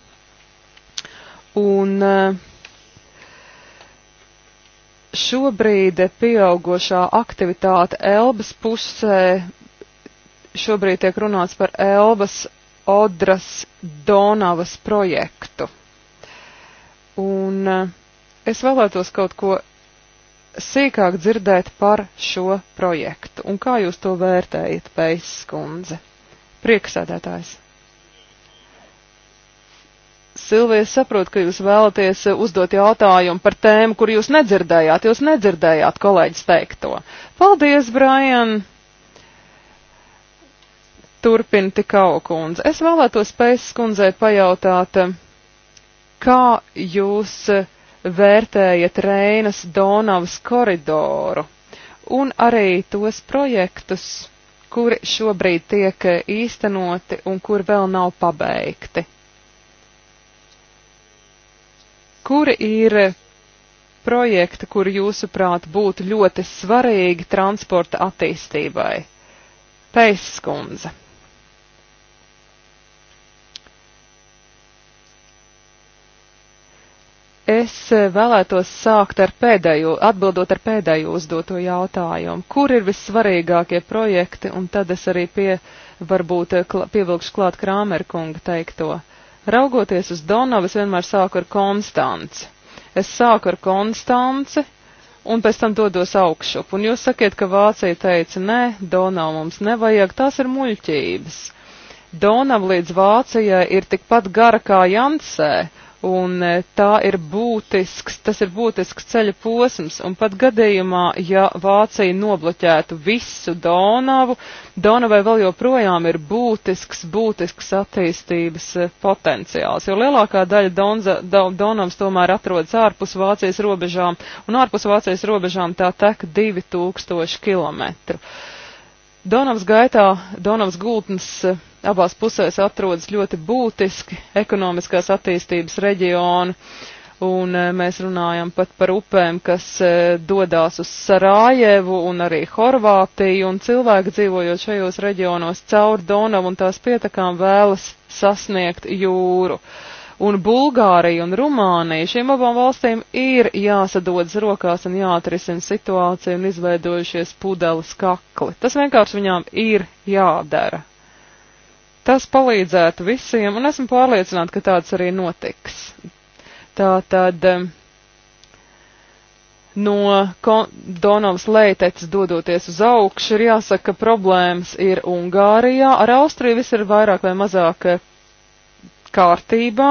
Un eh, šobrīd pieaugošā aktivitāte Elbas pusē šobrīd tiek runāts par Elbas Odras Donavas projektu. Un eh, es vēlētos kaut ko sīkāk dzirdēt par šo projektu. Un kā jūs to vērtējat, Pējas kundze? Prieksēdētājs. Silvija, es saprotu, ka jūs vēlaties uzdot jautājumu par tēmu, kur jūs nedzirdējāt. Jūs nedzirdējāt kolēģis teikto. Paldies, Brian! Turpina tikau kundze. Es vēlētos Pēcis kundzei pajautāt, kā jūs vērtējat Reinas Donavas koridoru un arī tos projektus, kuri šobrīd tiek īstenoti un kur vēl nav pabeigti. Kuri ir projekti, kuri jūsuprāt būtu ļoti svarīgi transporta attīstībai? Peiskundze. Es eh, vēlētos sākt ar pēdējo, atbildot ar pēdējo uzdoto jautājumu. Kur ir vissvarīgākie projekti, un tad es arī pie, varbūt eh, klā, pievilkšu klāt Krāmerkunga teikto. Raugoties uz Donavu, es vienmēr sāku ar Konstanci. Es sāku ar Konstanci, un pēc tam dodos augšup. Un jūs sakiet, ka Vācija teica, nē, Donava mums nevajag, tās ir muļķības. Donava līdz Vācijai ir tikpat gara kā Jansē, un e, tā ir būtisks, tas ir būtisks ceļa posms, un pat gadījumā, ja Vācija nobloķētu visu Donavu, Donavai vēl joprojām ir būtisks, būtisks attīstības e, potenciāls, jo lielākā daļa Donza, Donavas tomēr atrodas ārpus Vācijas robežām, un ārpus Vācijas robežām tā tek 2000 kilometru. Donavas gaitā, Donavas gultnes e, abās pusēs atrodas ļoti būtiski ekonomiskās attīstības reģioni, un e, mēs runājam pat par upēm, kas e, dodās uz Sarajevu un arī Horvātiju, un cilvēki dzīvojot šajos reģionos caur Donavu un tās pietakām vēlas sasniegt jūru. Un Bulgārija un Rumānija šīm abām valstīm ir jāsadodas rokās un jāatrisina situācija un izveidojušies pudeles kakli. Tas vienkārši viņām ir jādara. Tas palīdzētu visiem, un esmu pārliecināta, ka tāds arī notiks. Tā tad no Donovas leiteces dodoties uz augšu ir jāsaka, ka problēmas ir Ungārijā. Ar Austriju viss ir vairāk vai mazāk eh, kārtībā.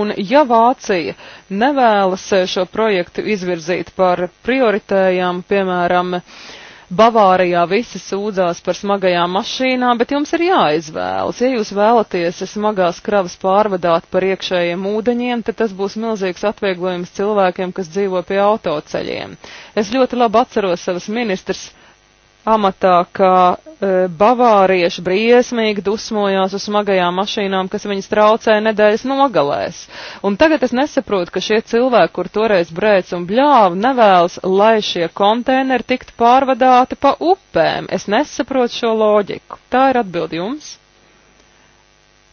Un ja Vācija nevēlas eh, šo projektu izvirzīt par prioritējām, piemēram, uh, Bavārijā visi sūdzās par smagajām mašīnām, bet jums ir jāizvēlas. Ja jūs vēlaties smagās kravas pārvadāt par iekšējiem ūdeņiem, tad tas būs milzīgs atvieglojums cilvēkiem, kas dzīvo pie autoceļiem. Es ļoti labi atceros savas ministrs amatā, ka e, bavārieši briesmīgi dusmojās uz smagajām mašīnām, kas viņas traucēja nedēļas nogalēs. Un tagad es nesaprotu, ka šie cilvēki, kur toreiz brēc un bļāva, nevēlas, lai šie konteineri tiktu pārvadāti pa upēm. Es nesaprotu šo loģiku. Tā ir atbildi jums.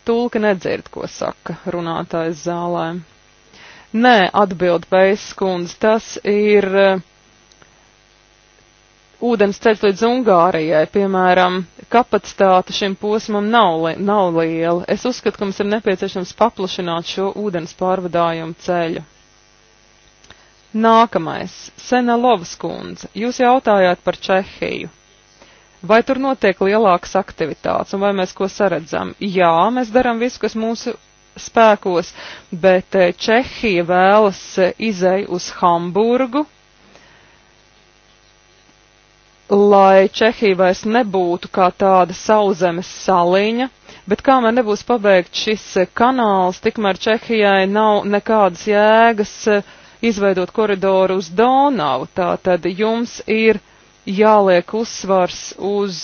Tulka nedzird, ko saka runātājs zālē. Nē, atbild Veiskundze, tas ir uh, ūdens ceļš līdz Ungārijai, piemēram, kapacitāte šim posmam nav, li nav liela. Es uzskatu, ka mums ir nepieciešams paplašināt šo ūdens pārvadājumu ceļu. Nākamais. Sena Lovskundze, jūs jautājāt par Čehiju. Vai tur notiek lielākas aktivitātes un vai mēs ko saredzam? Jā, mēs darām visu, kas mūsu spēkos, bet eh, Čehija vēlas eh, izēju uz Hamburgu, lai Čehija vairs nebūtu kā tāda sauzemes saliņa, bet kamēr nebūs pabeigts šis kanāls, tikmēr Čehijai nav nekādas jēgas izveidot koridoru uz Donavu. Tātad jums ir jāliek uzsvars uz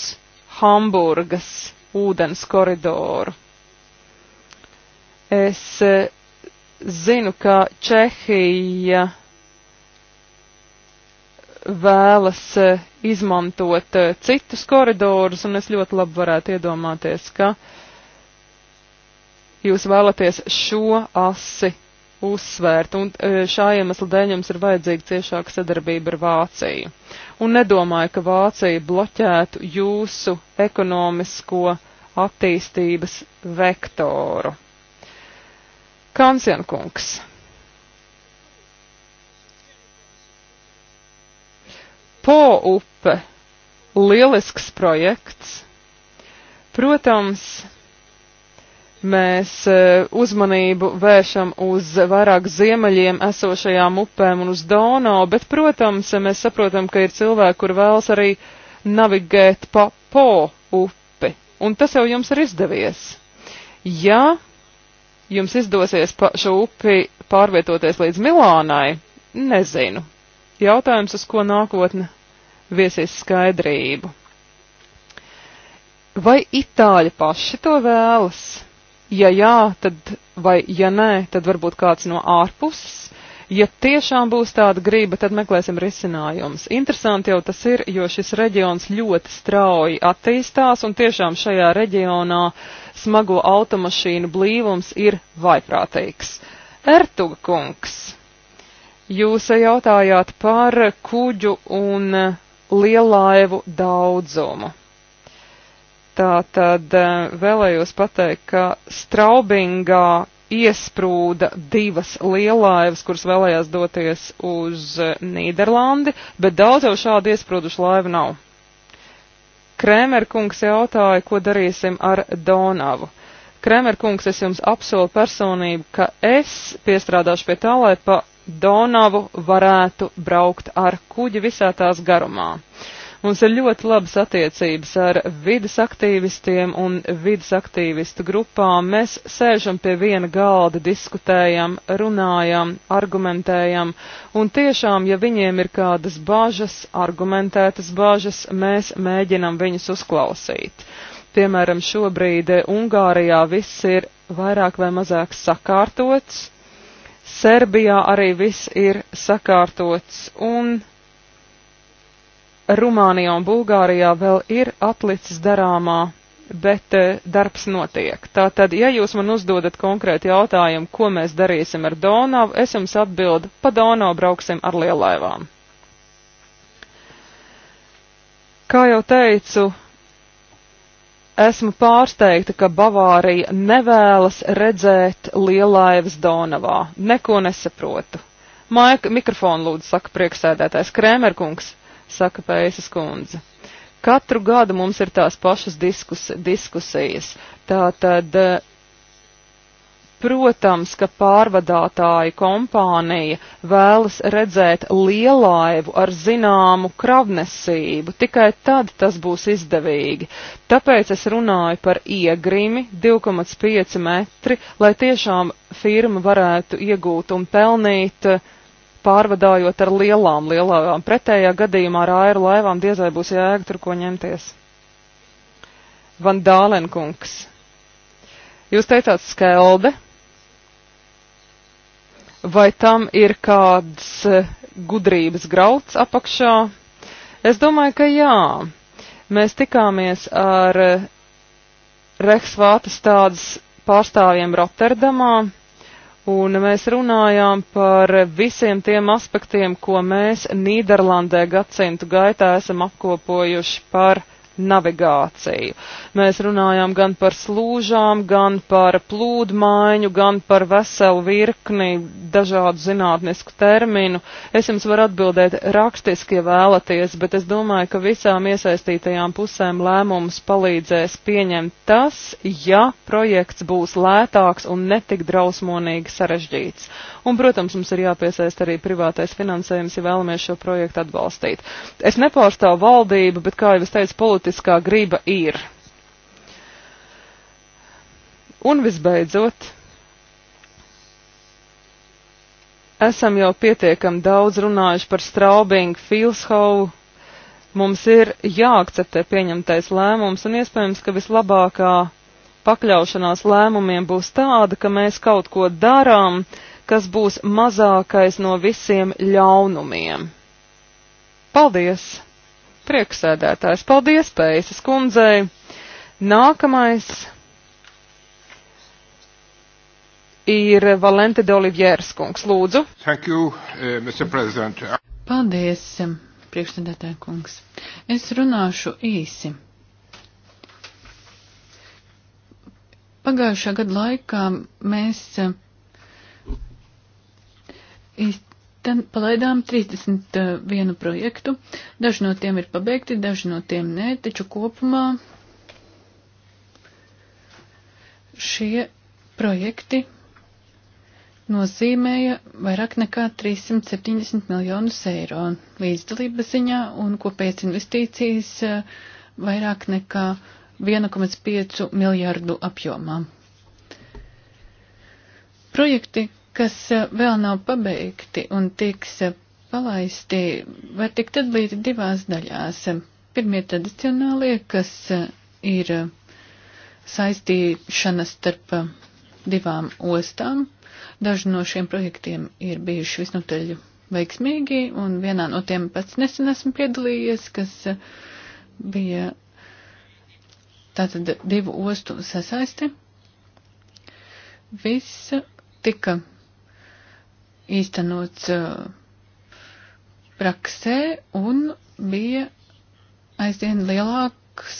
Hamburgas ūdens koridoru. Es eh, zinu, ka Čehija eh, vēlas eh, izmantot eh, citus koridorus, un es ļoti labi varētu iedomāties, ka jūs vēlaties šo asi uzsvērt, un eh, šā iemesla dēļ jums ir vajadzīga ciešāka sadarbība ar Vāciju. Un nedomāju, ka Vācija bloķētu jūsu ekonomisko attīstības vektoru. Kansjankungs. Po upe - lielisks projekts. Protams, mēs e, uzmanību vēršam uz vairāk ziemeļiem esošajām upēm un uz Donau, bet, protams, mēs saprotam, ka ir cilvēki, kur vēlas arī navigēt pa po upi, un tas jau jums ir izdevies. Ja jums izdosies pa šo upi pārvietoties līdz Milānai, nezinu, jautājums, uz ko nākotne viesīs skaidrību. Vai itāļi paši to vēlas? Ja jā, tad vai ja nē, tad varbūt kāds no ārpuses. Ja tiešām būs tāda grība, tad meklēsim risinājumus. Interesanti jau tas ir, jo šis reģions ļoti strauji attīstās, un tiešām šajā reģionā smago automašīnu blīvums ir vaiprātīgs. Ertuga kungs. Jūs jautājāt par kuģu un lielaivu daudzumu. Tā tad eh, vēlējos pateikt, ka Straubingā iesprūda divas lielaivas, kuras vēlējās doties uz eh, Nīderlandi, bet daudz jau šādu iesprūdušu laivu nav. Krēmerkungs jautāja, ko darīsim ar Donavu. Krēmerkungs, es jums apsolu personību, ka es piestrādāšu pie tā, lai pa Donavu varētu braukt ar kuģi visā tās garumā. Mums ir ļoti labas attiecības ar vidas aktīvistiem un vidas aktīvistu grupām. Mēs sēžam pie viena galda, diskutējam, runājam, argumentējam, un tiešām, ja viņiem ir kādas bažas, argumentētas bažas, mēs mēģinam viņus uzklausīt. Piemēram, šobrīd Ungārijā viss ir vairāk vai mazāk sakārtots, Serbijā arī viss ir sakārtots, un Rumānijā un Bulgārijā vēl ir atlicis darāmā, bet eh, darbs notiek. Tātad, ja jūs man uzdodat konkrēti jautājumu, ko mēs darīsim ar Donavu, es jums atbildu, pa Donavu brauksim ar lielaivām. Kā jau teicu, Esmu pārsteigta, ka Bavārija nevēlas redzēt lielaivas Donavā. Neko nesaprotu. Maika, mikrofonu lūdzu, saka prieksēdētājs Krēmerkungs, saka Pēsas kundze. Katru gadu mums ir tās pašas diskus, diskusijas. Tātad eh, Protams, ka pārvadātāja kompānija vēlas redzēt lielaivu ar zināmu kravnesību, tikai tad tas būs izdevīgi. Tāpēc es runāju par iegrimi 2,5 metri, lai tiešām firma varētu iegūt un pelnīt pārvadājot ar lielām lielām. Pretējā gadījumā ar airu laivām diezai būs jēga tur ko ņemties. Van Dālenkungs. Jūs teicāt skelde, vai tam ir kāds eh, gudrības grauds apakšā? Es domāju, ka jā. Mēs tikāmies ar eh, Reksvātas tādas pārstāvjiem Rotterdamā, un mēs runājām par visiem tiem aspektiem, ko mēs Nīderlandē gadsimtu gaitā esam apkopojuši par navigāciju. Mēs runājām gan par slūžām, gan par plūdmaiņu, gan par veselu virkni dažādu zinātnisku terminu. Es jums varu atbildēt rakstiski, ja vēlaties, bet es domāju, ka visām iesaistītajām pusēm lēmumus palīdzēs pieņemt tas, ja projekts būs lētāks un netik drausmonīgi sarežģīts. Un, protams, mums ir jāpiesaist arī privātais finansējums, ja vēlamies šo projektu atbalstīt. Es nepārstāvu valdību, bet, kā jau es teicu, politiskā griba ir. Un visbeidzot, esam jau pietiekam daudz runājuši par Straubingu, Filshovu. Mums ir jāakceptē pieņemtais lēmums un iespējams, ka vislabākā pakļaušanās lēmumiem būs tāda, ka mēs kaut ko darām, uh, kas būs mazākais no visiem ļaunumiem. Paldies! Prieksēdētājs, paldies, Pējas kundzei! Nākamais ir Valente de Olivieres kungs. Lūdzu. Thank you, uh, Mr. President. Paldies, priekšstādātāja kungs. Es runāšu īsi. Pagājušā gada laikā mēs Tam palaidām 31 eh, projektu. Daži no tiem ir pabeigti, daži no tiem nē, taču kopumā šie projekti nozīmēja vairāk nekā 370 miljonus eiro līdzdalības ziņā un kopējas investīcijas eh, vairāk nekā 1,5 miljardu apjomā. Projekti, kas eh, vēl nav pabeigti un tiks eh, palaisti, var tikt atdalīti divās daļās. Pirmie tradicionālie, kas eh, ir saistīšana starp divām ostām. Daži no šiem projektiem ir bijuši visnotaļ veiksmīgi, un vienā no tiem pats nesen esmu piedalījies, kas bija tātad divu ostu sasaisti. Viss tika īstenots uh, praksē un bija aizvien lielāks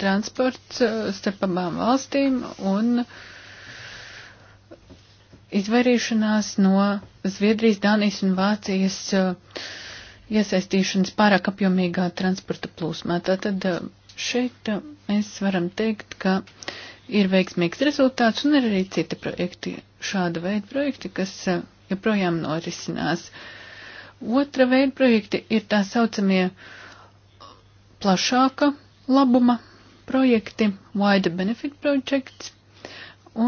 transports uh, starp abām valstīm un izvairīšanās no Zviedrijas, Dānijas un Vācijas uh, iesaistīšanas pārāk apjomīgā transporta plūsmā. Tātad šeit mēs varam teikt, ka ir veiksmīgs rezultāts un ir arī citi projekti šāda veida projekti, kas eh, joprojām norisinās. Otra veida projekti ir tā saucamie plašāka labuma projekti, wider benefit projects,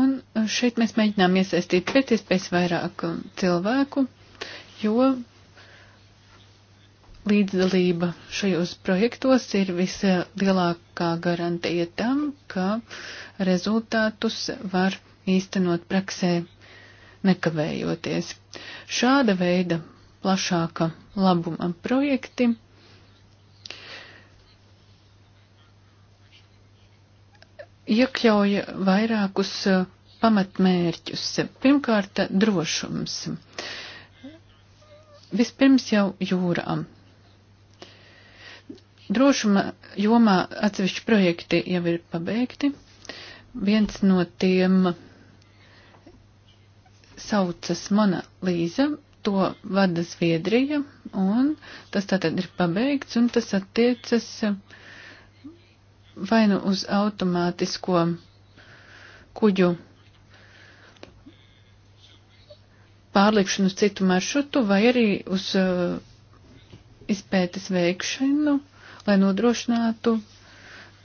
un eh, šeit mēs mēģinām iesaistīt pēc iespējas vairāk um, cilvēku, jo līdzdalība šajos projektos ir vislielākā garantija tam, ka rezultātus var īstenot praksē nekavējoties. Šāda veida plašāka labuma projekti iekļauj vairākus uh, pamatmērķus. Pirmkārt, drošums. Vispirms jau jūrā. Drošuma jomā atsevišķi projekti jau ir pabeigti. Viens no tiem saucas Mona Līza, to vada Zviedrija, un tas tātad ir pabeigts, un tas attiecas vai nu uz automātisko kuģu pārlikšanu uz citu maršrutu, vai arī uz uh, izpētes veikšanu, lai nodrošinātu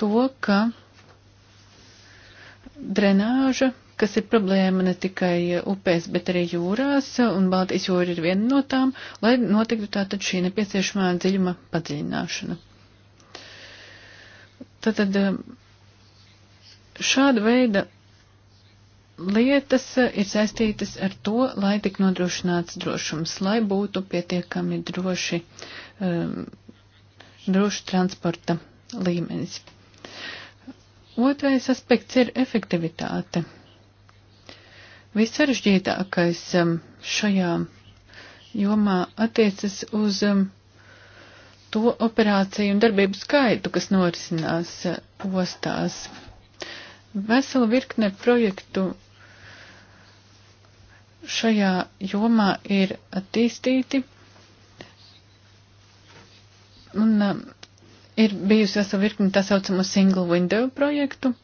to, ka drenāža kas ir problēma ne tikai upēs, bet arī jūrās, un Baltijas jūra ir viena no tām, lai notiktu tātad šī nepieciešamā dziļuma padziļināšana. Tātad eh, šāda veida lietas ir saistītas ar to, lai tik nodrošināts drošums, lai būtu pietiekami droši, um, droši transporta līmenis. Otrais aspekts ir efektivitāte. Vissaržģītākais um, šajā jomā attiecas uz um, to operāciju un darbību skaitu, kas norisinās uh, ostās. Vesela virkne projektu šajā jomā ir attīstīti un um, ir bijusi vesela virkne tā saucamo single window projektu.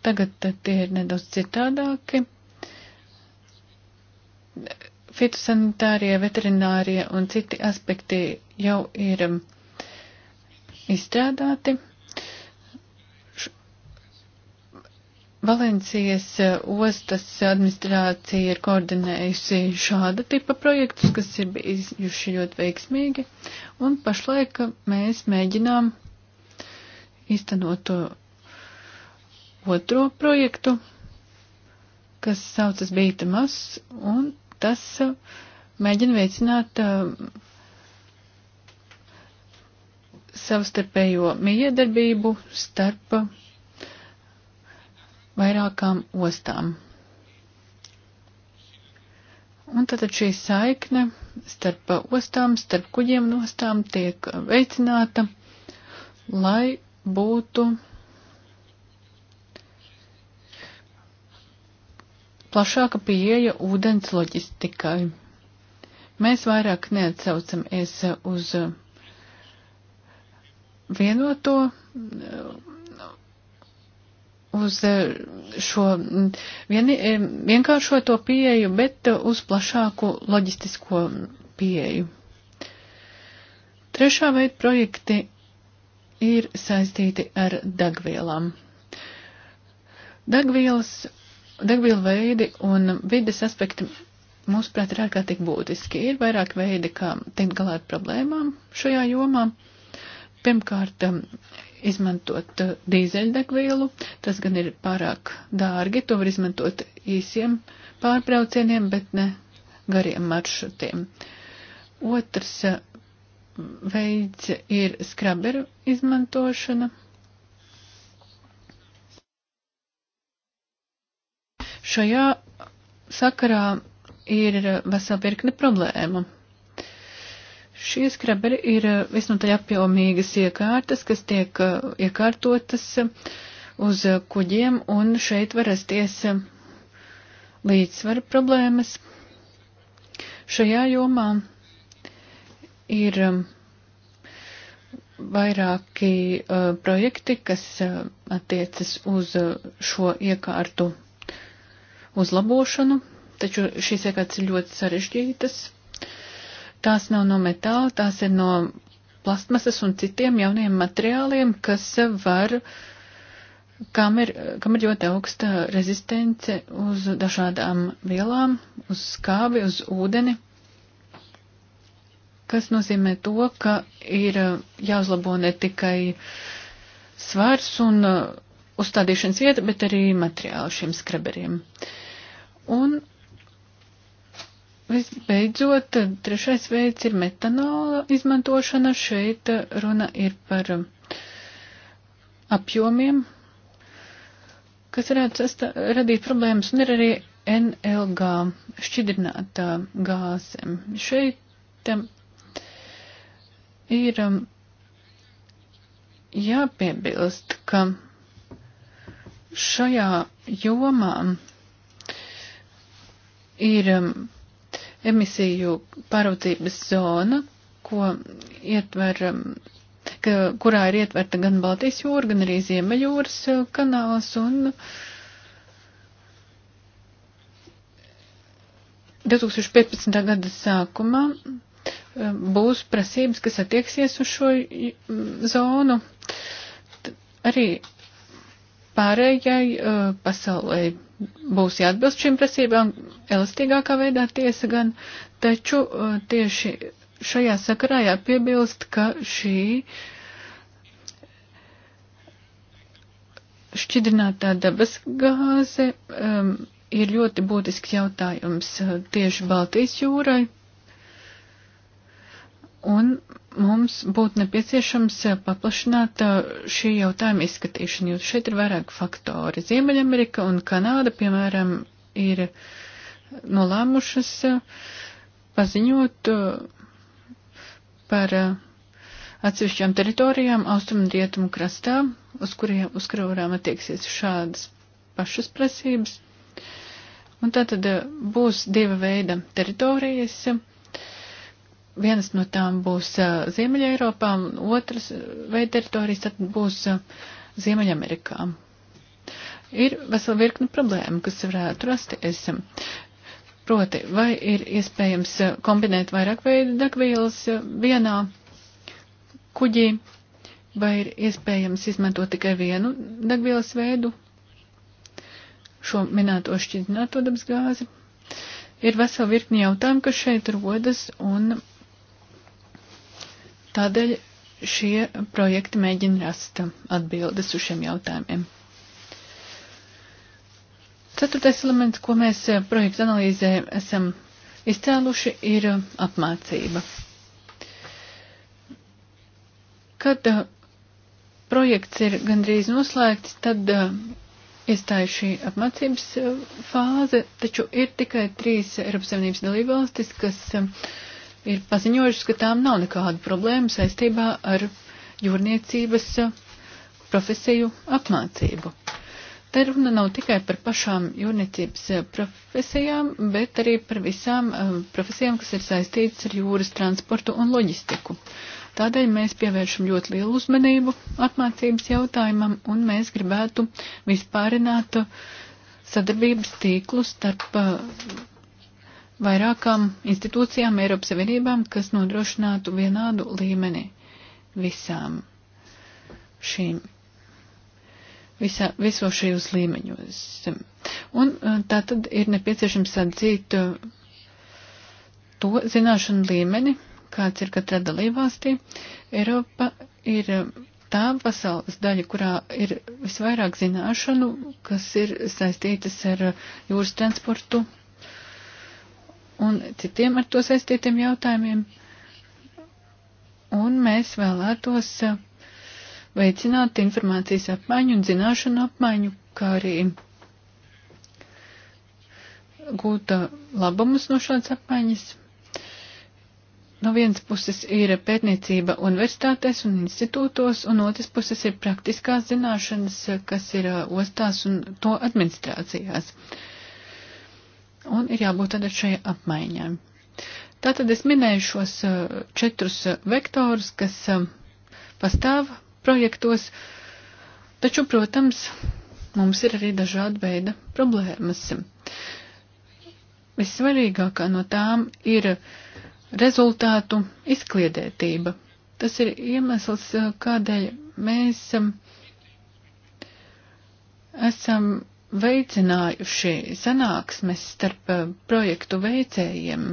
Tagad uh, tie ir nedaudz citādāki fitosanitārie, veterinārie un citi aspekti jau ir um, izstrādāti. Valencijas uh, ostas administrācija ir koordinējusi šāda tipa projektus, kas ir bijuši ļoti veiksmīgi, un pašlaik mēs mēģinām iztenot to otro projektu, kas saucas Bīta Mas, un tas uh, mēģina veicināt uh, savstarpējo miedarbību starp uh, vairākām ostām. Un tātad šī saikne starp ostām, starp kuģiem un ostām tiek veicināta, lai būtu plašāka pieeja ūdens loģistikai. Mēs vairāk neatsaucamies uz uh, vienoto, uh, uz uh, šo mm, vien, eh, vienkāršoto pieeju, bet uz plašāku loģistisko pieeju. Trešā veida projekti ir saistīti ar degvielām. Degvielas Degvielu veidi un vides aspekti, mūsuprāt, ir ārkārtīgi būtiski. Ir vairāk veidi, kā tikt galā ar problēmām šajā jomā. Pirmkārt, um, izmantot uh, dīzeļdegvielu, tas gan ir pārāk dārgi, to var izmantot īsiem pārbraucieniem, bet ne gariem maršrutiem. Otrs uh, veids ir skraberu izmantošana Šajā sakarā ir vesela virkne problēma. Šie skraberi ir visnotaļ apjomīgas iekārtas, kas tiek uh, iekārtotas uh, uz uh, kuģiem, un šeit var rasties līdzsvara problēmas. Šajā jomā ir um, vairāki projekti, kas attiecas uz šo iekārtu uzlabošanu, taču šīs iekārtas ir ļoti sarežģītas. Tās nav no metāla, tās ir no plastmasas un citiem jauniem materiāliem, kas var, kam ir, kam ir ļoti augsta rezistence uz dažādām vielām, uz skābi, uz ūdeni, kas nozīmē to, ka ir jāuzlabo ne tikai svars un uh, uzstādīšanas vieta, bet arī materiāli šiem skreberiem. Un visbeidzot, trešais veids ir metanola izmantošana. Šeit runa ir par apjomiem, kas varētu sastā, radīt problēmas, un ir arī NLG šķidrinātā gāze. Šeit ir um, jāpiebilst, ka šajā jomā ir um, emisiju pāraudzības zona, ko ietver, um, ka, kurā ir ietverta gan Baltijas jūra, gan arī Ziemeļūras uh, kanāls un 2015. gada sākumā um, būs prasības, kas attieksies uz šo mm, zonu. Arī pārējai pasaulē būs jāatbilst šīm prasībām elastīgākā veidā tiesa gan, taču tieši šajā sakarā jāpiebilst, ka šī šķidrinātā dabas gāze um, ir ļoti būtisks jautājums tieši Baltijas jūrai Un mums būtu nepieciešams eh, paplašināt eh, šī jautājuma izskatīšanu, jo šeit ir vairāk faktori. Ziemeļamerika un Kanāda, piemēram, ir nolēmušas eh, paziņot par atsevišķām teritorijām austrumu un rietumu krastā, uz, kuriem, uz kurām attieksies šādas pašas prasības. Un tā tad būs diva veida teritorijas vienas no tām būs Ziemeļa Eiropā, un otras vai teritorijas tad būs Ziemeļamerikā. Ir vesela virkni problēma, kas varētu rasties. Proti, vai ir iespējams kombinēt vairāk veidu degvielas vienā kuģī, vai ir iespējams izmantot tikai vienu degvielas veidu, šo minēto šķidrināto dabasgāzi. Ir vesela virkni jautājumu, kas šeit rodas, un Tādēļ šie projekti mēģina rast atbildes uz šiem jautājumiem. Ceturtais elements, ko mēs eh, projekta analīzē esam izcēluši, ir eh, apmācība. Kad eh, projekts ir gandrīz noslēgts, tad iestāja šī apmācības fāze, taču ir tikai trīs Eiropas Savienības dalībvalstis, kas uh, ir paziņojušas, ka tām nav nekādu problēmu saistībā ar jūrniecības uh, profesiju apmācību. Te runa nav tikai par pašām jūrniecības uh, profesijām, bet arī par visām uh, profesijām, kas ir saistītas ar jūras transportu un loģistiku. Tādēļ mēs pievēršam ļoti lielu uzmanību apmācības jautājumam, un mēs gribētu vispārināt sadarbības tīklus starp vairākām institūcijām Eiropas Savienībām, kas nodrošinātu vienādu līmeni visām šīm, visā, visos šajos līmeņos. Un eh, tā tad ir nepieciešams atzīt eh, to zināšanu līmeni, kāds ir katrā dalībvalstī. Eiropa ir eh, tā pasaules daļa, kurā ir visvairāk zināšanu, kas ir saistītas ar jūras transportu un citiem ar to saistītiem jautājumiem. Un mēs vēlētos uh, veicināt informācijas apmaiņu un zināšanu apmaiņu, kā arī gūt uh, labumus no šādas apmaiņas. No vienas puses ir pētniecība universitātēs un institūtos, un otras puses ir praktiskās zināšanas, uh, kas ir ostās un to administrācijās. Uh, un ir jābūt tad ar šai apmaiņai. Tātad es minēju šos eh, četrus eh, vektorus, kas eh, pastāv projektos, taču, protams, mums ir arī dažāda veida problēmas. Vissvarīgākā no tām ir rezultātu izkliedētība. Tas ir iemesls, kādēļ mēs esam veicinājuši sanāksmes starp eh, projektu veicējiem.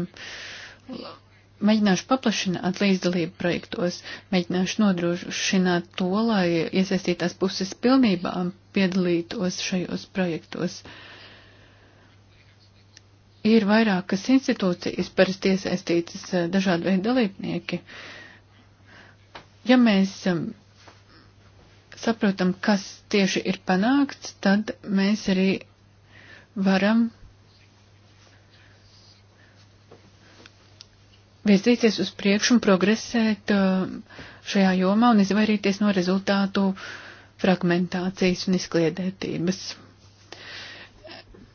Mēģināšu paplašināt līdzdalību projektos, mēģināšu nodrošināt to, lai iesaistītās puses pilnībā piedalītos šajos projektos. Ir vairākas institūcijas parasti iesaistītas eh, dažādu veidu dalībnieki. Ja mēs saprotam, kas tieši ir panākts, tad mēs arī varam virzīties uz priekšu un progresēt uh, šajā jomā un izvairīties no rezultātu fragmentācijas un izkliedētības.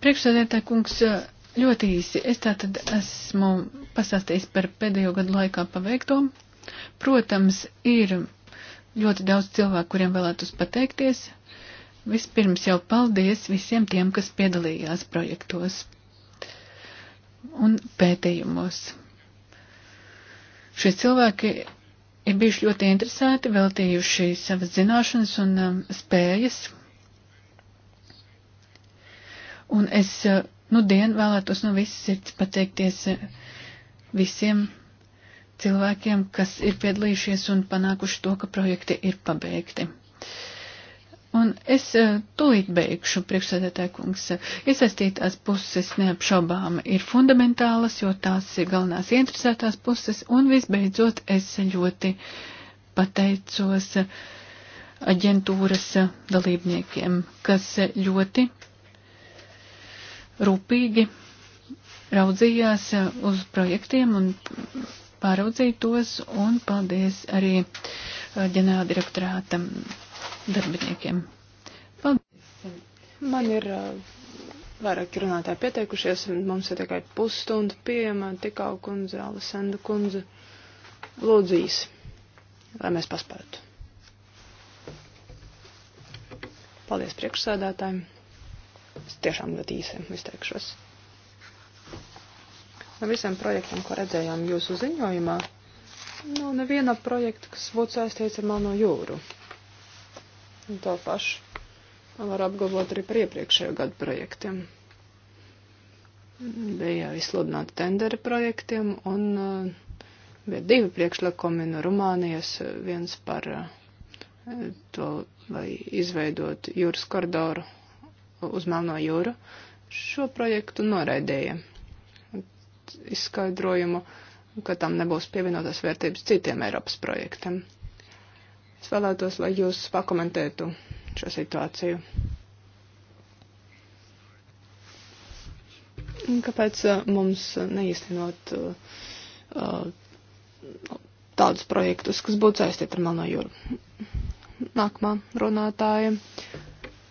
Priekšsēdētāji kungs, uh, ļoti īsi, es tātad esmu pasāstījis par pēdējo gadu laikā paveikto. Protams, ir ļoti daudz cilvēku, kuriem vēlētos pateikties. Vispirms jau paldies visiem tiem, kas piedalījās projektos un pētījumos. Šie cilvēki ir bijuši ļoti interesēti, veltījuši savas zināšanas un um, spējas. Un es uh, nu dien vēlētos no visas sirds pateikties uh, visiem cilvēkiem, kas ir piedalījušies un panākuši to, ka projekti ir pabeigti. Un es eh, tūlīt beigšu, priekšsēdētāji kungs, iesaistītās puses neapšaubām ir fundamentālas, jo tās ir galvenās interesētās puses, un visbeidzot es ļoti pateicos aģentūras dalībniekiem, kas ļoti rūpīgi raudzījās uz projektiem un pāraudzīt tos, un paldies arī uh, ģenerāla direktorāta darbiniekiem. Paldies! Man ir uh, vairāki runātāji pieteikušies, un mums ir tikai pusstunda pieejama tikā kundze, Alessandra kundze. Lūdzīs, lai mēs paspētu. Paldies priekšsēdētājiem. Es tiešām ļoti īsi izteikšos visiem projektiem, ko redzējām jūsu ziņojumā, nav nu, neviena projekta, kas būtu saistīts ar Melno jūru. Un to pašu var apgalvot arī par iepriekšējo gadu projektiem. Bija izsludināti tenderi projektiem un uh, bija divi priekšlikumi no Rumānijas, viens par uh, to, lai izveidot jūras koridoru uz Melno jūru. Šo projektu noraidēja izskaidrojumu, ka tam nebūs pievienotās vērtības citiem Eiropas projektiem. Es vēlētos, lai jūs pakomentētu šo situāciju. Kāpēc uh, mums neīstenot uh, tādus projektus, kas būtu saistīti ar Melno jūru? Nākamā runātāja.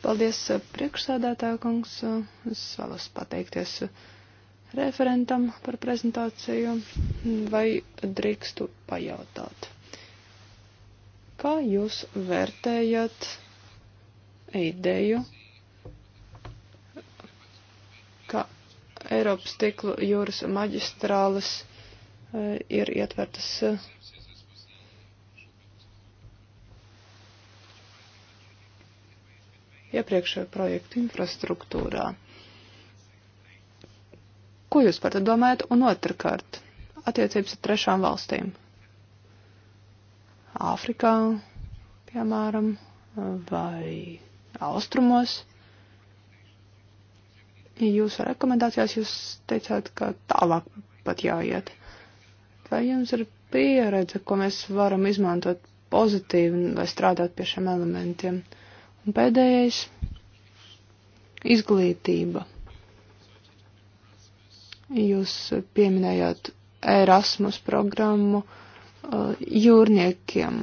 Paldies uh, priekšsādātā kungs. Uh, es vēlos pateikties. Uh, referentam par prezentāciju, vai drīkstu pajautāt. Kā jūs vērtējat ideju, ka Eiropas tiklu jūras maģistrāles e, ir ietvertas e, iepriekšējo projektu infrastruktūrā? Ko jūs par to domājat? Un otrkārt, attiecības ar trešām valstīm. Āfrikā, piemēram, vai austrumos. Jūsu rekomendācijās jūs teicāt, ka tālāk pat jāiet. Vai jums ir pieredze, ko mēs varam izmantot pozitīvi, lai strādātu pie šiem elementiem? Un pēdējais - izglītība. Jūs pieminējāt Erasmus programmu uh, jūrniekiem.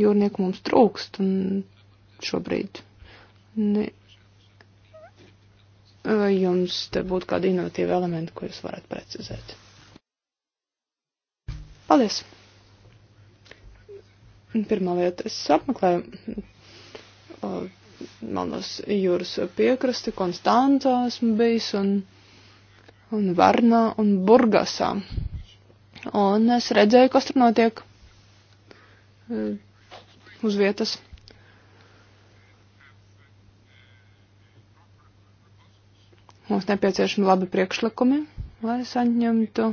Jūrnieku mums trūkst un šobrīd. Ne. Vai jums te būtu kādi inovatīvi elementi, ko jūs varat precizēt? Paldies! Pirmā lieta, es apmeklēju uh, Melnos jūras piekrasti, Konstantā esmu bijis un, un Varnā un Burgasā. Un es redzēju, kas tur notiek eh, uz vietas. Mums nepieciešami labi priekšlikumi, lai saņemtu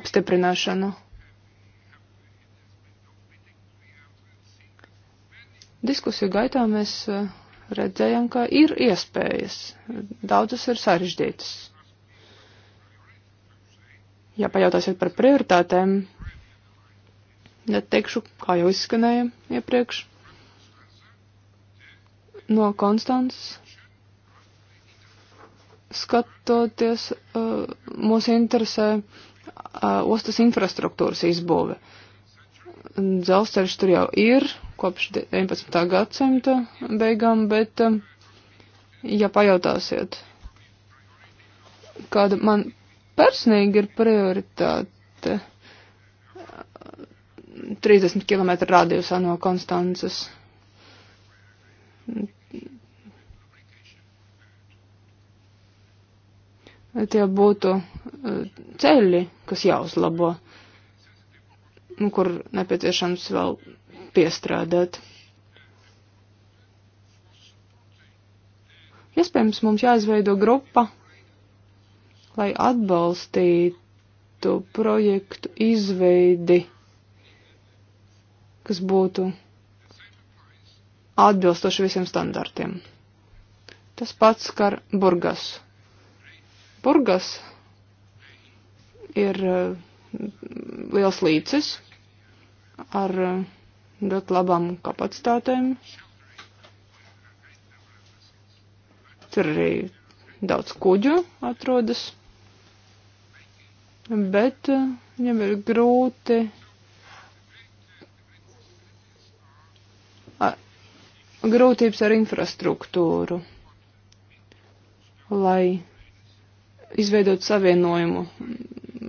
apstiprināšanu. Diskusiju gaitā mēs eh, redzējām, ka ir iespējas, daudzas ir sarežģītas. Ja pajautāsiet par prioritātēm, neteikšu, kā jau izskanēja iepriekš. No Konstantas skatoties, eh, mūs interesē eh, ostas infrastruktūras izbūve. Dzelzceļš tur jau ir, kopš 19. gadsimta beigām, bet, eh, ja pajautāsiet, kāda man personīgi ir prioritāte, 30 km radiusā no Konstances. Tie būtu eh, ceļi, kas jāuzlabo, nu, kur nepieciešams vēl piestrādāt. Iespējams, mums jāizveido grupa, lai atbalstītu projektu izveidi, kas būtu atbilstoši visiem standartiem. Tas pats skar burgas. Burgas ir eh, liels līcis ar uh, ļoti labām kapacitātēm. Tur arī daudz kuģu atrodas, bet eh, viņam ir grūti A, grūtības ar infrastruktūru, lai izveidot savienojumu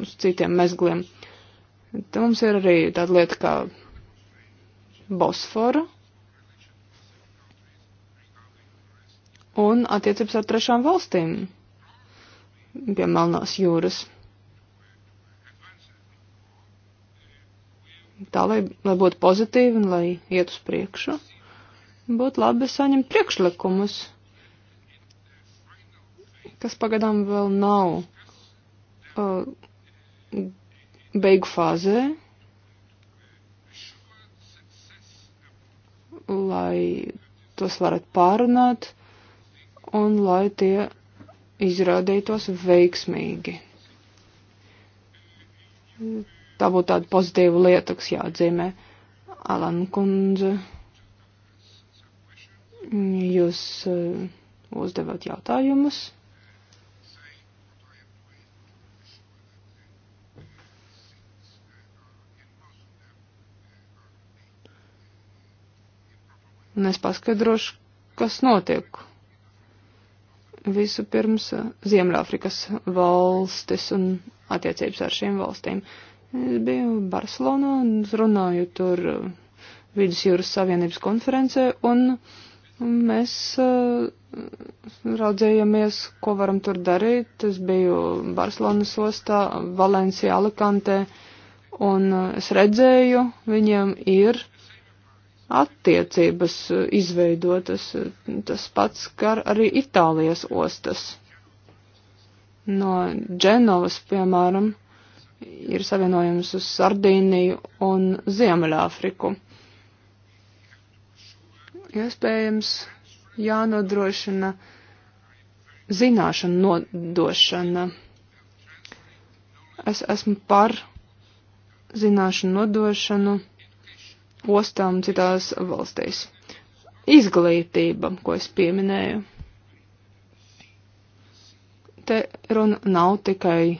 uz citiem mezgliem. Te mums ir arī tāda lieta kā Bosforu un attiecības ar trešām valstīm pie Melnās jūras. Tā, lai, lai būtu pozitīvi un lai iet uz priekšu, būtu labi saņemt priekšlikumus, kas pagadām vēl nav uh, beigu fāzē. lai tos varētu pārunāt un lai tie izrādītos veiksmīgi. Tā būtu tāda pozitīva lieta, kas jāatzīmē. Alan kundze, jūs eh, uzdevāt jautājumus. un es paskaidrošu, kas notiek. Visu pirms Ziemļāfrikas valstis un attiecības ar šīm valstīm. Es biju Barcelonā un runāju tur eh, Vidusjūras Savienības konferencē un mēs uh, eh, raudzējāmies, ko varam tur darīt. Es biju Barcelonas ostā, Valencija, Alicante un eh, es redzēju, viņiem ir attiecības eh, izveidotas. Eh, tas pats skar arī Itālijas ostas. No Dženovas, piemēram, ir savienojums uz Sardīniju un Ziemeļāfriku. Iespējams, jānodrošina zināšanu nodošana. Es esmu par zināšanu nodošanu ostām citās valstīs. Izglītība, ko es pieminēju. Te runa nav tikai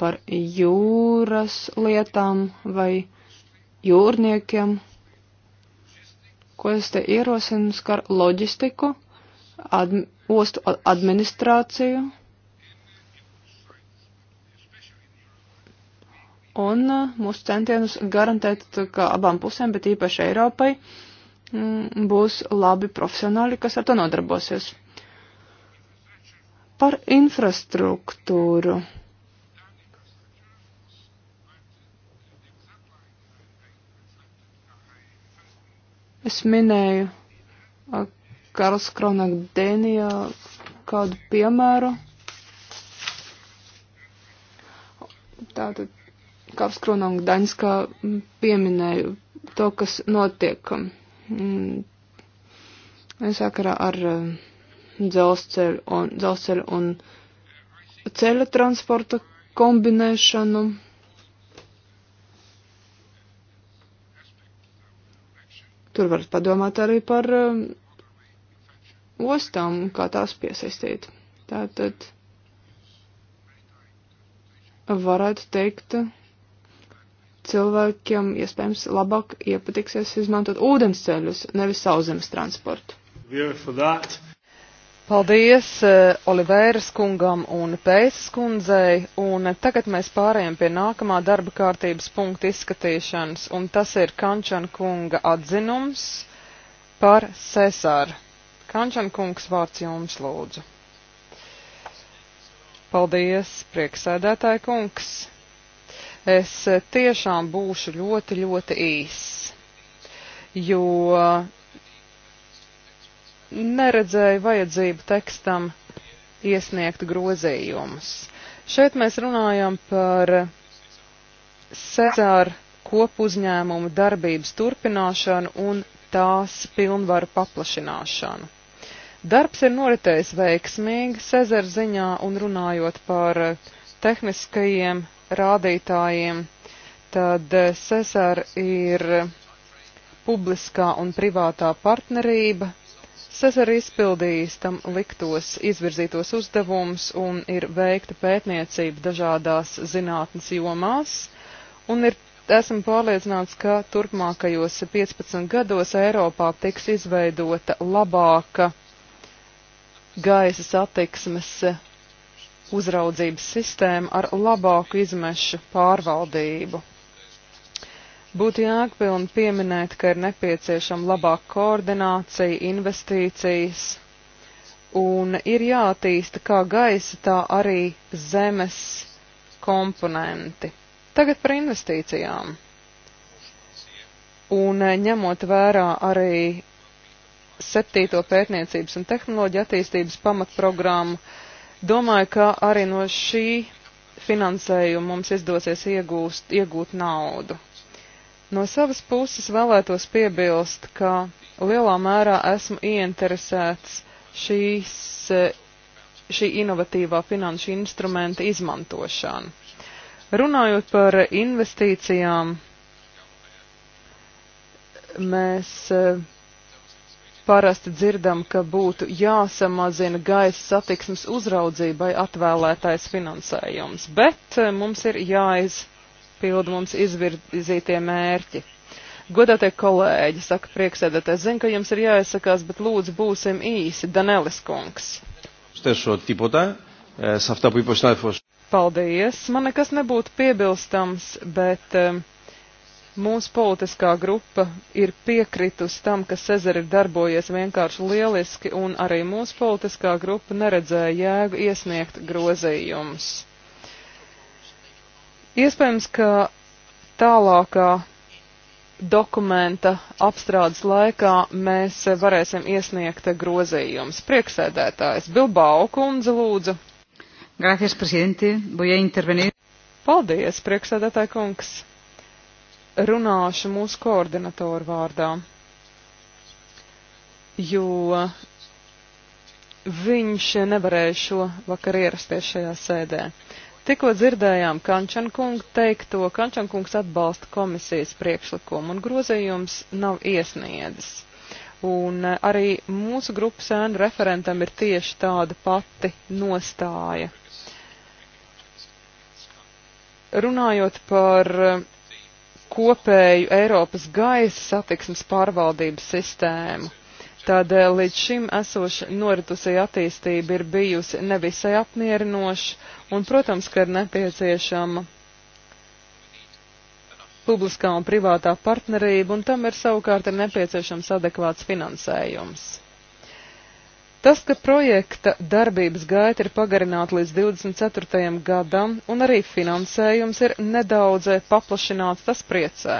par jūras lietām vai jūrniekiem. Ko es te ierosinu skar loģistiku, ad, ostu administrāciju un uh, mūsu centienus garantēt, ka abām pusēm, bet īpaši Eiropai, mm, būs labi profesionāļi, kas ar to nodarbosies. Par infrastruktūru. Es minēju uh, Karls Kronak Dēnijā kādu piemēru. Tātad Kapskrona un Gdaņska mm, pieminēju to, kas notiek mm, sakarā ar mm, dzelzceļu un, dzelzceļu un ceļa transporta kombinēšanu. Tur var padomāt arī par ostām, kā tās piesaistīt. Tātad varētu teikt, cilvēkiem iespējams labāk iepatiksies izmantot ūdensceļus, nevis sauszemes transportu. Paldies eh, Olivēras kungam un Pēcas kundzei, un tagad mēs pārējām pie nākamā darba kārtības punkta izskatīšanas, un tas ir Kančana kunga atzinums par Cesāru. Kančana kungs vārds jums lūdzu. Paldies, prieksēdētāja kungs. Es tiešām būšu ļoti, ļoti īss, jo neredzēju vajadzību tekstam iesniegt grozījumus. Šeit mēs runājam par Cezāra kopu uzņēmumu darbības turpināšanu un tās pilnvaru paplašināšanu. Darbs ir noritējis veiksmīgi Cezara ziņā un runājot par tehniskajiem rādītājiem, tad eh, Cesar ir publiskā un privātā partnerība. Cesar izpildījis tam liktos izvirzītos uzdevums un ir veikta pētniecība dažādās zinātnes jomās un ir esmu pārliecināts, ka turpmākajos 15 gados Eiropā tiks izveidota labāka gaisa satiksmes uzraudzības sistēmu ar labāku izmešu pārvaldību. Būtu jāgpilni pieminēt, ka ir nepieciešama labāka koordinācija, investīcijas un ir jātīsta kā gaisa, tā arī zemes komponenti. Tagad par investīcijām. Un eh, ņemot vērā arī septīto pētniecības un tehnoloģija attīstības pamatprogrammu, uh, Domāju, ka arī no šī finansējuma mums izdosies iegūst, iegūt naudu. No savas puses vēlētos piebilst, ka lielā mērā esmu ieinteresēts šīs, šī inovatīvā finanšu instrumenta izmantošanu. Runājot par investīcijām, mēs parasti dzirdam, ka būtu jāsamazina gaisa satiksmes uzraudzībai atvēlētais finansējums, bet eh, mums ir jāizpilda mums izvirzītie mērķi. Godātie kolēģi, saka prieksēdētājs, zinu, ka jums ir jāizsakās, bet lūdzu būsim īsi. Danelis kungs. Eh, Paldies, man nekas nebūtu piebilstams, bet. Um, Mūsu politiskā grupa ir piekritus tam, ka Cezar ir darbojies vienkārši lieliski, un arī mūsu politiskā grupa neredzēja jēgu iesniegt grozījumus. Iespējams, ka tālākā dokumenta apstrādes laikā mēs varēsim iesniegt grozījumus. Prieksēdētājs Bilbao kundze lūdzu. Gracias, presidente. Voy a intervenir. Paldies, prieksēdētāja kungs runāšu mūsu koordinatoru vārdā, jo viņš nevarēja šo vakar ierasties šajā sēdē. Tikko dzirdējām Kančankungu teikto, Kančankungs atbalsta komisijas priekšlikumu un grozījums nav iesniedzis. Un arī mūsu grupas ēnu referentam ir tieši tāda pati nostāja. Runājot par kopēju Eiropas gaisa satiksmes pārvaldības sistēmu. Tādēļ eh, līdz šim esoša noritusī attīstība ir bijusi nevisai apmierinoša, un, protams, ka ir nepieciešama publiskā un privātā partnerība, un tam ir savukārt ir nepieciešams adekvāts finansējums. Tas, ka projekta darbības gaita ir pagarināta līdz 24. gadam un arī finansējums ir nedaudz paplašināts, tas priecē.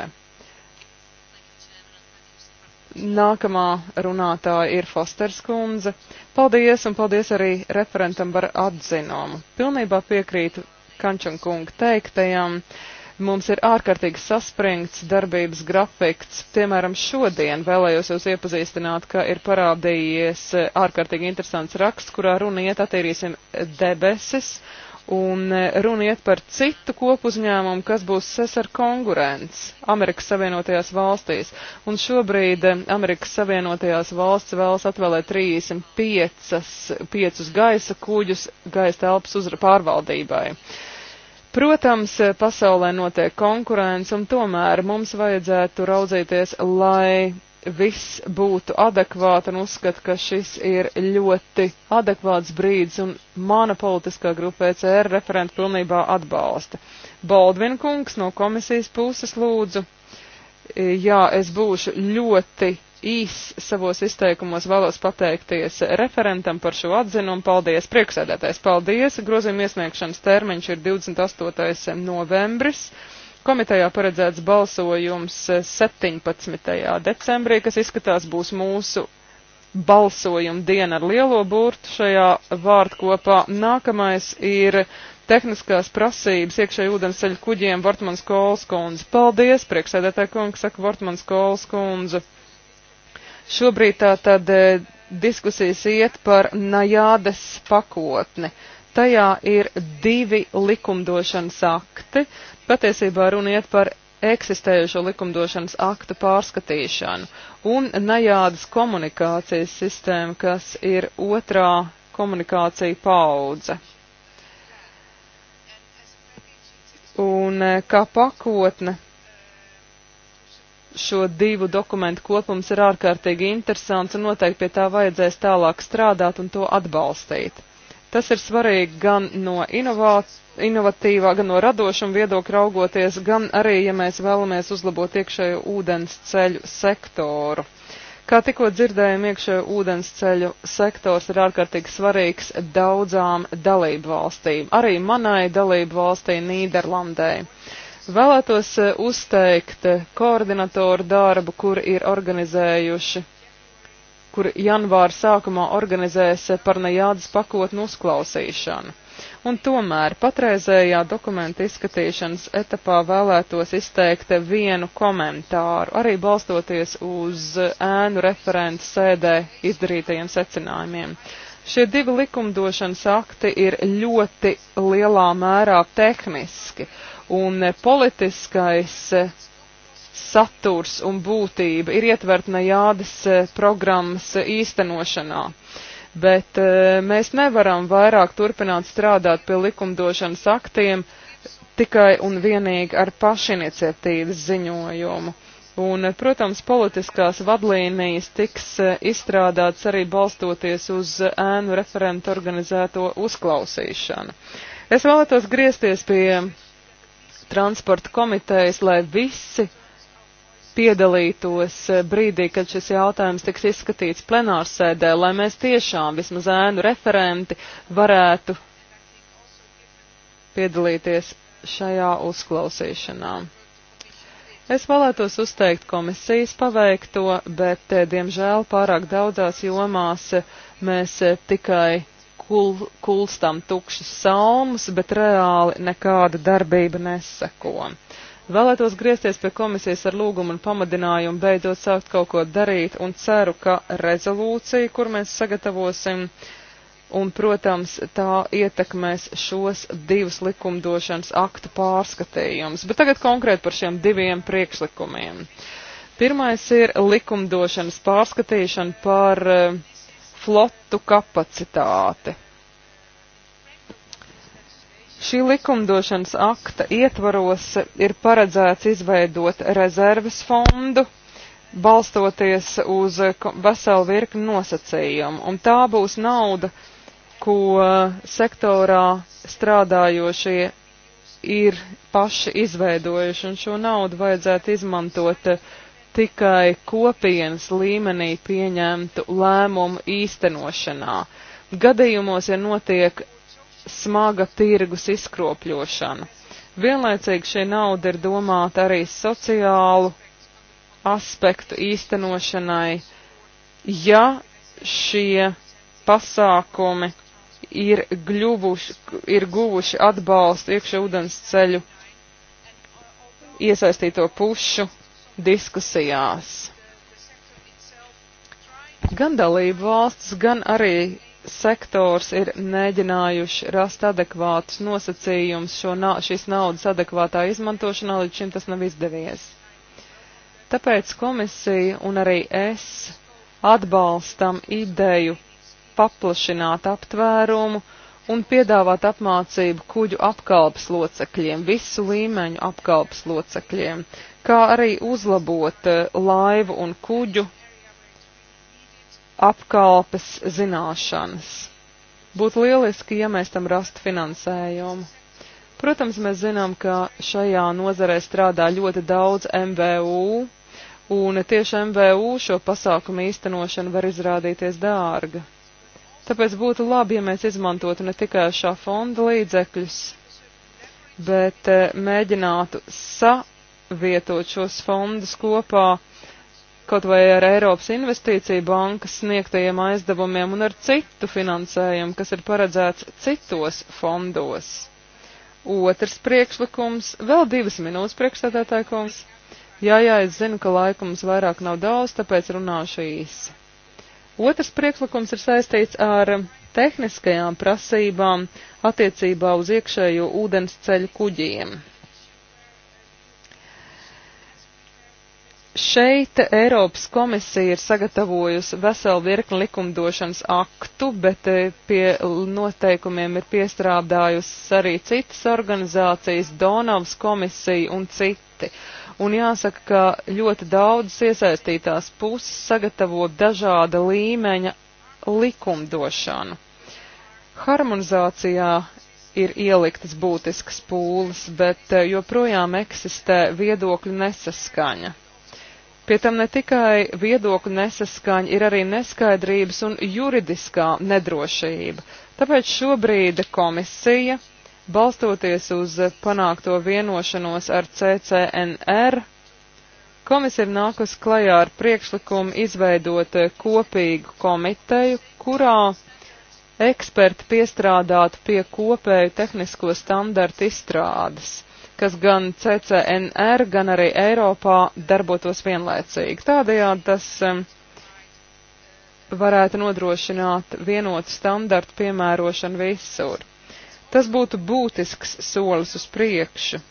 Nākamā runātāja ir Fosters kundze. Paldies un paldies arī referentam par atzinumu. Pilnībā piekrītu Kančankunga teiktajam. Uh, Mums ir ārkārtīgi saspringts darbības grafiks. Piemēram, šodien vēlējos jūs iepazīstināt, ka ir parādījies ārkārtīgi interesants raksts, kurā runa iet attīrīsim debesis un runa iet par citu kopuzņēmumu, kas būs sesar konkurents Amerikas Savienotajās valstīs. Un šobrīd Amerikas Savienotajās valsts vēlas atvēlēt 35 gaisa kuģus gaisa telpas pārvaldībai. Protams, pasaulē notiek konkurence, un tomēr mums vajadzētu raudzīties, lai viss būtu adekvāti, un uzskatu, ka šis ir ļoti adekvāts brīdis, un mana politiskā grupa ECR referenta pilnībā atbalsta. Baldvin kungs no komisijas puses lūdzu. Jā, es būšu ļoti īs savos izteikumos vēlos pateikties referentam par šo atzinumu. Paldies, priekšsēdētājs, paldies. Grozījuma iesniegšanas termiņš ir 28. novembris. Komitejā paredzēts balsojums 17. decembrī, kas izskatās būs mūsu balsojuma diena ar lielo burtu šajā vārdkopā. Nākamais ir tehniskās prasības iekšēji ūdensceļu kuģiem Vortmans Kols kundze. Paldies, priekšsēdētāja kungs, saka Vortmans Kols kundze. Šobrīd tātad e, diskusijas iet par najādes pakotni. Tajā ir divi likumdošanas akti. Patiesībā runa iet par eksistējušo likumdošanas aktu pārskatīšanu un najādas komunikācijas sistēma, kas ir otrā komunikācija paudze. Un e, kā pakotne šo divu dokumentu kopums ir ārkārtīgi interesants un noteikti pie tā vajadzēs tālāk strādāt un to atbalstīt. Tas ir svarīgi gan no inovatīvā, gan no radošuma viedokļa raugoties, gan arī, ja mēs vēlamies uzlabot iekšējo ūdens ceļu sektoru. Kā tikko dzirdējām, iekšējo ūdens ceļu sektors ir ārkārtīgi svarīgs daudzām dalību valstīm, arī manai dalību valstī Nīderlandē. Uh, Vēlētos eh, uzteikt eh, koordinatoru darbu, kur ir organizējuši, kur janvāra sākumā organizēs eh, par nejādas pakotnu uzklausīšanu. Un tomēr patreizējā dokumenta izskatīšanas etapā vēlētos izteikt vienu komentāru, arī balstoties uz ēnu referentu sēdē izdarītajiem secinājumiem. Šie divi likumdošanas akti ir ļoti lielā mērā tehniski, un politiskais e, saturs un būtība ir ietvert Najādas e, programmas e, īstenošanā. Bet mēs nevaram vairāk turpināt strādāt pie likumdošanas aktiem tikai un vienīgi ar pašiniciatīvas ziņojumu. Un, protams, politiskās vadlīnijas tiks izstrādāts arī balstoties uz ēnu referentu organizēto uzklausīšanu. Es vēlētos griezties pie transporta komitejas, lai visi piedalītos eh, brīdī, kad šis jautājums tiks izskatīts plenārsēdē, lai mēs tiešām vismaz ēnu referenti varētu piedalīties šajā uzklausīšanā. Es vēlētos uzteikt komisijas paveikto, bet, eh, diemžēl, pārāk daudzās jomās eh, mēs tikai kul, kulstam tukšas salmas, bet reāli nekāda darbība neseko. Vēlētos griezties pie komisijas ar lūgumu un pamudinājumu beidzot sākt kaut ko darīt un ceru, ka rezolūcija, kur mēs sagatavosim, un, protams, tā ietekmēs šos divus likumdošanas aktu pārskatījumus. Bet tagad konkrēti par šiem diviem priekšlikumiem. Pirmais ir likumdošanas pārskatīšana par uh, flotu kapacitāti. Šī likumdošanas akta ietvaros ir paredzēts izveidot rezerves fondu, balstoties uz veselu virkni nosacījumu, un tā būs nauda, ko sektorā strādājošie ir paši izveidojuši, un šo naudu vajadzētu izmantot uh, tikai kopienas līmenī pieņemtu lēmumu īstenošanā. Gadījumos, ja notiek smaga tirgus izkropļošana. Vienlaicīgi šī nauda ir domāta arī sociālu aspektu īstenošanai, ja šie pasākumi ir, gļuvuši, ir guvuši atbalstu iekšā ūdens ceļu iesaistīto pušu diskusijās. Gan dalību valsts, gan arī sektors ir mēģinājuši rast adekvātus nosacījumus šo na šīs naudas adekvātā izmantošanā, līdz šim tas nav izdevies. Tāpēc komisija un arī es atbalstam ideju paplašināt aptvērumu un piedāvāt apmācību kuģu apkalpes locekļiem, visu līmeņu apkalpes locekļiem kā arī uzlabot eh, laivu un kuģu apkalpes zināšanas. Būtu lieliski, ja mēs tam rastu finansējumu. Protams, mēs zinām, ka šajā nozarē strādā ļoti daudz MVU, un tieši MVU šo pasākumu īstenošana var izrādīties dārga. Tāpēc būtu labi, ja mēs izmantotu ne tikai šā fonda līdzekļus, bet eh, mēģinātu sa savietot šos fondus kopā kaut vai ar Eiropas investīciju bankas sniegtajiem aizdevumiem un ar citu finansējumu, kas ir paredzēts citos fondos. Otrs priekšlikums, vēl divas minūtes priekšstādētāja kungs. Jā, jā, es zinu, ka laika mums vairāk nav daudz, tāpēc runāšu īsi. Otrs priekšlikums ir saistīts ar tehniskajām prasībām attiecībā uz iekšējo ūdens ceļu kuģiem. Šeit Eiropas komisija ir sagatavojusi veselu virkni likumdošanas aktu, bet eh, pie noteikumiem ir piestrādājusi arī citas organizācijas, Donavas komisija un citi. Un jāsaka, ka ļoti daudzas iesaistītās puses sagatavo dažāda līmeņa likumdošanu. Harmonizācijā ir ieliktas būtiskas pūles, bet eh, joprojām eksistē viedokļu nesaskaņa. Pie tam ne tikai viedokļu nesaskaņa, ir arī neskaidrības un juridiskā nedrošība. Tāpēc šobrīd komisija, balstoties uz panākto vienošanos ar CCNR, komisija ir nākus klajā ar priekšlikumu izveidot kopīgu komiteju, kurā eksperti piestrādātu pie kopēju tehnisko standartu izstrādes kas gan CCNR, gan arī Eiropā darbotos vienlaicīgi. Tādējādi tas varētu nodrošināt vienotu standartu piemērošanu visur. Tas būtu būtisks solis uz priekšu.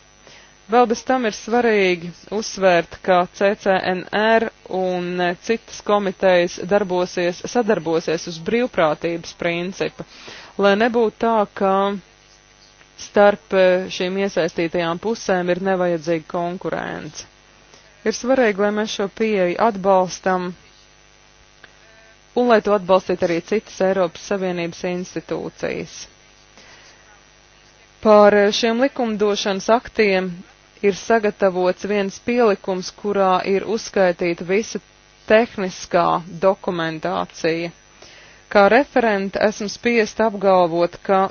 Vēl bez tam ir svarīgi uzsvērt, ka CCNR un eh, citas komitejas darbosies, sadarbosies uz brīvprātības principu, lai nebūtu tā, ka starp eh, šīm iesaistītajām pusēm ir nevajadzīga konkurence. Ir svarīgi, lai mēs šo pieeju atbalstam un lai to atbalstītu arī citas Eiropas Savienības institūcijas. Par eh, šiem likumdošanas aktiem ir sagatavots viens pielikums, kurā ir uzskaitīta visa tehniskā dokumentācija. Kā referenta esmu spiest apgalvot, ka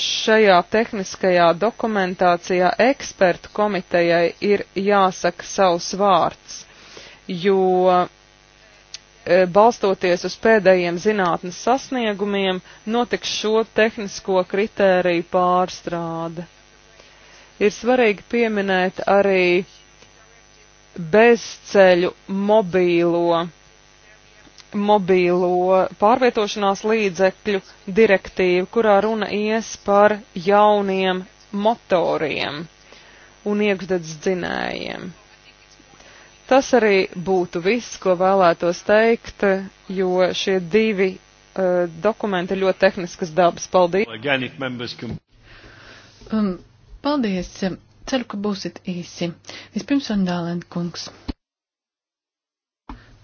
šajā tehniskajā dokumentācijā ekspertu komitejai ir jāsaka savs vārds, jo e, balstoties uz pēdējiem zinātnes sasniegumiem, notiks šo tehnisko kritēriju pārstrāde. Ir svarīgi pieminēt arī bezceļu mobīlo mobīlo pārvietošanās līdzekļu direktīvu, kurā runa ies par jauniem motoriem un iekšdedz dzinējiem. Tas arī būtu viss, ko vēlētos teikt, jo šie divi uh, dokumenti ir ļoti tehniskas dabas. Paldies! Um, paldies! Ceru, ka būsit īsi. Vispirms Vandālēn kungs.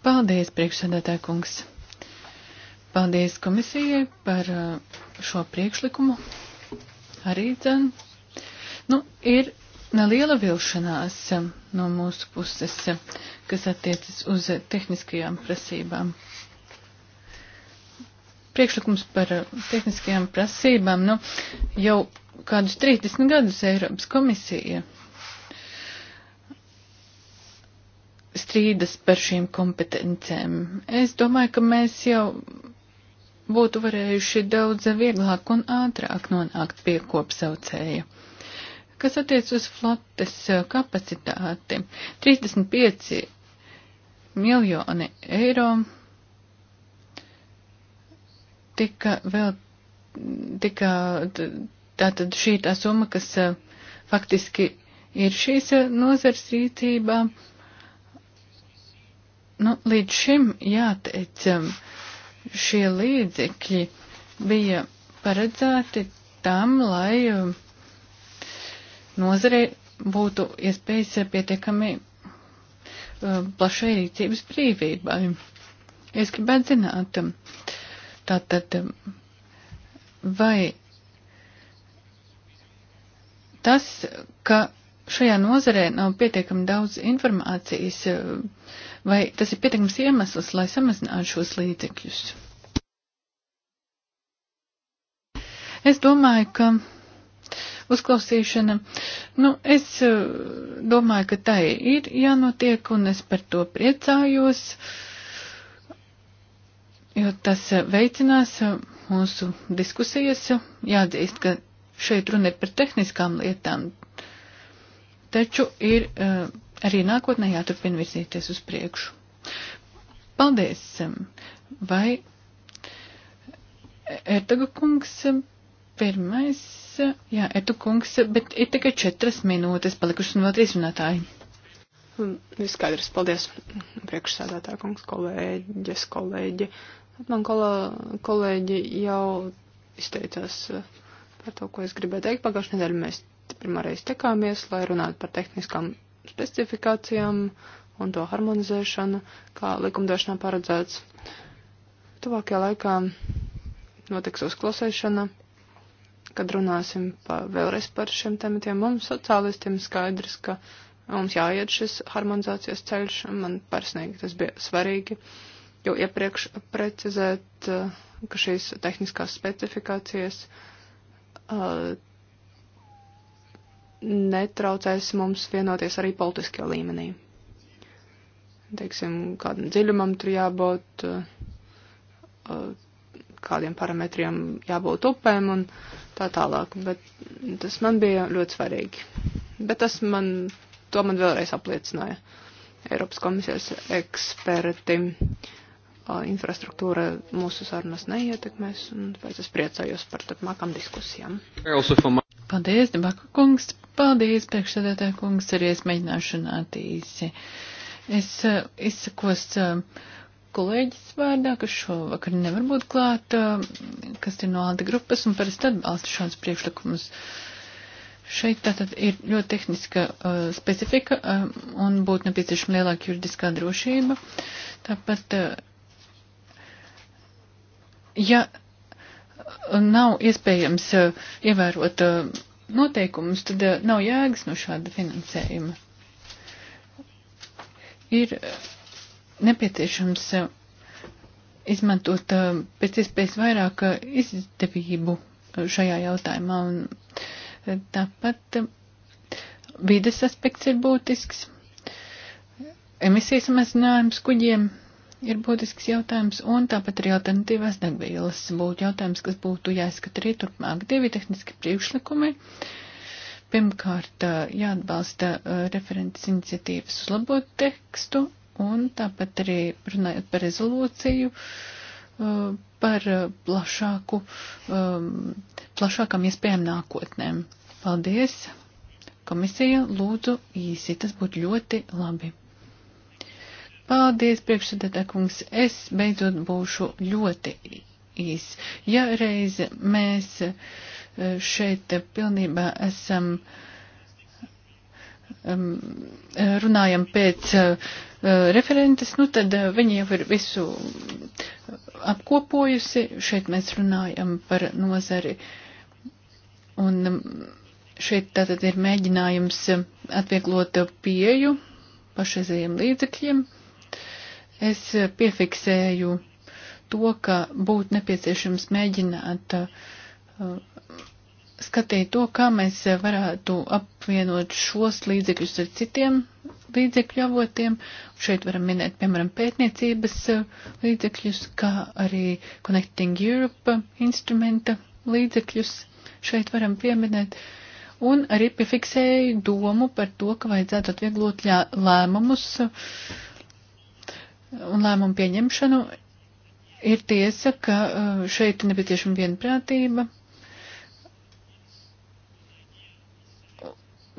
Paldies, priekšsēdētāja kungs. Paldies komisijai par uh, šo priekšlikumu. Arī dzen. Nu, ir neliela vilšanās um, no mūsu puses, um, kas attiecas uz tehniskajām prasībām. Priekšlikums par uh, tehniskajām prasībām, nu, jau kādus 30 gadus Eiropas komisija strīdas par šīm kompetencēm. Es domāju, ka mēs jau būtu varējuši daudz vieglāk un ātrāk nonākt pie kopsaucēja. Kas attiec uz flotes kapacitāti, 35 miljoni eiro tika vēl, tika tātad šī tā summa, kas eh, faktiski ir šīs eh, nozars rīcībā, uh, Nu, līdz šim, jāteic, um, šie līdzekļi bija paredzēti tam, lai um, nozarei būtu iespējas pietiekami um, plašai rīcības brīvībai. Es gribētu zināt, tātad, vai tas, ka šajā nozarē nav pietiekami daudz informācijas, Vai tas ir pietiekams iemesls, lai samazinātu šos līdzekļus? Es domāju, ka uzklausīšana, nu, es eh, domāju, ka tai ir jānotiek, un es par to priecājos, jo tas eh, veicinās eh, mūsu diskusijas. Jāatzīst, ka šeit runa ir par tehniskām lietām, taču ir. Uh, arī nākotnē jāturpina virzīties uz priekšu. Paldies! Um, vai Erdoga kungs um, pirmais? Uh, jā, Erdoga kungs, uh, bet ir tikai četras minūtes palikušas un vēl trīs runātāji. Viss nu, skaidrs, paldies. Priekšsēdētā kungs, kolēģis, kolēģi. Man kolēģi jau izteicās uh, par to, ko es gribēju teikt. Pagājušajā nedēļā mēs pirmā reize tikāmies, lai runātu par tehniskām specifikācijām un to harmonizēšanu, kā likumdošanā paredzēts. Tuvākajā laikā notiks uzklausīšana, kad runāsim pa, vēlreiz par šiem tematiem. Mums sociālistiem skaidrs, ka mums jāiet šis harmonizācijas ceļš, man personīgi tas bija svarīgi jau iepriekš precizēt, eh, ka šīs tehniskās specifikācijas eh, netraucēs mums vienoties arī politiskajā līmenī. Teiksim, kādam dziļumam tur jābūt, eh, kādiem parametriem jābūt upēm un tā tālāk. Bet tas man bija ļoti svarīgi. Bet tas man, to man vēlreiz apliecināja Eiropas komisijas eksperti. Eh, infrastruktūra mūsu sarunas neietekmēs, un pēc es priecājos par turpmākām diskusijām. Paldies, Debaka kungs. Paldies, priekšsēdētāj kungs, arī es mēģināšu runāt īsi. Es eh, izsakos eh, kolēģis vārdā, kas šovakar nevar būt klāt, eh, kas ir no Alda grupas un parasti atbalsta šādus priekšlikumus. Šeit tātad ir ļoti tehniska uh, specifika uh, un būtu nepieciešama lielāka juridiskā drošība. Tāpat, uh, ja nav iespējams uh, ievērot uh, noteikumus, tad eh, nav jēgas no šāda finansējuma. Ir eh, nepieciešams eh, izmantot pēc iespējas vairāk izdevību šajā jautājumā. Un tāpat vides aspekts ir būtisks. Emisijas mazinājums kuģiem ir būtisks jautājums, un tāpat arī alternatīvās degvielas būtu jautājums, kas būtu jāizskata arī turpmāk. Divi tehniski priekšlikumi. Pirmkārt, jāatbalsta referents iniciatīvas uzlabot tekstu, un tāpat arī runājot par rezolūciju, par plašāku, plašākam iespējām nākotnēm. Paldies! Komisija lūdzu īsi, tas būtu ļoti labi. Paldies, priekšsēdētākungs. Es beidzot būšu ļoti īs. Ja reiz mēs eh, šeit pilnībā esam ehm, runājam pēc eh, referentes, nu tad eh, viņi jau ir visu apkopojusi. Šeit mēs runājam par nozari. Un ehm, šeit tātad ir mēģinājums atvieglot pieju pašreizējiem līdzekļiem. Es piefiksēju to, ka būtu nepieciešams mēģināt uh, skatīt to, kā mēs varētu apvienot šos līdzekļus ar citiem līdzekļu avotiem. Šeit varam minēt, piemēram, pētniecības uh, līdzekļus, kā arī Connecting Europe instrumenta līdzekļus. Šeit varam pieminēt. Un arī piefiksēju domu par to, ka vajadzētu atvieglot lēmumus uh, un lēmumu pieņemšanu, ir tiesa, ka uh, šeit ir nepieciešama vienprātība,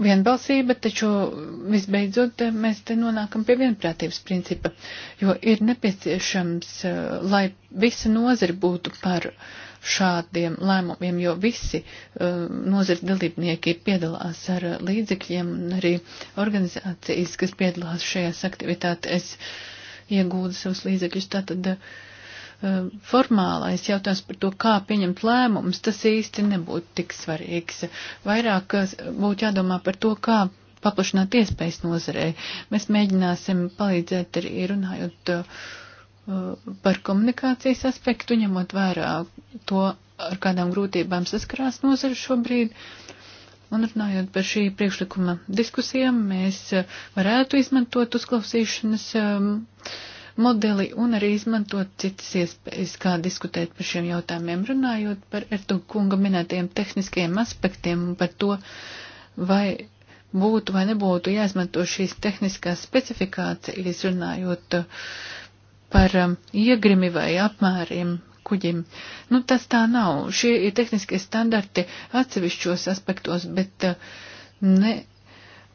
vienbalsība, taču visbeidzot mēs te nonākam pie vienprātības principa, jo ir nepieciešams, uh, lai visa nozara būtu par šādiem lēmumiem, jo visi uh, nozara dalībnieki piedalās ar līdzekļiem un arī organizācijas, kas piedalās šajās aktivitātēs. Es iegūda savus līdzekļus. Tātad eh, formālais jautājums par to, kā pieņemt lēmumus, tas īsti nebūtu tik svarīgs. Vairāk eh, būtu jādomā par to, kā paplašināt iespējas nozarei. Mēs mēģināsim palīdzēt arī runājot eh, par komunikācijas aspektu, ņemot vērā to, ar kādām grūtībām saskarās nozara šobrīd. Uh, Un runājot par šī priekšlikuma diskusijām, mēs eh, varētu izmantot uzklausīšanas ehm, modeli un arī izmantot citas iespējas, kā diskutēt par šiem jautājumiem, runājot par Ertu kunga minētajiem tehniskajiem aspektiem un par to, vai būtu vai nebūtu jāizmanto šīs tehniskās specifikācijas, runājot eh, par ehm, iegrimi vai apmēriem, kuģim. Nu, tas tā nav. Šie ir tehniskie standarti atsevišķos aspektos, bet eh, ne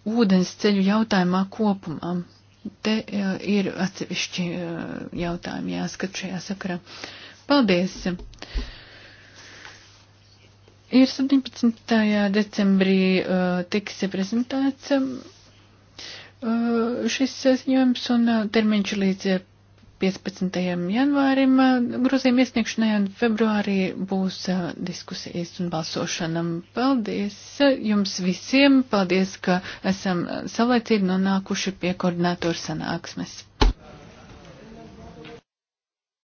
ūdens ceļu jautājumā kopumā. Te eh, ir atsevišķi eh, jautājumi jāskat šajā sakarā. Paldies! Ir 17. decembrī uh, tiks prezentēts uh, šis ziņojums un uh, termiņš līdz 15. janvārim grozījuma iesniegšanai un februārī būs diskusijas un balsošanam. Paldies jums visiem, paldies, ka esam savlaicīgi nonākuši pie koordinātoru sanāksmes.